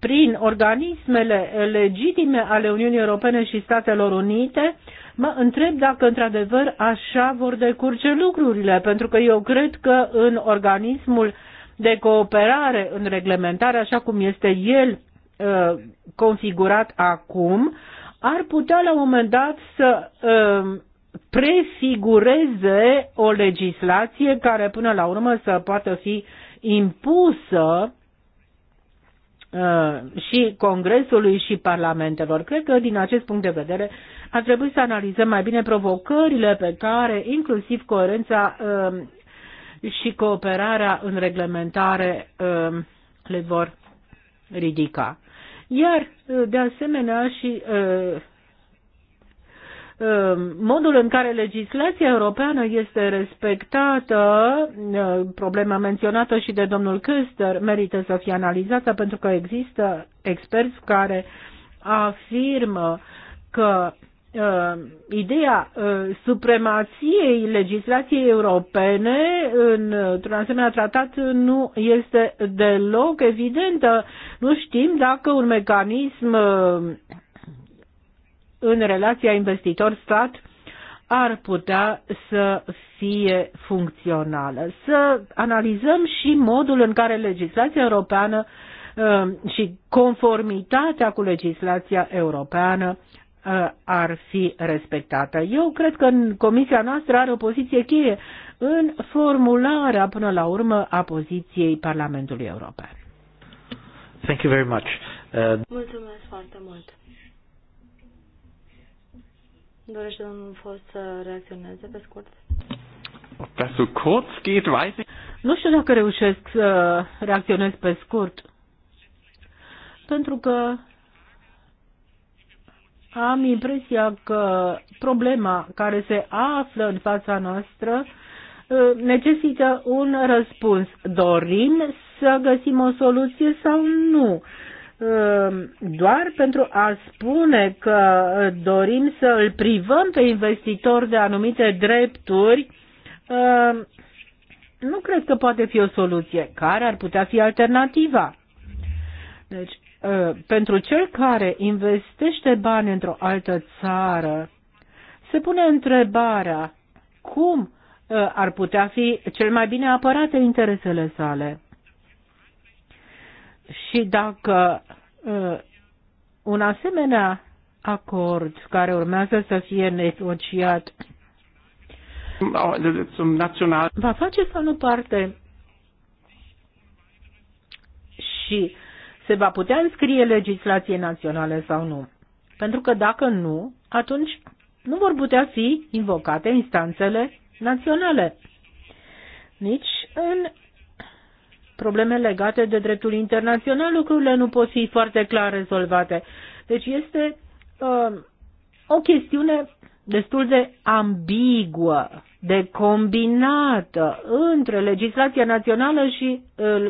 prin organismele legitime ale Uniunii Europene și Statelor Unite, mă întreb dacă într-adevăr așa vor decurge lucrurile, pentru că eu cred că în organismul de cooperare în reglementare, așa cum este el uh, configurat acum, ar putea la un moment dat să um, prefigureze o legislație care până la urmă să poată fi impusă uh, și Congresului și Parlamentelor. Cred că din acest punct de vedere ar trebui să analizăm mai bine provocările pe care inclusiv coerența um, și cooperarea în reglementare um, le vor ridica. Iar, de asemenea, și modul în care legislația europeană este respectată, problema menționată și de domnul Căster, merită să fie analizată pentru că există experți care afirmă că uh, ideea uh, supremației legislației europene în, într-un asemenea tratat nu este deloc evidentă. Nu știm dacă un mecanism uh, în relația investitor-stat ar putea să fie funcțională. Să analizăm și modul în care legislația europeană uh, și conformitatea cu legislația europeană Uh, ar fi respectată. Eu cred că comisia noastră are o poziție cheie în formularea până la urmă a poziției Parlamentului European. Thank you very much. Uh... Mulțumesc foarte mult. Dorește domnul fost să reacționeze pe scurt? Dar so geht, weiß Nu știu dacă reușesc să reacționez pe scurt. Pentru că am impresia că problema care se află în fața noastră uh, necesită un răspuns. Dorim să găsim o soluție sau nu? Uh, doar pentru a spune că dorim să îl privăm pe investitor de anumite drepturi, uh, nu cred că poate fi o soluție. Care ar putea fi alternativa? Deci, Uh, pentru cel care investește bani într-o altă țară, se pune întrebarea cum uh, ar putea fi cel mai bine apărate interesele sale. Și dacă uh, un asemenea acord care urmează să fie negociat va face sau nu parte și se va putea înscrie legislație națională sau nu. Pentru că dacă nu, atunci nu vor putea fi invocate instanțele naționale. Nici în probleme legate de dreptul internațional lucrurile nu pot fi foarte clar rezolvate. Deci este uh, o chestiune destul de ambiguă, de combinată între legislația națională și uh,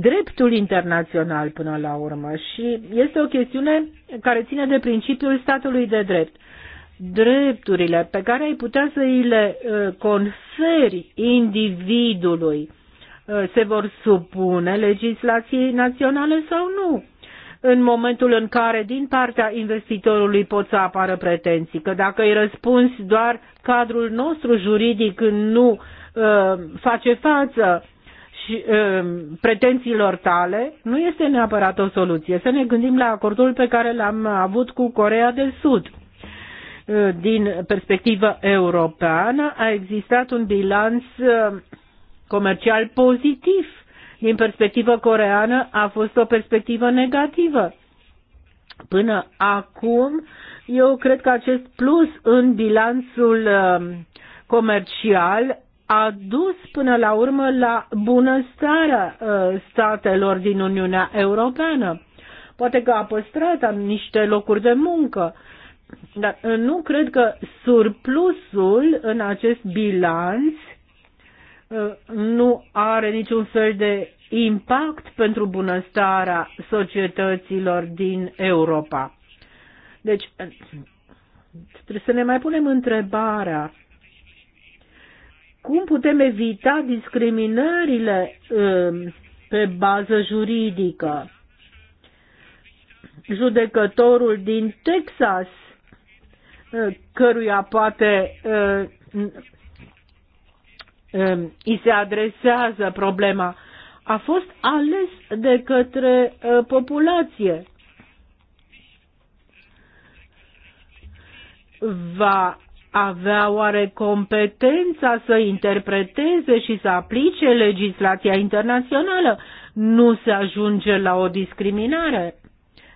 dreptul internațional până la urmă și este o chestiune care ține de principiul statului de drept. Drepturile pe care ai putea să îi le uh, conferi individului uh, se vor supune legislației naționale sau nu? în momentul în care din partea investitorului pot să apară pretenții, că dacă îi răspunzi doar cadrul nostru juridic nu uh, face față Ă, pretențiilor tale nu este neapărat o soluție. Să ne gândim la acordul pe care l-am avut cu Corea de Sud. Ă, din perspectivă europeană a existat un bilanț ă, comercial pozitiv. Din perspectivă coreană a fost o perspectivă negativă. Până acum, eu cred că acest plus în bilanțul comercial a dus până la urmă la bunăstarea uh, statelor din Uniunea Europeană. Poate că a păstrat niște locuri de muncă, dar uh, nu cred că surplusul în acest bilanț uh, nu are niciun fel de impact pentru bunăstarea societăților din Europa. Deci, trebuie să ne mai punem întrebarea cum putem evita discriminările um, pe bază juridică. Judecătorul din Texas, uh, căruia poate îi uh, um, se adresează problema, a fost ales de către uh, populație. Va avea oare competența să interpreteze și să aplice legislația internațională? Nu se ajunge la o discriminare.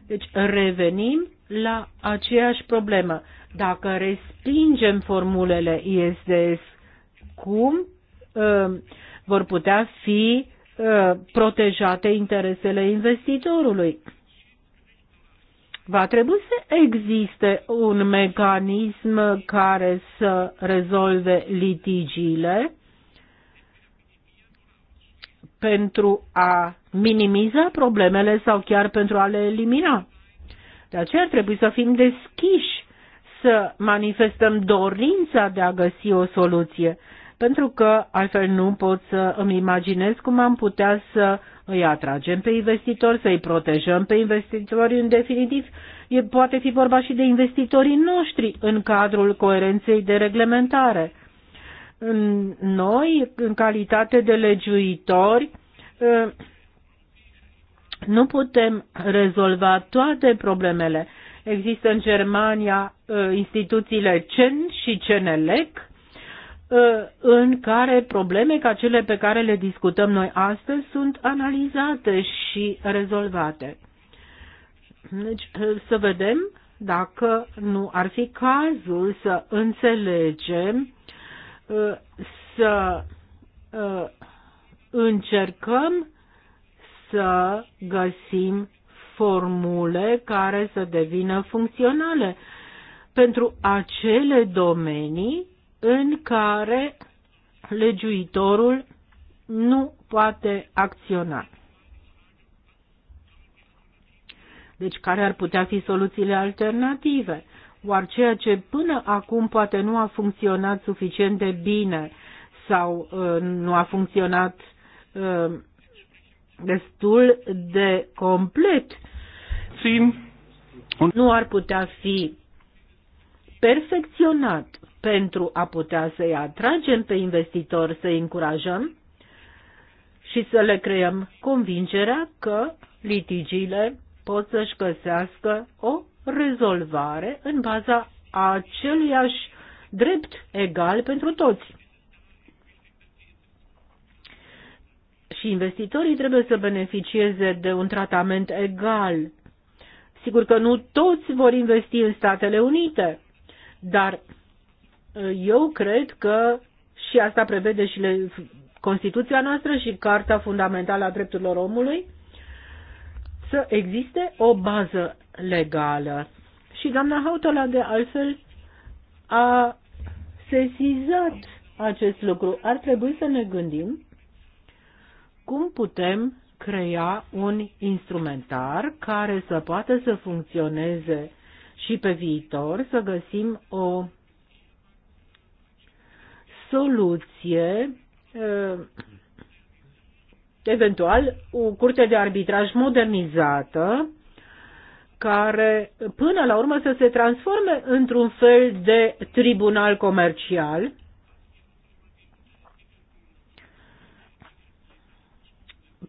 Deci revenim la aceeași problemă. Dacă respingem formulele ISDS, cum uh, vor putea fi uh, protejate interesele investitorului? Va trebui să existe un mecanism care să rezolve litigiile pentru a minimiza problemele sau chiar pentru a le elimina. De aceea ar trebui să fim deschiși să manifestăm dorința de a găsi o soluție, pentru că altfel nu pot să îmi imaginez cum am putea să îi atragem pe investitori, să îi protejăm pe investitori, în definitiv e, poate fi vorba și de investitorii noștri în cadrul coerenței de reglementare. Noi, în calitate de legiuitori, ă, nu putem rezolva toate problemele. Există în Germania ă, instituțiile CEN și CENELEC Uh, în care probleme ca cele pe care le discutăm noi astăzi sunt analizate și rezolvate. Deci uh, să vedem dacă nu ar fi cazul să înțelegem, uh, să încercăm să găsim formule care să devină funcționale pentru acele domenii în care legiuitorul nu poate acționa. Deci care ar putea fi soluțiile alternative? Oar ceea ce până acum poate nu a funcționat suficient de bine sau uh, nu a funcționat uh, destul de complet, Sim. nu ar putea fi perfecționat pentru a putea să-i atragem pe investitori, să-i încurajăm și să le creăm convingerea că litigiile pot să-și găsească o rezolvare în baza aceluiași drept egal pentru toți. Și investitorii trebuie să beneficieze de un tratament egal. Sigur că nu toți vor investi în Statele Unite, dar ă, eu cred că și asta prevede și le, Constituția noastră și Carta Fundamentală a Drepturilor Omului, să existe o bază legală. Și doamna Hautala, de altfel, a sesizat acest lucru. Ar trebui să ne gândim cum putem crea un instrumentar care să poată să funcționeze și pe viitor să găsim o soluție uh, eventual o curte de arbitraj modernizată care până la urmă să se transforme într-un fel de tribunal comercial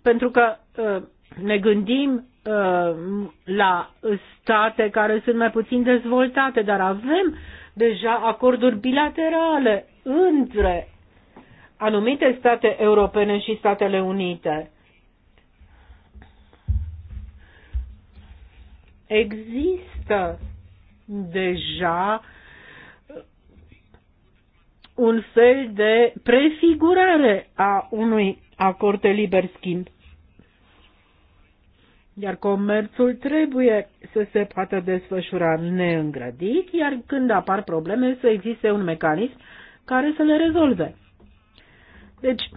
pentru că uh, ne gândim Uh, la state care sunt mai puțin dezvoltate, dar avem deja acorduri bilaterale între anumite state europene și Statele Unite. Există deja un fel de prefigurare a unui acord de liber schimb. Iar comerțul trebuie să se poată desfășura neîngrădit, iar când apar probleme să existe un mecanism care să le rezolve. Deci,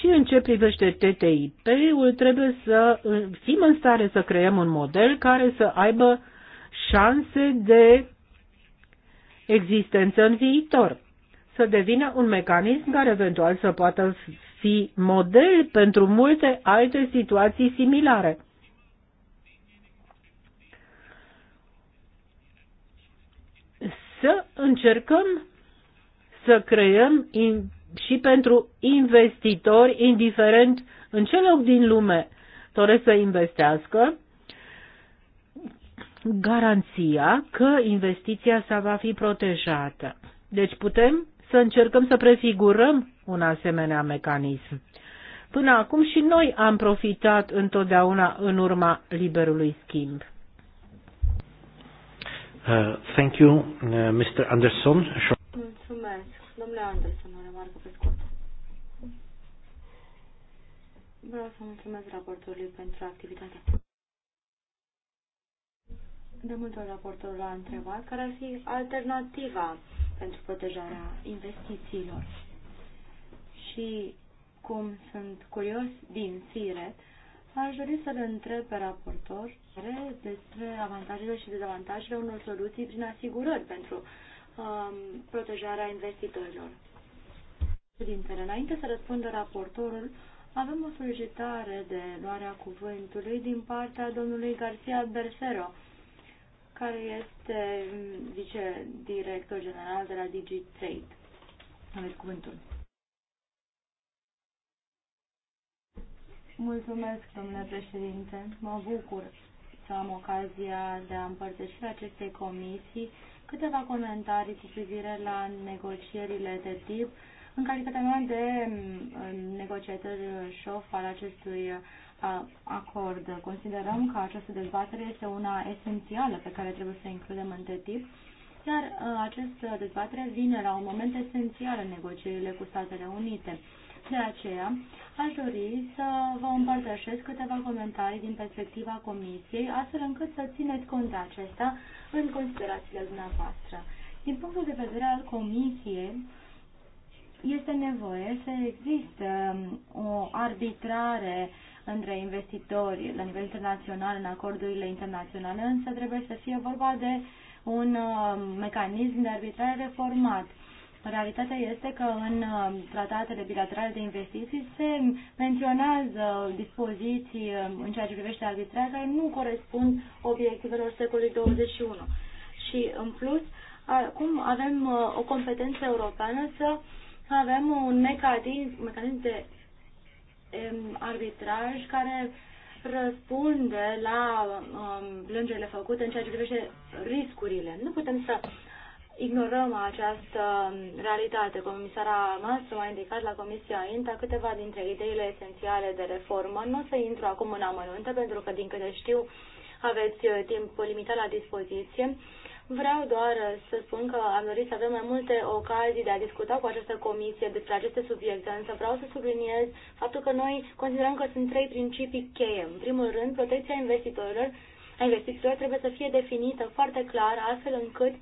și în ce privește TTIP-ul, trebuie să fim în stare să creăm un model care să aibă șanse de existență în viitor, să devină un mecanism care eventual să poată fi model pentru multe alte situații similare. Să încercăm să creăm și pentru investitori, indiferent în ce loc din lume doresc să investească, garanția că investiția sa va fi protejată. Deci putem să încercăm să prefigurăm un asemenea mecanism. Până acum și noi am profitat întotdeauna în urma liberului schimb. Uh, thank you, uh, Mr. Anderson. Mulțumesc. Domnule Anderson, o remarcă pe scurt. Vreau să mulțumesc raportorului pentru activitatea. De multe ori raportorul a întrebat care ar fi alternativa pentru protejarea investițiilor. Și cum sunt curios din fire, aș dori să le întreb pe raportor despre avantajele și dezavantajele unor soluții prin asigurări pentru um, protejarea investitorilor. Președintele, înainte să răspundă raportorul, avem o solicitare de luarea cuvântului din partea domnului Garcia Bersero care este vice mm, director general de la DigiTrade. Aveți cuvântul. Mulțumesc, domnule președinte. Mă bucur să am ocazia de a împărtăși acestei comisii câteva comentarii cu privire la negocierile de tip în calitatea mea de mm, negociator șof al acestui Uh, acord. Considerăm că această dezbatere este una esențială pe care trebuie să o includem în TTIP, iar uh, această dezbatere vine la un moment esențial în negocierile cu Statele Unite. De aceea, aș dori să vă împărtășesc câteva comentarii din perspectiva Comisiei, astfel încât să țineți cont de acesta în considerațiile dumneavoastră. Din punctul de vedere al Comisiei, este nevoie să existe um, o arbitrare între investitori la nivel internațional, în acordurile internaționale, însă trebuie să fie vorba de un uh, mecanism de arbitrare reformat. Realitatea este că în uh, tratatele bilaterale de investiții se menționează dispoziții uh, în ceea ce privește arbitrarea care nu corespund obiectivelor secolului 21. Și în plus, acum avem o competență europeană să avem un mecanism, mecanism de arbitraj care răspunde la um, plângerile făcute în ceea ce privește riscurile. Nu putem să ignorăm această um, realitate. Comisara noastră m-a indicat la Comisia INTA câteva dintre ideile esențiale de reformă. Nu o să intru acum în amănunte, pentru că, din câte știu, aveți uh, timp limitat la dispoziție. Vreau doar să spun că am dorit să avem mai multe ocazii de a discuta cu această comisie despre aceste subiecte, însă vreau să subliniez faptul că noi considerăm că sunt trei principii cheie. În primul rând, protecția investitorilor, a investitorilor trebuie să fie definită foarte clar, astfel încât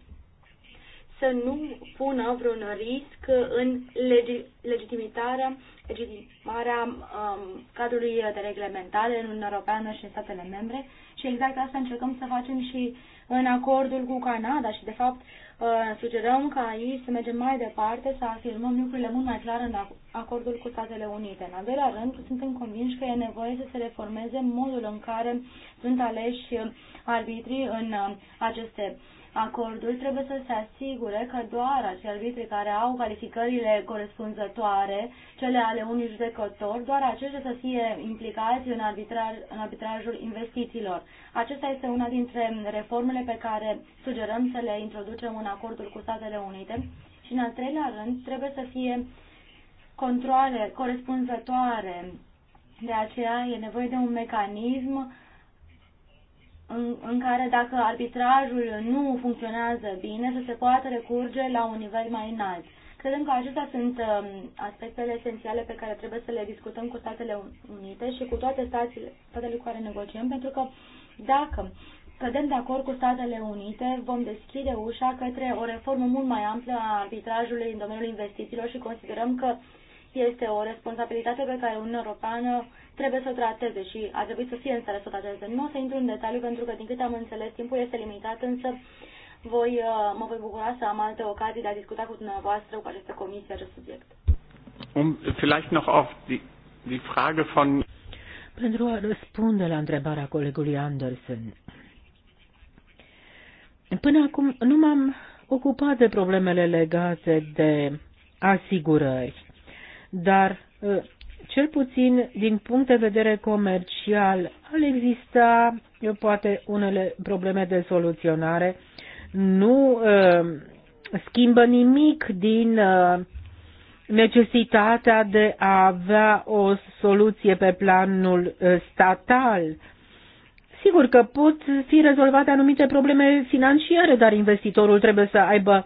să nu pună vreun risc în legi legitimitarea, legitimarea um, cadrului de reglementare în Uniunea Europeană și în statele membre și exact asta încercăm să facem și uh, în acordul cu Canada și, de fapt, ă, sugerăm ca aici să mergem mai departe, să afirmăm lucrurile mult mai clar în acordul cu Statele Unite. În al doilea rând, suntem convinși că e nevoie să se reformeze modul în care sunt aleși arbitrii în ă, aceste Acordul trebuie să se asigure că doar acei arbitri care au calificările corespunzătoare, cele ale unui judecător, doar aceștia să fie implicați în, arbitraj, în arbitrajul investițiilor. Acesta este una dintre reformele pe care sugerăm să le introducem în acordul cu Statele Unite și, în al treilea rând, trebuie să fie controle corespunzătoare. De aceea e nevoie de un mecanism în, în care dacă arbitrajul nu funcționează bine, să se poată recurge la un nivel mai înalt. Credem că acestea sunt um, aspectele esențiale pe care trebuie să le discutăm cu Statele Unite și cu toate statele, statele cu care negociem, pentru că dacă cădem de acord cu Statele Unite, vom deschide ușa către o reformă mult mai amplă a arbitrajului în domeniul investițiilor și considerăm că este o responsabilitate pe care Uniunea Europeană trebuie să o trateze și a trebuit să fie în stare să o trateze. Nu o să intru în detaliu pentru că, din câte am înțeles, timpul este limitat, însă voi, uh, mă voi bucura să am alte ocazii de a discuta cu dumneavoastră, cu această comisie, acest subiect. Um, vielleicht noch auf die, die Frage von... Pentru a răspunde la întrebarea colegului Anderson, până acum nu m-am ocupat de problemele legate de asigurări. Dar ă, cel puțin din punct de vedere comercial al exista ă, poate unele probleme de soluționare. Nu ă, schimbă nimic din necesitatea de a avea o soluție pe planul statal. Sigur că pot fi rezolvate anumite probleme financiare, dar investitorul trebuie să aibă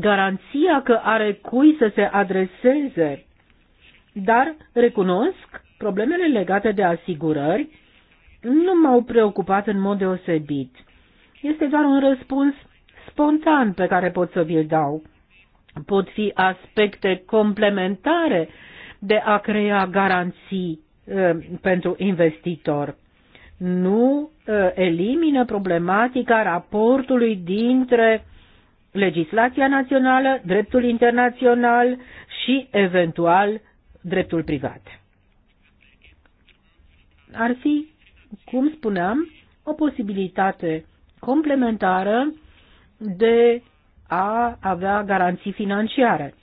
garanția că are cui să se adreseze. Dar recunosc, problemele legate de asigurări nu m-au preocupat în mod deosebit. Este doar un răspuns spontan pe care pot să vi-l dau. Pot fi aspecte complementare de a crea garanții e, ă, pentru investitor nu ă, elimină problematica raportului dintre legislația națională, dreptul internațional și, eventual, dreptul privat. Ar fi, cum spuneam, o posibilitate complementară de a avea garanții financiare.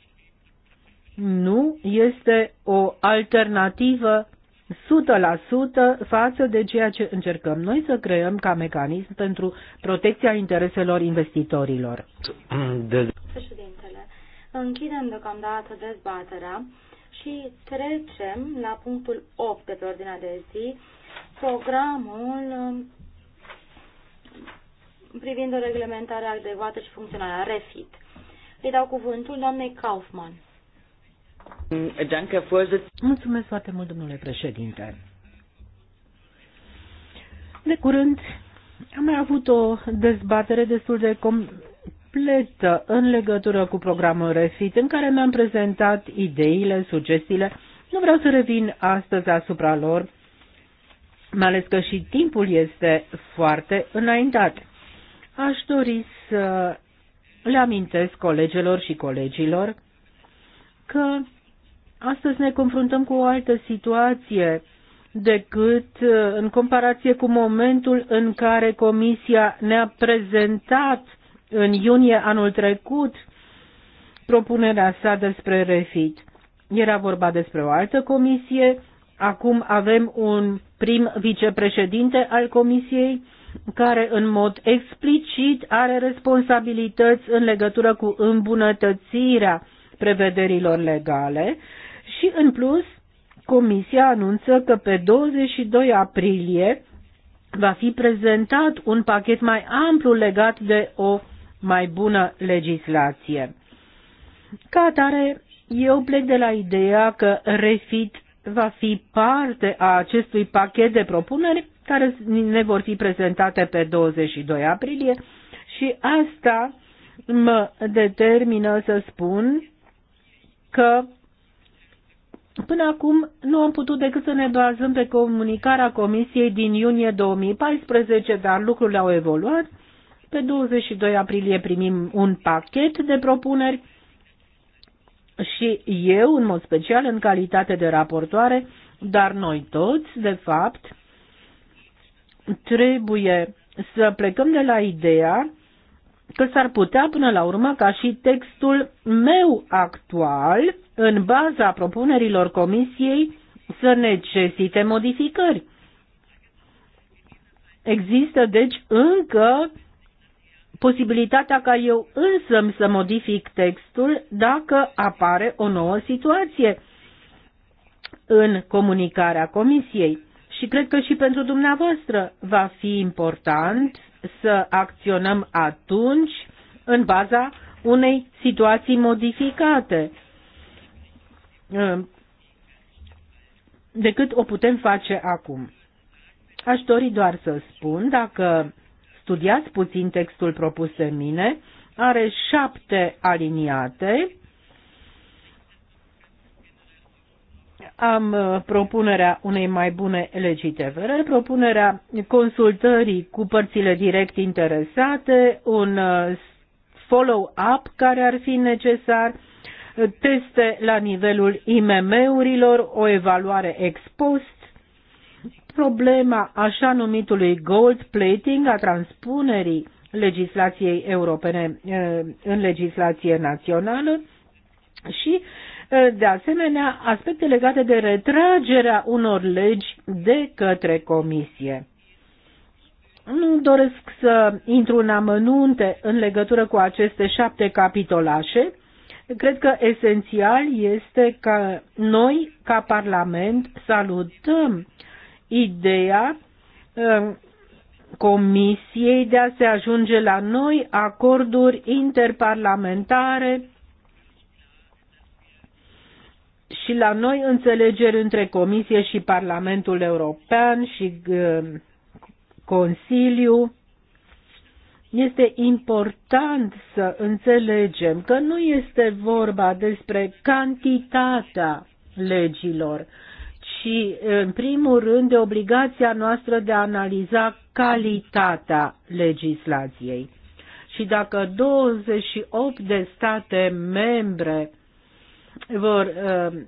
Nu este o alternativă 100% față de ceea ce încercăm noi să creăm ca mecanism pentru protecția intereselor investitorilor. Președintele, închidem deocamdată dezbaterea și trecem la punctul 8 de pe ordinea de zi, programul um, privind o reglementare adecvată și funcțională, REFIT. Îi dau cuvântul doamnei Kaufmann. Mm, Mulțumesc foarte mult, domnule președinte. De curând am mai avut o dezbatere destul de completă în legătură cu programul REFIT, în care mi-am prezentat ideile, sugestiile. Nu vreau să revin astăzi asupra lor, mai ales că și timpul este foarte înaintat. Aș dori să le amintesc colegelor și colegilor că astăzi ne confruntăm cu o altă situație decât uh, în comparație cu momentul în care Comisia ne-a prezentat în iunie anul trecut propunerea sa despre refit. Era vorba despre o altă comisie, acum avem un prim vicepreședinte al comisiei care în mod explicit are responsabilități în legătură cu îmbunătățirea prevederilor legale și în plus comisia anunță că pe 22 aprilie va fi prezentat un pachet mai amplu legat de o mai bună legislație. Ca atare, eu plec de la ideea că REFIT va fi parte a acestui pachet de propuneri care ne vor fi prezentate pe 22 aprilie și asta mă determină să spun că Până acum nu am putut decât să ne bazăm pe comunicarea Comisiei din iunie 2014, dar lucrurile au evoluat pe 22 aprilie primim un pachet de propuneri și eu, în mod special, în calitate de raportoare, dar noi toți, de fapt, trebuie să plecăm de la ideea că s-ar putea până la urmă ca și textul meu actual, în baza propunerilor comisiei, să necesite modificări. Există, deci, încă posibilitatea ca eu însă să modific textul dacă apare o nouă situație în comunicarea Comisiei. Și cred că și pentru dumneavoastră va fi important să acționăm atunci în baza unei situații modificate decât o putem face acum. Aș dori doar să spun dacă studiați puțin textul propus de mine, are șapte aliniate. Am uh, propunerea unei mai bune legitevere, propunerea consultării cu părțile direct interesate, un uh, follow-up care ar fi necesar, teste la nivelul IMM-urilor, o evaluare ex post, problema așa numitului gold plating a transpunerii legislației europene eh, în legislație națională și eh, de asemenea aspecte legate de retragerea unor legi de către comisie. Nu doresc să intru în amănunte în legătură cu aceste șapte capitolașe. Cred că esențial este că noi, ca Parlament, salutăm ideea um, Comisiei de a se ajunge la noi acorduri interparlamentare și la noi înțelegeri între Comisie și Parlamentul European și um, Consiliu. Este important să înțelegem că nu este vorba despre cantitatea legilor, și, în primul rând, de obligația noastră de a analiza calitatea legislației. Și dacă 28 de state membre vor uh,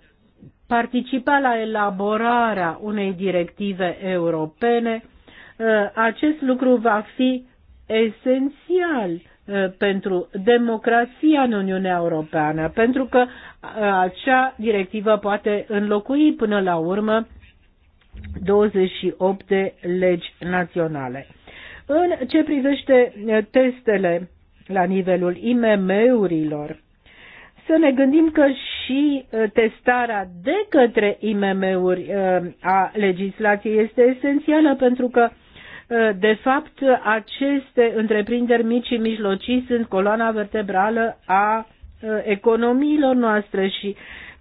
participa la elaborarea unei directive europene, uh, acest lucru va fi esențial Uh, pentru democrația în Uniunea Europeană, pentru că uh, acea directivă poate înlocui până la urmă 28 de legi naționale. În ce privește uh, testele la nivelul IMM-urilor, să ne gândim că și testarea de către IMM-uri a legislației este esențială pentru că Uh, de fapt, aceste întreprinderi mici și mijlocii sunt coloana vertebrală a uh, economiilor noastre și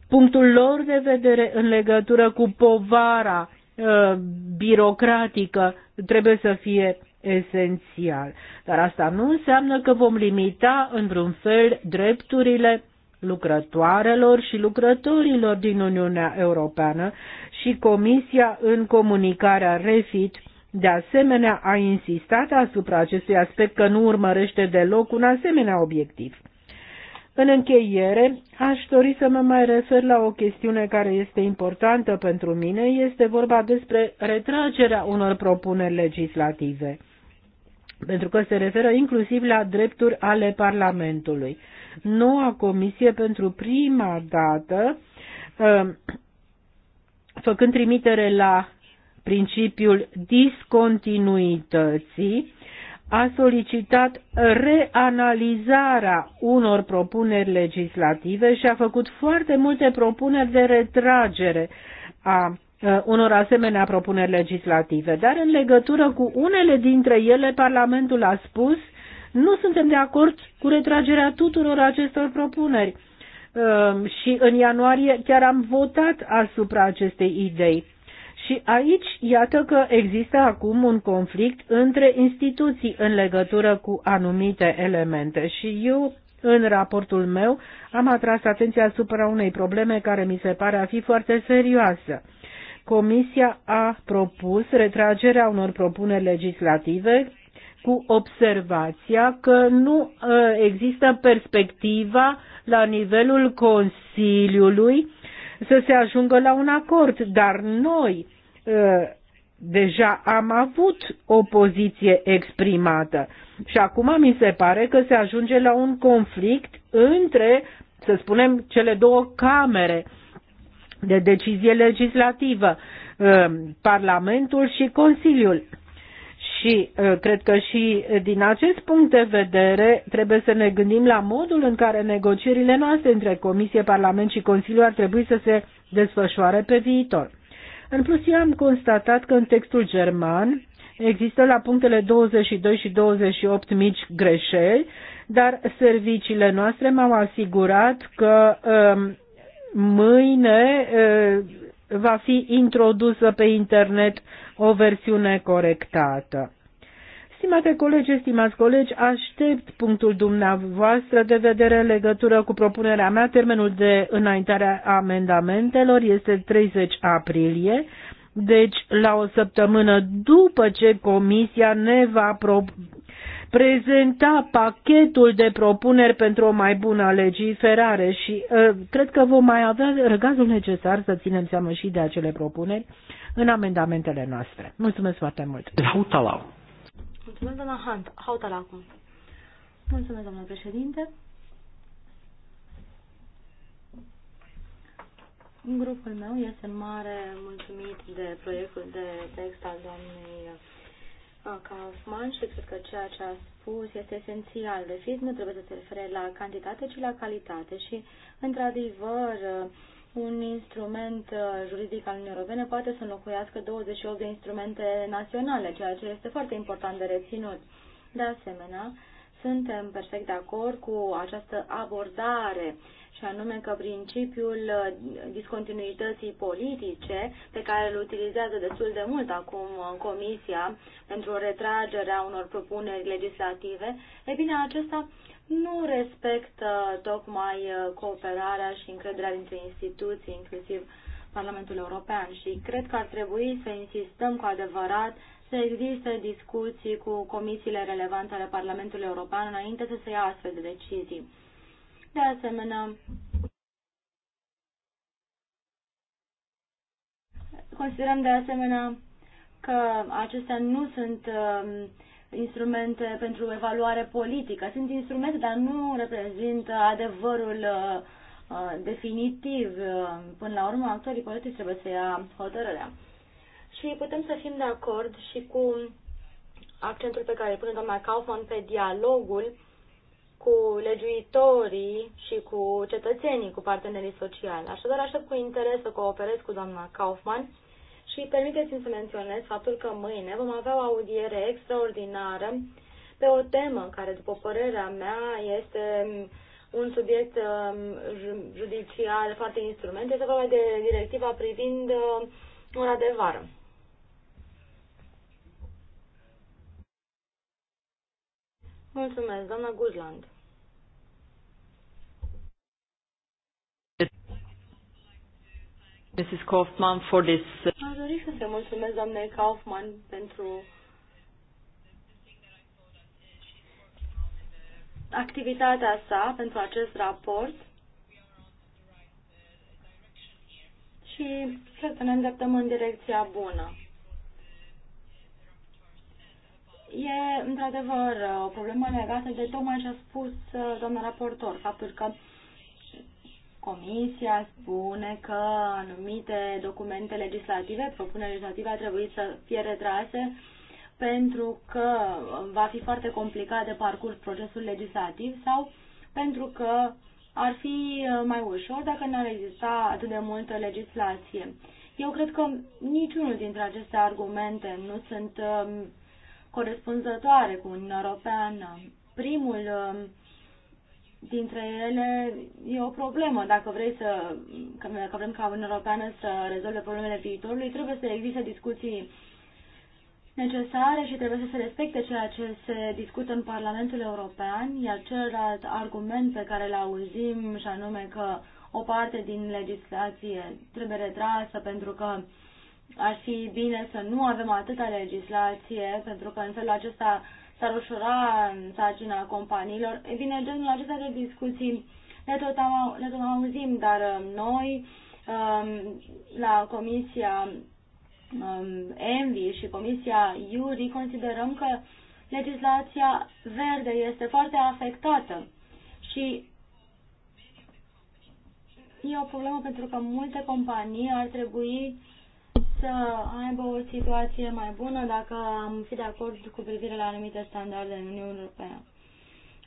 punctul lor de vedere în legătură cu povara uh, birocratică trebuie să fie esențial. Dar asta nu înseamnă că vom limita în vreun fel drepturile lucrătoarelor și lucrătorilor din Uniunea Europeană și Comisia în comunicarea REFIT de asemenea, a insistat asupra acestui aspect că nu urmărește deloc un asemenea obiectiv. În încheiere, aș dori să mă mai refer la o chestiune care este importantă pentru mine, este vorba despre retragerea unor propuneri legislative, pentru că se referă inclusiv la drepturi ale Parlamentului. Noua comisie pentru prima dată, um, făcând trimitere la principiul discontinuității, a solicitat reanalizarea unor propuneri legislative și a făcut foarte multe propuneri de retragere a unor asemenea propuneri legislative. Dar în legătură cu unele dintre ele, Parlamentul a spus nu suntem de acord cu retragerea tuturor acestor propuneri. Ă, și în ianuarie chiar am votat asupra acestei idei. Și aici, iată că există acum un conflict între instituții în legătură cu anumite elemente și eu în raportul meu am atras atenția asupra unei probleme care mi se pare a fi foarte serioasă. Comisia a propus retragerea unor propuneri legislative cu observația că nu ă, există perspectiva la nivelul Consiliului să se ajungă la un acord, dar noi Uh, deja am avut o poziție exprimată și acum mi se pare că se ajunge la un conflict între, să spunem, cele două camere de decizie legislativă, uh, Parlamentul și Consiliul. Și uh, cred că și din acest punct de vedere trebuie să ne gândim la modul în care negocierile noastre între Comisie, Parlament și Consiliu ar trebui să se desfășoare pe viitor. În plus, eu am constatat că în textul german există la punctele 22 și 28 mici greșeli, dar serviciile noastre m-au asigurat că um, mâine uh, va fi introdusă pe internet o versiune corectată. Stimate colegi, stimați colegi, aștept punctul dumneavoastră de vedere în legătură cu propunerea mea. Termenul de înaintare a amendamentelor este 30 aprilie, deci la o săptămână după ce Comisia ne va pro- prezenta pachetul de propuneri pentru o mai bună legiferare și uh, cred că vom mai avea răgazul necesar să ținem seama și de acele propuneri în amendamentele noastre. Mulțumesc foarte mult! Mulțumesc, doamna Hunt. Hautala acum. Mulțumesc, doamna președinte. Grupul meu este mare mulțumit de proiectul de text al doamnei uh, Kaufman și cred că ceea ce a spus este esențial. De fiți, nu trebuie să se refere la cantitate, ci la calitate și, într-adevăr, uh, un instrument uh, juridic al Uniunii Europene poate să înlocuiască 28 de instrumente naționale, ceea ce este foarte important de reținut. De asemenea, suntem perfect de acord cu această abordare și anume că principiul uh, discontinuității politice pe care îl utilizează destul de mult acum Comisia pentru retragerea unor propuneri legislative, e bine, acesta nu respectă tocmai uh, cooperarea și încrederea dintre instituții, inclusiv Parlamentul European și cred că ar trebui să insistăm cu adevărat să existe discuții cu comisiile relevante ale Parlamentului European înainte să se ia astfel de decizii. De asemenea, considerăm de asemenea că acestea nu sunt uh, instrumente pentru evaluare politică. Sunt instrumente, dar nu reprezintă adevărul uh, uh, definitiv. Uh, până la urmă, actorii politici trebuie să ia hotărârea. Și putem să fim de acord și cu accentul pe care îl pune doamna Kaufman pe dialogul cu legiuitorii și cu cetățenii, cu partenerii sociali. Așadar, aștept cu interes să cooperez cu doamna Kaufman și permiteți-mi să menționez faptul că mâine vom avea o audiere extraordinară pe o temă care, după părerea mea, este um, un subiect um, judicial foarte instrument. Este vorba de directiva privind ora de vară. Mulțumesc, doamna Guzland. Mrs. Kaufman for this. Aș dori să mulțumesc Kaufman pentru activitatea sa, pentru acest raport. Și cred că ne îndreptăm în direcția bună. E, într-adevăr, o problemă legată de tocmai ce a spus uh, doamna raportor, faptul că Comisia spune că anumite documente legislative, propuneri legislative, ar trebui să fie retrase pentru că va fi foarte complicat de parcurs procesul legislativ sau pentru că ar fi mai ușor dacă n-ar exista atât de multă legislație. Eu cred că niciunul dintre aceste argumente nu sunt um, corespunzătoare cu Uniunea Europeană. Primul um, dintre ele e o problemă. Dacă, vrei să, dacă vrem ca Uniunea Europeană să rezolve problemele viitorului, trebuie să existe discuții necesare și trebuie să se respecte ceea ce se discută în Parlamentul European, iar celălalt argument pe care îl auzim, și anume că o parte din legislație trebuie retrasă pentru că ar fi bine să nu avem atâta legislație, pentru că în felul acesta s-ar ușura sarcina companiilor. E bine, genul acesta de discuții Ne tot, am, ne tot auzim, dar um, noi um, la Comisia um, Envi și Comisia Iuri considerăm că legislația verde este foarte afectată și e o problemă pentru că multe companii ar trebui să aibă o situație mai bună dacă am fi de acord cu privire la anumite standarde în Uniunea Europeană.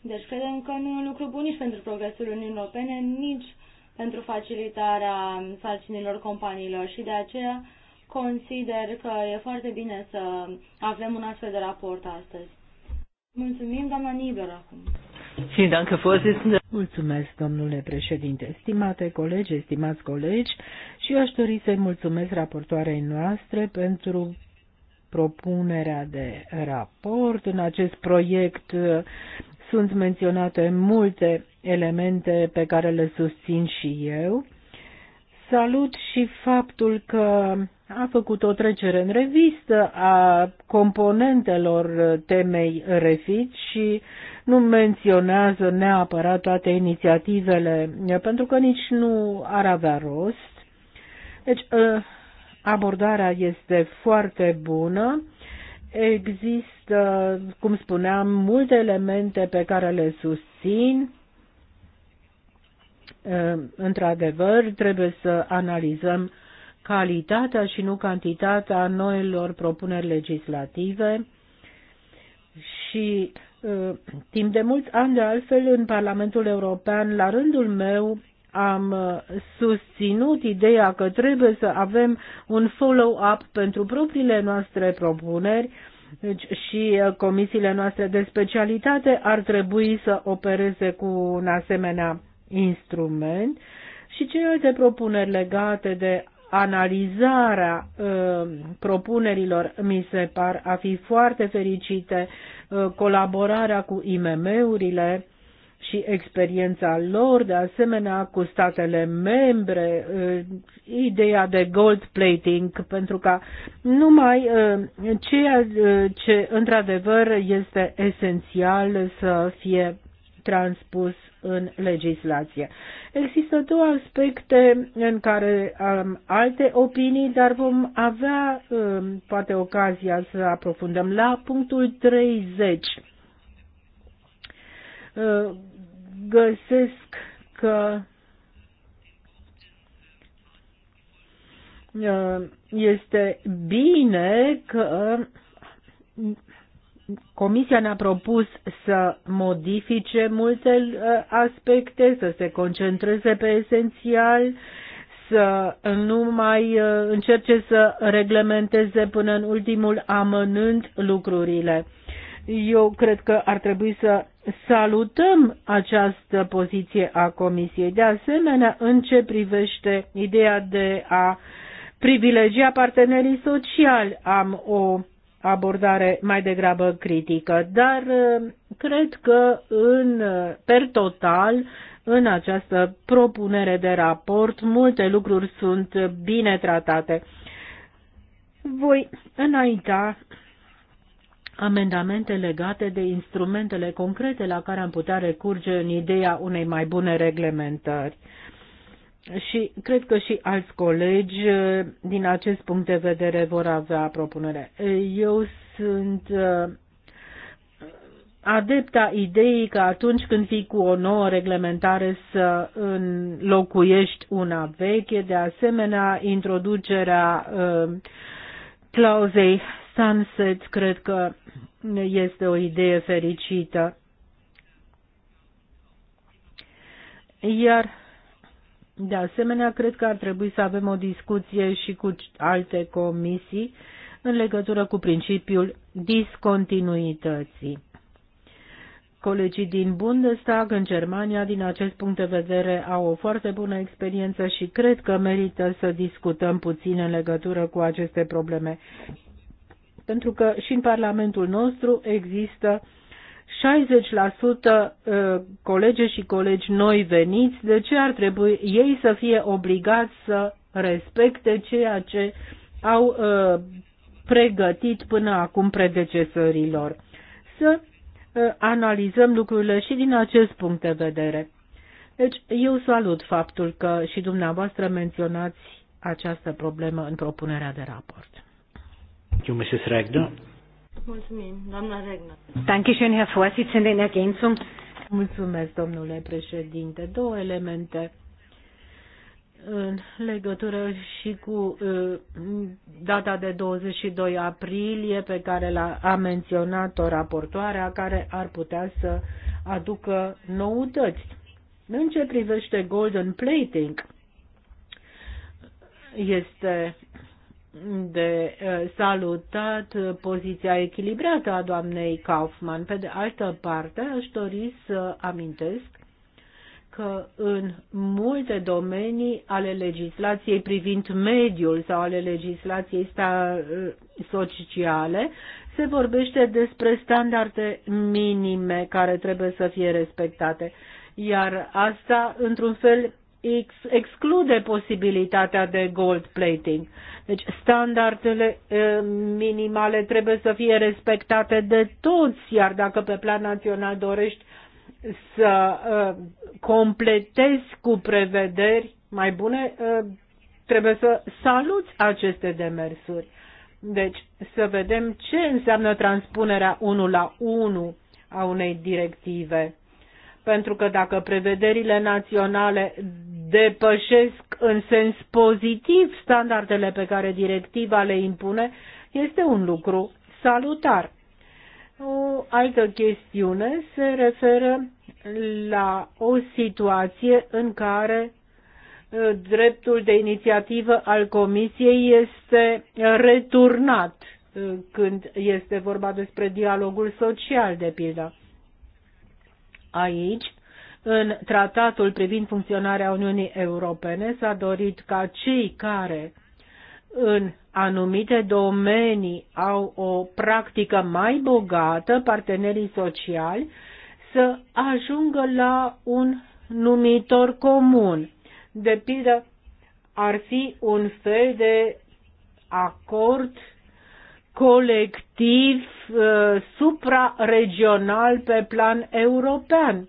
Deci credem că nu e un lucru bun nici pentru progresul Uniunii Europene, nici pentru facilitarea sarcinilor companiilor și de aceea consider că e foarte bine să avem un astfel de raport astăzi. Mulțumim, doamna Nibel, acum. Mulțumesc, domnule președinte. Stimate colegi, stimați colegi, și eu aș dori să-i mulțumesc raportoarei noastre pentru propunerea de raport. În acest proiect uh, sunt menționate multe elemente pe care le susțin și eu. Salut și faptul că a făcut o trecere în revistă a componentelor temei refit și uh, nu menționează neapărat toate inițiativele, pentru că nici nu ar avea rost. Deci, ă, abordarea este foarte bună. Există, cum spuneam, multe elemente pe care le susțin. Ă, într-adevăr, trebuie să analizăm calitatea și nu cantitatea noilor propuneri legislative și Uh, timp de mulți ani, de altfel, în Parlamentul European, la rândul meu, am uh, susținut ideea că trebuie să avem un follow-up pentru propriile noastre propuneri deci și uh, comisiile noastre de specialitate ar trebui să opereze cu un asemenea instrument și celelalte propuneri legate de analizarea uh, propunerilor mi se par a fi foarte fericite Uh, colaborarea cu IMM-urile și experiența lor, de asemenea cu statele membre, uh, ideea de gold plating, pentru că numai uh, ceea ce într-adevăr este esențial să fie transpus în legislație. Există două aspecte în care am alte opinii, dar vom avea um, poate ocazia să aprofundăm. La punctul 30 uh, găsesc că uh, este bine că Comisia ne-a propus să modifice multe uh, aspecte, să se concentreze pe esențial, să nu mai uh, încerce să reglementeze până în ultimul amănând lucrurile. Eu cred că ar trebui să salutăm această poziție a Comisiei. De asemenea, în ce privește ideea de a privilegia partenerii sociali, am o abordare mai degrabă critică, dar uh, cred că în, uh, per total în această propunere de raport multe lucruri sunt bine tratate. Voi înainta amendamente legate de instrumentele concrete la care am putea recurge în ideea unei mai bune reglementări și cred că și alți colegi uh, din acest punct de vedere vor avea propunere. Eu sunt uh, adepta ideii că atunci când fii cu o nouă reglementare să înlocuiești una veche, de asemenea introducerea uh, clauzei sunset cred că este o idee fericită. Iar de asemenea, cred că ar trebui să avem o discuție și cu alte comisii în legătură cu principiul discontinuității. Colegii din Bundestag în Germania, din acest punct de vedere, au o foarte bună experiență și cred că merită să discutăm puțin în legătură cu aceste probleme. Pentru că și în Parlamentul nostru există 60% ă, colege și colegi noi veniți, de ce ar trebui ei să fie obligați să respecte ceea ce au ă, pregătit până acum predecesorilor? Să ă, analizăm lucrurile și din acest punct de vedere. Deci, eu salut faptul că și dumneavoastră menționați această problemă în propunerea de raport. Mrs. Ragdon. Mulțumim, Herr in Ergänzung. Mulțumesc, domnule președinte. Două elemente în legătură și cu ă, data de 22 aprilie pe care l-a a menționat-o raportoarea, care ar putea să aducă noutăți. În ce privește golden plating, este de salutat poziția echilibrată a doamnei Kaufman. Pe de altă parte, aș dori să amintesc că în multe domenii ale legislației privind mediul sau ale legislației sociale se vorbește despre standarde minime care trebuie să fie respectate. Iar asta, într-un fel, ex exclude posibilitatea de gold plating. Deci standardele eh, minimale trebuie să fie respectate de toți, iar dacă pe plan național dorești să eh, completezi cu prevederi mai bune, eh, trebuie să saluți aceste demersuri. Deci, să vedem ce înseamnă transpunerea 1 la 1 a unei directive. Pentru că dacă prevederile naționale depășesc în sens pozitiv standardele pe care directiva le impune, este un lucru salutar. O altă chestiune se referă la o situație în care uh, dreptul de inițiativă al Comisiei este returnat uh, când este vorba despre dialogul social, de pildă. Aici, în tratatul privind funcționarea Uniunii Europene, s-a dorit ca cei care în anumite domenii au o practică mai bogată, partenerii sociali, să ajungă la un numitor comun. De pildă, ar fi un fel de acord colectiv uh, supraregional pe plan european.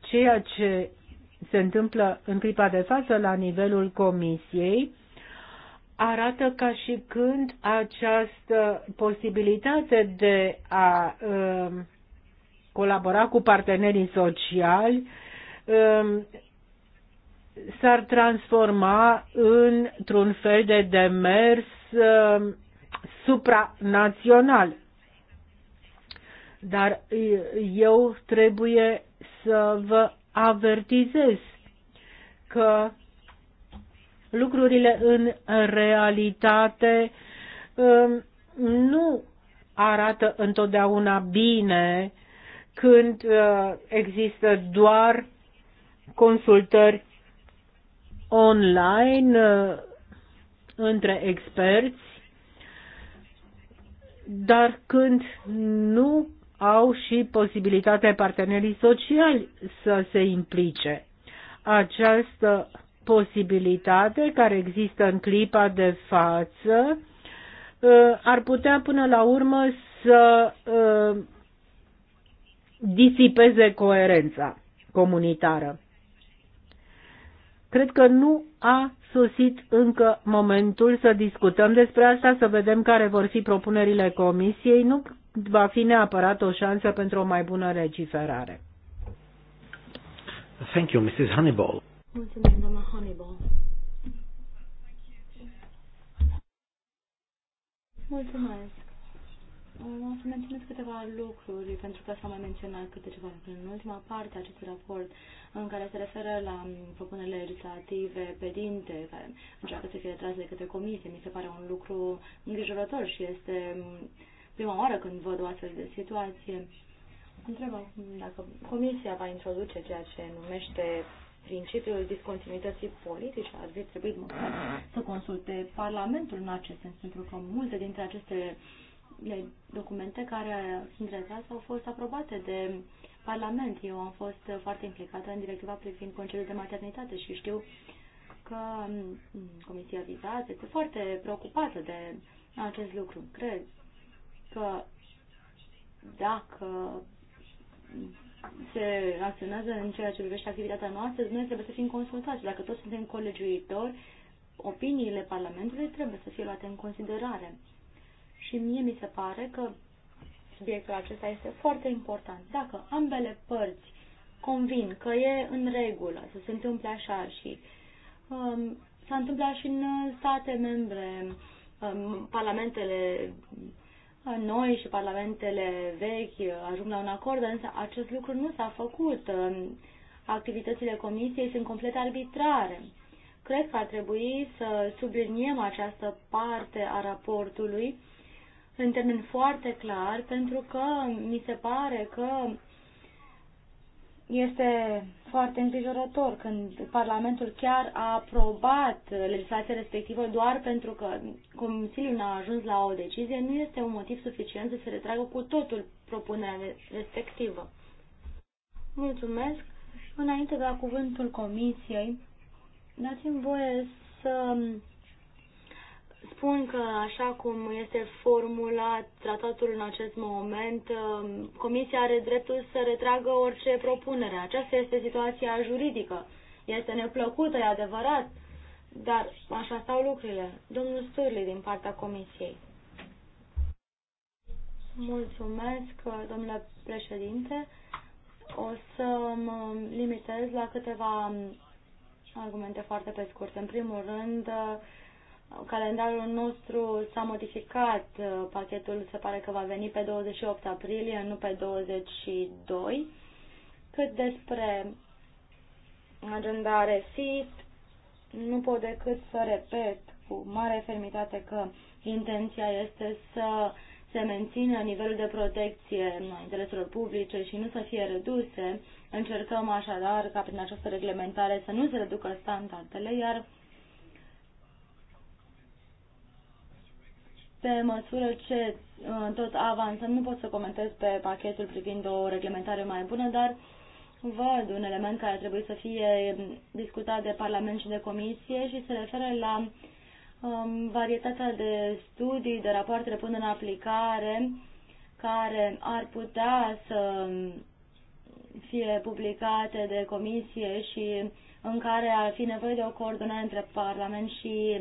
Ceea ce se întâmplă în clipa de față la nivelul Comisiei arată ca și când această posibilitate de a uh, colabora cu partenerii sociali uh, s-ar transforma într-un fel de demers uh, supranațional. Dar uh, eu trebuie să vă avertizez că lucrurile în realitate uh, nu arată întotdeauna bine când uh, există doar consultări online uh, între experți, dar când nu au și posibilitatea partenerii sociali să se implice. Această posibilitate care există în clipa de față uh, ar putea până la urmă să uh, disipeze coerența comunitară. Cred că nu a sosit încă momentul să discutăm despre asta, să vedem care vor fi propunerile comisiei. Nu va fi neapărat o șansă pentru o mai bună reciferare. Thank you, Mrs. Honeyball. Mulțumim, doamna Honeyball. Mulțumesc. Am să menționez câteva lucruri, pentru că s-a mai menționat câte ceva lucruri. În ultima parte a acestui raport, în care se referă la propunerile legislative pedinte, care încearcă să fie retrase de către comisie, mi se pare un lucru îngrijorător și este prima oară când văd o astfel de situație. Întreb dacă comisia va introduce ceea ce numește principiul discontinuității politice ar fi trebuit măcar să consulte Parlamentul în acest sens, pentru că multe dintre aceste uh, documente care sunt redactate au fost aprobate de Parlament. Eu am fost foarte implicată în directiva privind concediul de maternitate și știu că mm, Comisia Vizat este foarte preocupată de acest lucru. Cred că dacă se acționează în ceea ce privește activitatea noastră, noi trebuie să fim consultați. Dacă toți suntem colegiuitori, opiniile Parlamentului trebuie să fie luate în considerare. Și mie mi se pare că subiectul acesta este foarte important. Dacă ambele părți convin că e în regulă să se întâmple așa și um, s-a întâmplat și în state membre, um, parlamentele uh, noi și parlamentele vechi ajung la un acord, însă acest lucru nu s-a făcut. Um, activitățile comisiei sunt complet arbitrare. Cred că ar trebui să subliniem această parte a raportului în termen foarte clar, pentru că mi se pare că este foarte îngrijorător când Parlamentul chiar a aprobat legislația respectivă doar pentru că Consiliul n-a ajuns la o decizie, nu este un motiv suficient să se retragă cu totul propunerea respectivă. Mulțumesc. Înainte de la da cuvântul Comisiei, dați-mi voie să spun că așa cum este formulat tratatul în acest moment, um, Comisia are dreptul să retragă orice propunere. Aceasta este situația juridică. Este neplăcută, e adevărat, dar așa stau lucrurile. Domnul Sturli din partea Comisiei. Mulțumesc, domnule președinte. O să mă limitez la câteva argumente foarte pe scurt. În primul rând, uh, Calendarul nostru s-a modificat, uh, pachetul se pare că va veni pe 28 aprilie, nu pe 22. Cât despre agenda refit, nu pot decât să repet cu mare fermitate că intenția este să se mențină nivelul de protecție a intereselor publice și nu să fie reduse. Încercăm așadar ca prin această reglementare să nu se reducă standardele, iar Pe măsură ce uh, tot avansăm, nu pot să comentez pe pachetul privind o reglementare mai bună, dar văd un element care trebuie să fie discutat de Parlament și de Comisie și se referă la um, varietatea de studii, de rapoarte până în aplicare, care ar putea să fie publicate de Comisie și în care ar fi nevoie de o coordonare între Parlament și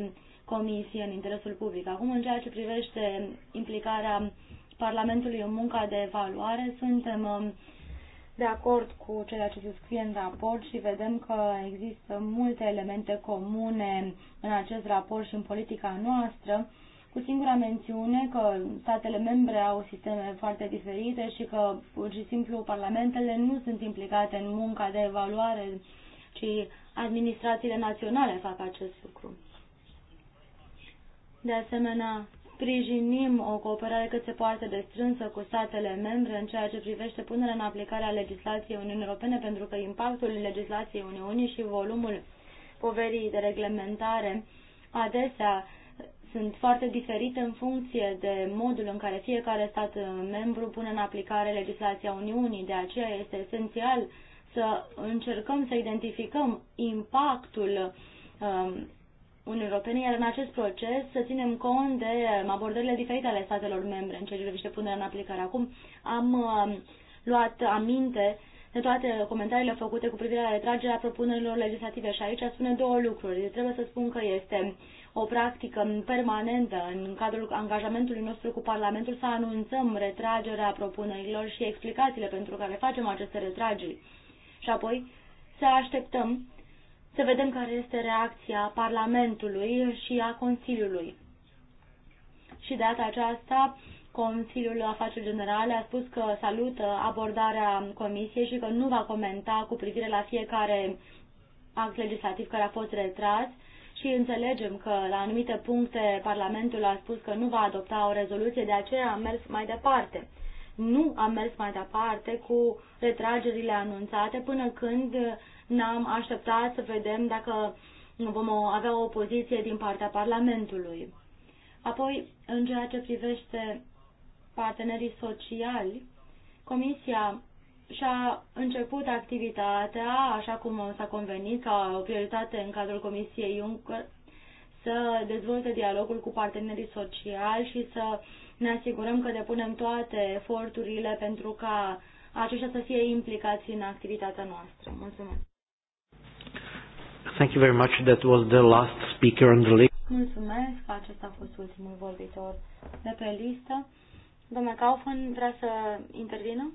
comisie în interesul public. Acum, în ceea ce privește implicarea Parlamentului în munca de evaluare, suntem um, de acord cu ceea ce se scrie în raport și vedem că există multe elemente comune în acest raport și în politica noastră, cu singura mențiune că statele membre au sisteme foarte diferite și că pur și simplu parlamentele nu sunt implicate în munca de evaluare, ci administrațiile naționale fac acest lucru. De asemenea, sprijinim o cooperare cât se poate de strânsă cu statele membre în ceea ce privește punerea în aplicare a legislației Uniunii Europene, pentru că impactul legislației Uniunii și volumul poverii de reglementare adesea sunt foarte diferite în funcție de modul în care fiecare stat membru pune în aplicare legislația Uniunii. De aceea este esențial să încercăm să identificăm impactul um, Uniunii Europene, iar în acest proces să ținem cont de um, abordările diferite ale statelor membre în ceea ce privește punerea în aplicare. Acum am um, luat aminte de toate comentariile făcute cu privire la retragerea propunerilor legislative și aici spune două lucruri. Trebuie să spun că este o practică permanentă în cadrul angajamentului nostru cu Parlamentul să anunțăm retragerea propunerilor și explicațiile pentru care facem aceste retrageri. Și apoi să așteptăm să vedem care este reacția Parlamentului și a Consiliului. Și de data aceasta, Consiliul Afaceri Generale a spus că salută abordarea Comisiei și că nu va comenta cu privire la fiecare act legislativ care a fost retras și înțelegem că la anumite puncte Parlamentul a spus că nu va adopta o rezoluție, de aceea am mers mai departe. Nu am mers mai departe cu retragerile anunțate până când ne-am așteptat să vedem dacă vom avea o poziție din partea Parlamentului. Apoi, în ceea ce privește partenerii sociali, Comisia și-a început activitatea, așa cum s-a convenit, ca o prioritate în cadrul Comisiei Juncker, să dezvolte dialogul cu partenerii sociali și să ne asigurăm că depunem toate eforturile pentru ca aceștia să fie implicați în activitatea noastră. Mulțumesc! Thank you very much. That was the last speaker on the list. Mulțumesc. Acesta a fost ultimul vorbitor de pe listă. Domnule Kaufman, vrea să intervină?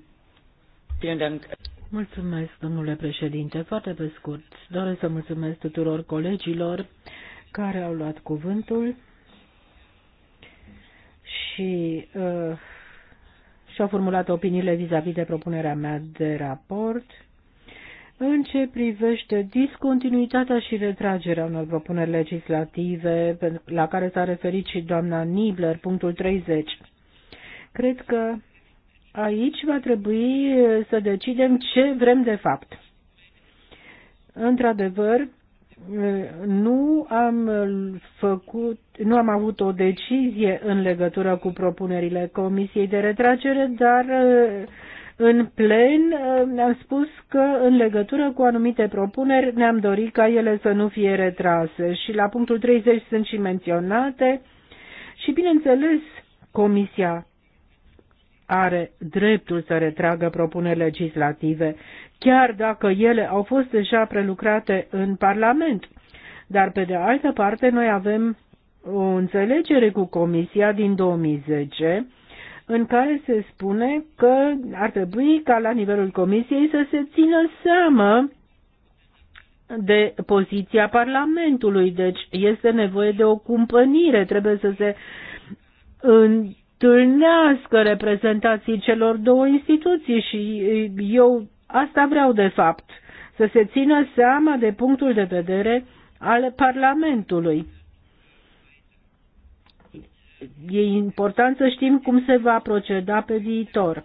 Mulțumesc, domnule președinte. Foarte pe scurt, doresc să mulțumesc tuturor colegilor care au luat cuvântul și uh, și-au formulat opiniile vis-a-vis -vis de propunerea mea de raport. În ce privește discontinuitatea și retragerea unor propuneri legislative, la care s-a referit și doamna Nibler, punctul 30, cred că aici va trebui să decidem ce vrem de fapt. Într-adevăr, nu am făcut, nu am avut o decizie în legătură cu propunerile Comisiei de retragere, dar în plen uh, am spus că în legătură cu anumite propuneri ne-am dorit ca ele să nu fie retrase și la punctul 30 sunt și menționate și bineînțeles Comisia are dreptul să retragă propuneri legislative, chiar dacă ele au fost deja prelucrate în Parlament. Dar, pe de altă parte, noi avem o înțelegere cu Comisia din 2010 în care se spune că ar trebui ca la nivelul Comisiei să se țină seamă de poziția Parlamentului. Deci este nevoie de o cumpănire, trebuie să se întâlnească reprezentații celor două instituții și eu asta vreau de fapt, să se țină seama de punctul de vedere al Parlamentului e important să știm cum se va proceda pe viitor.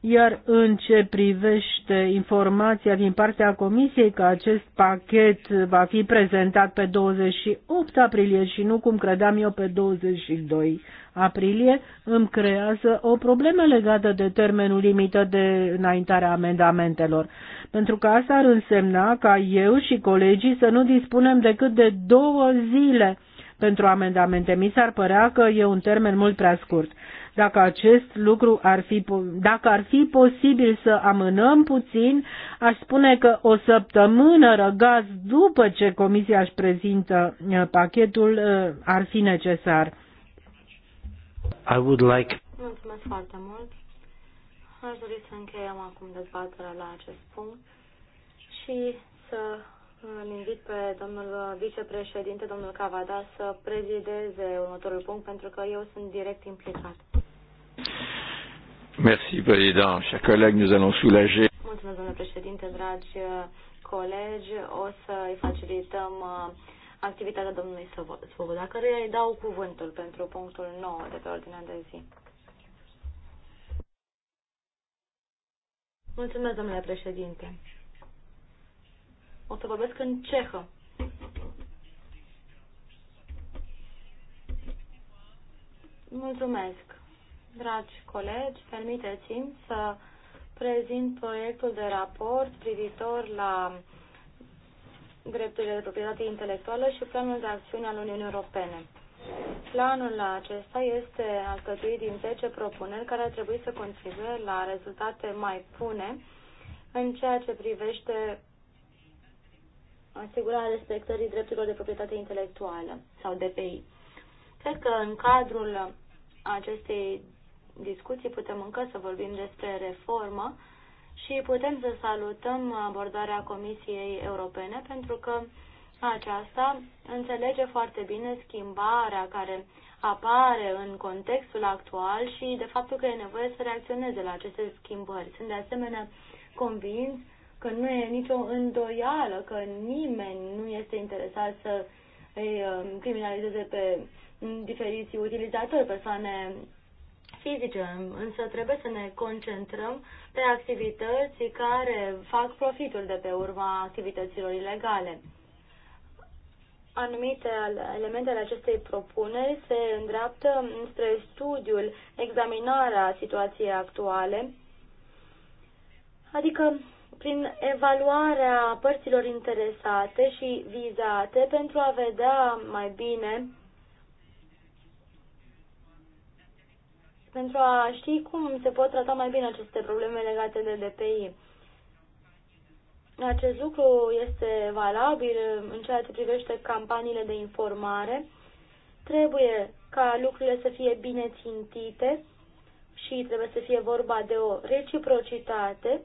Iar în ce privește informația din partea Comisiei că acest pachet va fi prezentat pe 28 aprilie și nu cum credeam eu pe 22 aprilie, îmi creează o problemă legată de termenul limită de înaintare a amendamentelor. Pentru că asta ar însemna ca eu și colegii să nu dispunem decât de două zile pentru amendamente. Mi s-ar părea că e un termen mult prea scurt. Dacă acest lucru ar fi, dacă ar fi posibil să amânăm puțin, aș spune că o săptămână răgaz după ce Comisia își prezintă uh, pachetul uh, ar fi necesar. I would like... Mulțumesc foarte mult. Aș dori să încheiem acum dezbaterea la acest punct și să îl invit pe domnul vicepreședinte, domnul Cavada, să prezideze următorul punct, pentru că eu sunt direct implicat. Merci, président. Chers collègues, nous allons soulager. Mulțumesc, domnule președinte, dragi uh, colegi. O să-i facilităm uh, activitatea domnului Svoboda, dacă îi dau cuvântul pentru punctul 9 de pe ordinea de zi. Mulțumesc, domnule președinte. O să vorbesc în cehă. Mulțumesc. Dragi colegi, permiteți-mi să prezint proiectul de raport privitor la drepturile de proprietate intelectuală și planul de acțiune al Uniunii Europene. Planul acesta este alcătuit din 10 propuneri care ar trebui să contribuie la rezultate mai bune în ceea ce privește asigura respectării drepturilor de proprietate intelectuală sau DPI. Cred că în cadrul acestei discuții putem încă să vorbim despre reformă și putem să salutăm abordarea Comisiei Europene pentru că aceasta înțelege foarte bine schimbarea care apare în contextul actual și de faptul că e nevoie să reacționeze la aceste schimbări. Sunt de asemenea convins că nu e nicio îndoială, că nimeni nu este interesat să îi um, criminalizeze pe diferiți utilizatori, persoane fizice, însă trebuie să ne concentrăm pe activități care fac profitul de pe urma activităților ilegale. Anumite elemente ale acestei propuneri se îndreaptă spre studiul, examinarea situației actuale, adică prin evaluarea părților interesate și vizate pentru a vedea mai bine, pentru a ști cum se pot trata mai bine aceste probleme legate de DPI. Acest lucru este valabil în ceea ce privește campaniile de informare. Trebuie ca lucrurile să fie bine țintite și trebuie să fie vorba de o reciprocitate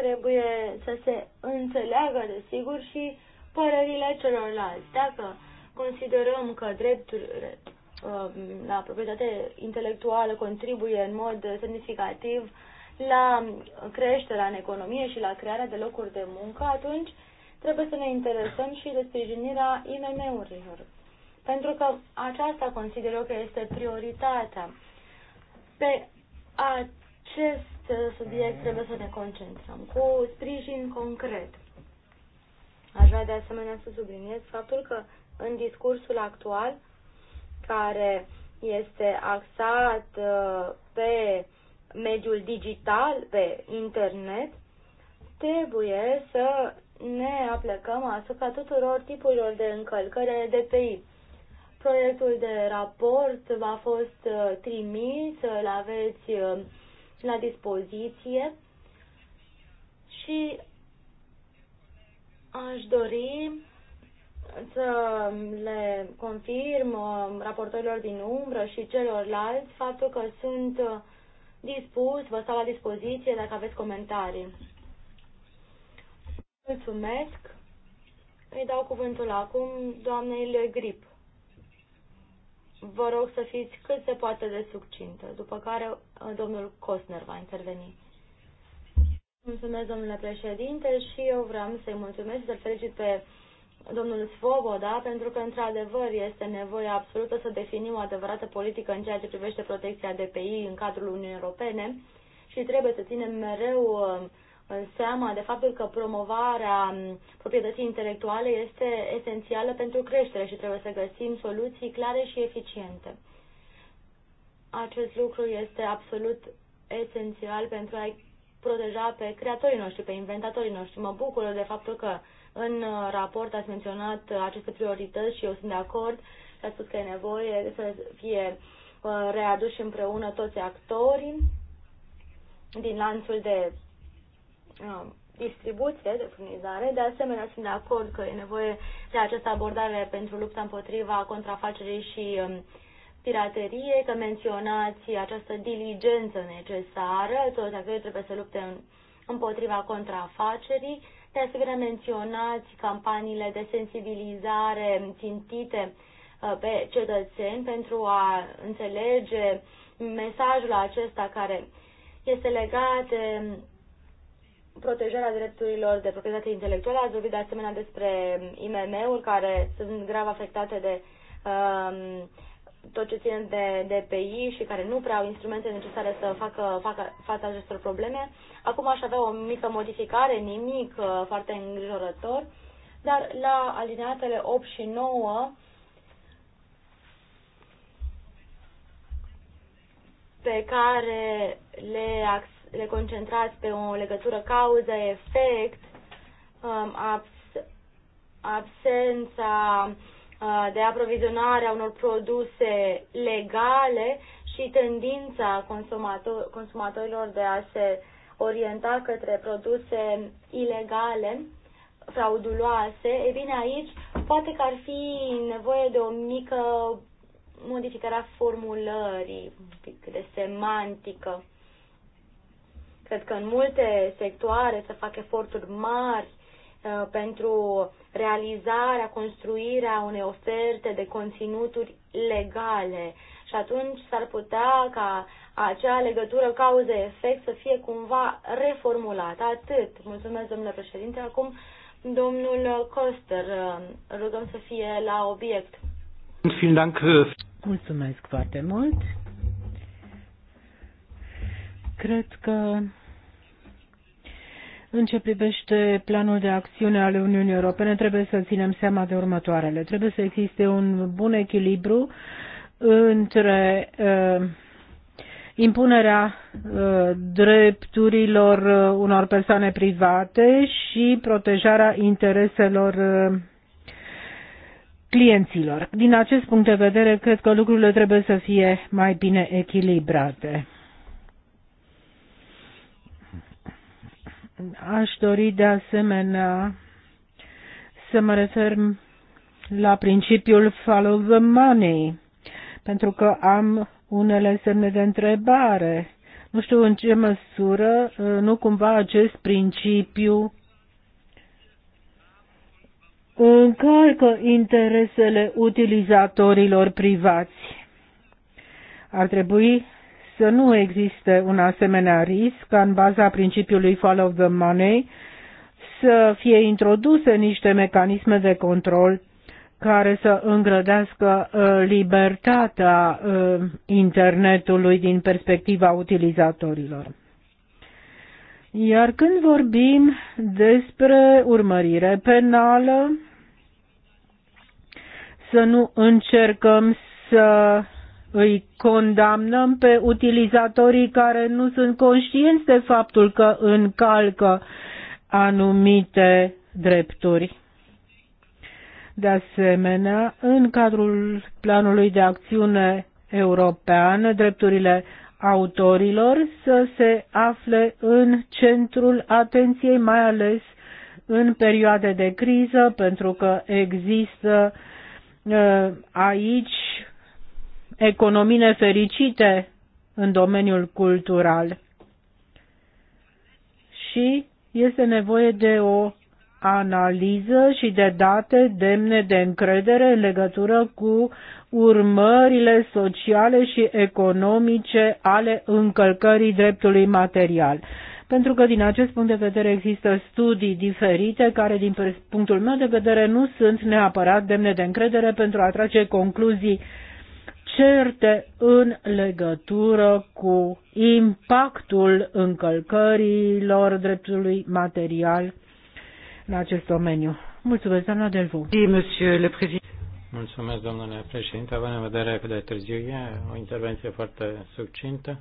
trebuie să se înțeleagă, desigur, și părerile celorlalți. Dacă considerăm că drepturile um, la proprietate intelectuală contribuie în mod semnificativ la creșterea în economie și la crearea de locuri de muncă, atunci trebuie să ne interesăm și de sprijinirea IMM-urilor. Pentru că aceasta consider eu că este prioritatea. Pe acest subiect trebuie să ne concentrăm, cu sprijin concret. Aș vrea de asemenea să subliniez faptul că în discursul actual, care este axat uh, pe mediul digital, pe internet, trebuie să ne aplecăm asupra tuturor tipurilor de încălcări ale DPI. Proiectul de raport a fost uh, trimis, îl aveți uh, la dispoziție și aș dori să le confirm uh, raportorilor din umbră și celorlalți faptul că sunt uh, dispus, vă stau la dispoziție dacă aveți comentarii. Mulțumesc. Îi dau cuvântul acum doamnei Le Grip vă rog să fiți cât se poate de succintă, după care uh, domnul Costner va interveni. Mulțumesc, domnule președinte, și eu vreau să-i mulțumesc și să-l felicit pe domnul Svoboda, pentru că, într-adevăr, este nevoie absolută să definim o adevărată politică în ceea ce privește protecția DPI în cadrul Uniunii Europene și trebuie să ținem mereu uh, în seama de faptul că promovarea proprietății intelectuale este esențială pentru creștere și trebuie să găsim soluții clare și eficiente. Acest lucru este absolut esențial pentru a proteja pe creatorii noștri, pe inventatorii noștri. Mă bucur de faptul că în uh, raport ați menționat aceste priorități și eu sunt de acord și ați spus că e nevoie să fie uh, readuși împreună toți actorii din lanțul de Um, distribuție, de furnizare. De asemenea, sunt de acord că e nevoie de această abordare pentru lupta împotriva contrafacerii și um, piraterie, că menționați această diligență necesară, toți acelea trebuie să lupte împotriva contrafacerii. De asemenea, menționați campaniile de sensibilizare țintite uh, pe cetățeni pentru a înțelege mesajul acesta care este legat de protejarea drepturilor de proprietate intelectuală. Ați vorbit de asemenea despre IMM-uri care sunt grav afectate de um, tot ce ține de pi și care nu prea au instrumente necesare să facă, facă față acestor probleme. Acum aș avea o mică modificare, nimic uh, foarte îngrijorător, dar la alineatele 8 și 9 pe care le ax le concentrați pe o legătură cauză-efect, um, abs- absența uh, de aprovizionare a unor produse legale și tendința consumator- consumatorilor de a se orienta către produse ilegale, frauduloase, e bine aici poate că ar fi nevoie de o mică modificare a formulării, un pic de semantică. Cred că în multe sectoare se fac eforturi mari uh, pentru realizarea, construirea unei oferte de conținuturi legale. Și atunci s-ar putea ca acea legătură cauză-efect să fie cumva reformulată. Atât. Mulțumesc, domnule președinte. Acum, domnul Coster, uh, rugăm să fie la obiect. Uh, Mulțumesc foarte mult. Cred că în ce privește planul de acțiune ale Uniunii Europene, trebuie să ținem seama de următoarele. Trebuie să existe un bun echilibru între uh, impunerea uh, drepturilor uh, unor persoane private și protejarea intereselor uh, clienților. Din acest punct de vedere, cred că lucrurile trebuie să fie mai bine echilibrate. Aș dori de asemenea să mă refer la principiul follow the money, pentru că am unele semne de întrebare. Nu știu în ce măsură, nu cumva acest principiu încalcă interesele utilizatorilor privați. Ar trebui să nu existe un asemenea risc ca în baza principiului follow the money să fie introduse niște mecanisme de control care să îngrădească uh, libertatea uh, internetului din perspectiva utilizatorilor. Iar când vorbim despre urmărire penală, să nu încercăm să îi condamnăm pe utilizatorii care nu sunt conștienți de faptul că încalcă anumite drepturi. De asemenea, în cadrul planului de acțiune european, drepturile autorilor să se afle în centrul atenției, mai ales în perioade de criză, pentru că există uh, aici economii nefericite în domeniul cultural. Și este nevoie de o analiză și de date demne de încredere în legătură cu urmările sociale și economice ale încălcării dreptului material. Pentru că din acest punct de vedere există studii diferite care din punctul meu de vedere nu sunt neapărat demne de încredere pentru a trage concluzii certe în legătură cu impactul încălcărilor dreptului material în acest domeniu. Mulțumesc, doamna Delvo. Mulțumesc, domnule președinte. Având în vedere că de târziu e o intervenție foarte succintă,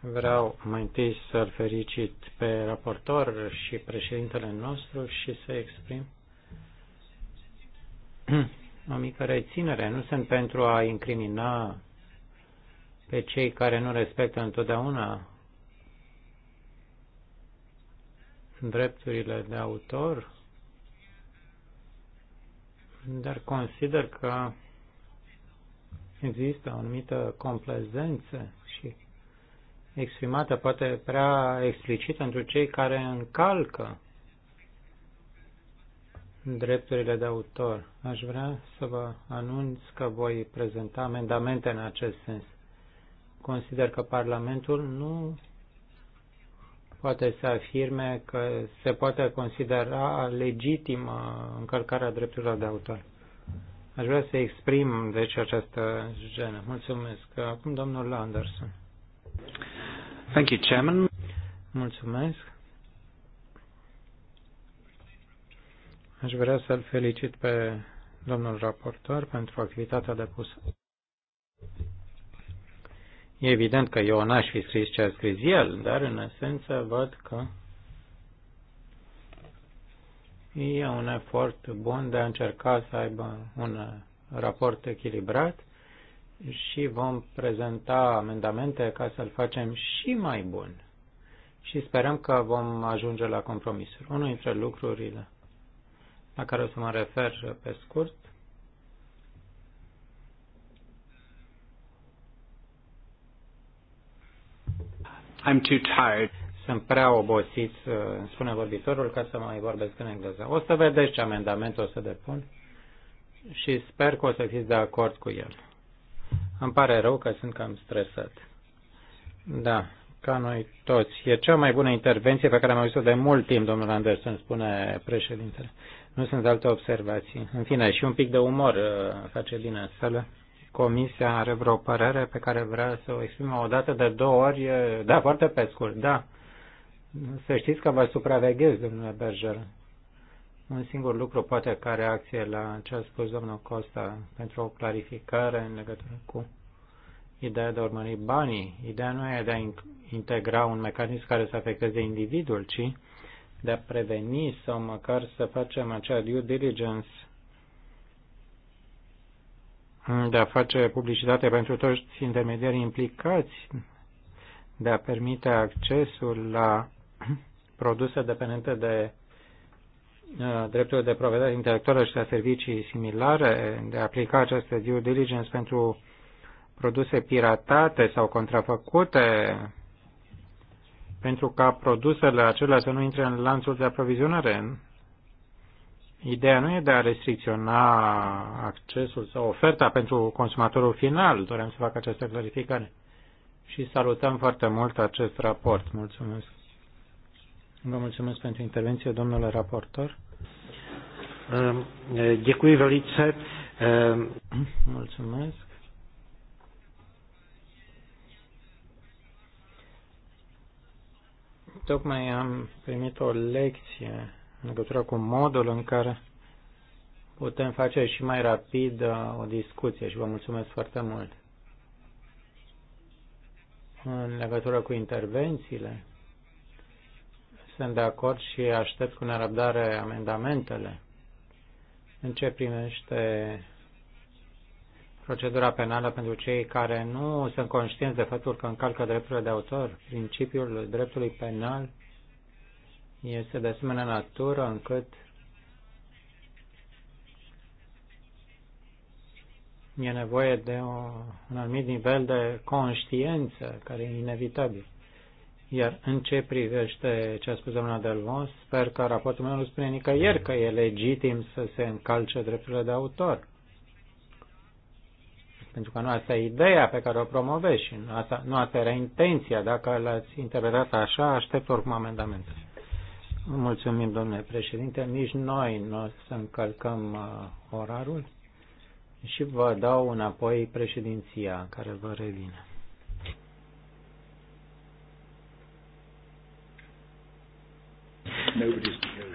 vreau mai întâi să-l fericit pe raportor și președintele nostru și să exprim o mică reținere. Nu sunt pentru a incrimina pe cei care nu respectă întotdeauna drepturile de autor, dar consider că există o anumită complezență și exprimată poate prea explicit pentru cei care încalcă drepturile de autor. Aș vrea să vă anunț că voi prezenta amendamente în acest sens. Consider că Parlamentul nu poate să afirme că se poate considera legitimă încălcarea drepturilor de autor. Aș vrea să exprim, deci, această genă. Mulțumesc. Acum, domnul Anderson. Thank you, Chairman. Mulțumesc. Aș vrea să-l felicit pe domnul raportor pentru activitatea depusă. E evident că eu n-aș fi scris ce a scris el, dar în esență văd că e un efort bun de a încerca să aibă un raport echilibrat și vom prezenta amendamente ca să-l facem și mai bun. Și sperăm că vom ajunge la compromisuri. Unul dintre lucrurile la care o să mă refer pe scurt. I'm too tired. Sunt prea obosit, uh, spune vorbitorul, ca să mai vorbesc în engleză. O să vedeți ce amendament o să depun și sper că o să fiți de acord cu el. Îmi pare rău că sunt cam stresat. Da, ca noi toți. E cea mai bună intervenție pe care am auzit-o de mult timp, domnul Anderson, spune președintele. Nu sunt alte observații. În fine, și un pic de umor uh, face bine sală. Comisia are vreo părere pe care vrea să o exprime o dată de două ori? Uh, da, foarte pe scurt, da. Să știți că vă supraveghez, domnule Berger. Un singur lucru poate ca reacție la ce a spus domnul Costa pentru o clarificare în legătură cu ideea de a urmări banii. Ideea nu e de a integra un mecanism care să afecteze individul, ci de a preveni sau măcar să facem acea due diligence de a face publicitate pentru toți intermediarii implicați, de a permite accesul la produse dependente de uh, drepturile de proprietate intelectuală și la servicii similare, de a aplica această due diligence pentru produse piratate sau contrafăcute pentru ca produsele acelea să nu intre în lanțul de aprovizionare. Ideea nu e de a restricționa accesul sau oferta pentru consumatorul final, doream să fac această clarificare. Și salutăm foarte mult acest raport. Mulțumesc. Vă mulțumesc pentru intervenție, domnule raportor. Ehm, děkuji velice. Ehm, mulțumesc. Tocmai am primit o lecție în legătură cu modul în care putem face și mai rapid uh, o discuție și vă mulțumesc foarte mult. În legătură cu intervențiile, sunt de acord și aștept cu nerăbdare amendamentele. În ce primește procedura penală pentru cei care nu sunt conștienți de faptul că încalcă drepturile de autor. Principiul dreptului penal este de asemenea natură încât e nevoie de o, un anumit nivel de conștiență care e inevitabil. Iar în ce privește ce a spus doamna Delvon, sper că raportul meu nu spune nicăieri că e legitim să se încalce drepturile de autor pentru că nu asta e ideea pe care o promovezi și nu asta, nu asta era intenția. Dacă l-ați interpretat așa, aștept oricum amendamente. Mulțumim, domnule președinte. Nici noi nu o să încălcăm uh, orarul și vă dau înapoi președinția care vă revine.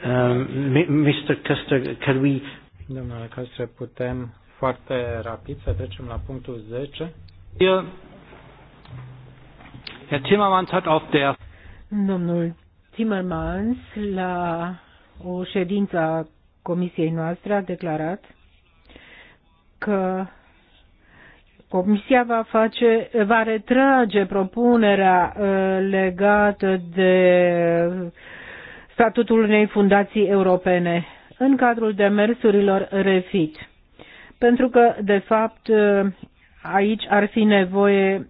Uh, Mr. Custer, can we... Domnule Custer, putem foarte rapid să trecem la punctul 10. Herr Timmermans hat auf der Domnul Timmermans la o ședință a comisiei noastre a declarat că Comisia va face, va retrage propunerea uh, legată de statutul unei fundații europene în cadrul demersurilor REFIT pentru că, de fapt, aici ar fi nevoie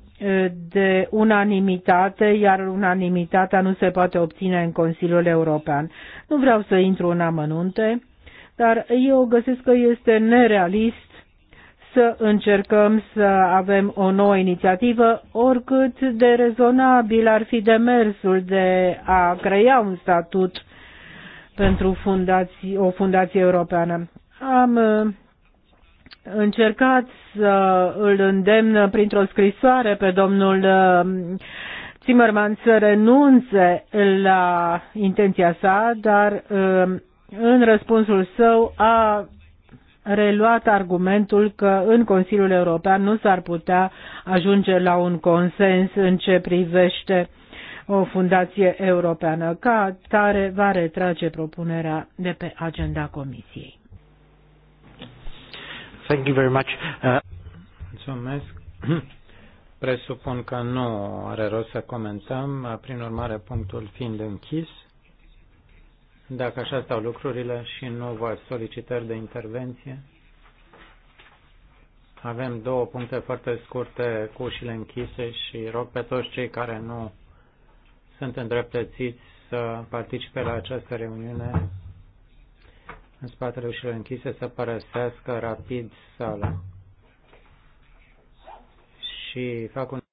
de unanimitate, iar unanimitatea nu se poate obține în Consiliul European. Nu vreau să intru în amănunte, dar eu găsesc că este nerealist să încercăm să avem o nouă inițiativă, oricât de rezonabil ar fi demersul de a crea un statut pentru fundații, o fundație europeană. Am încercat să îl îndemn printr-o scrisoare pe domnul uh, Zimmerman să renunțe la intenția sa, dar uh, în răspunsul său a reluat argumentul că în Consiliul European nu s-ar putea ajunge la un consens în ce privește o fundație europeană, ca tare va retrage propunerea de pe agenda Comisiei. Thank you very much. Uh... Mulțumesc. Presupun că nu are rost să comentăm, prin urmare punctul fiind închis. Dacă așa stau lucrurile și nu vă solicitări de intervenție, avem două puncte foarte scurte cu ușile închise și rog pe toți cei care nu sunt îndreptățiți să participe la această reuniune în spatele ușilor închise să părăsească rapid sala. Și fac un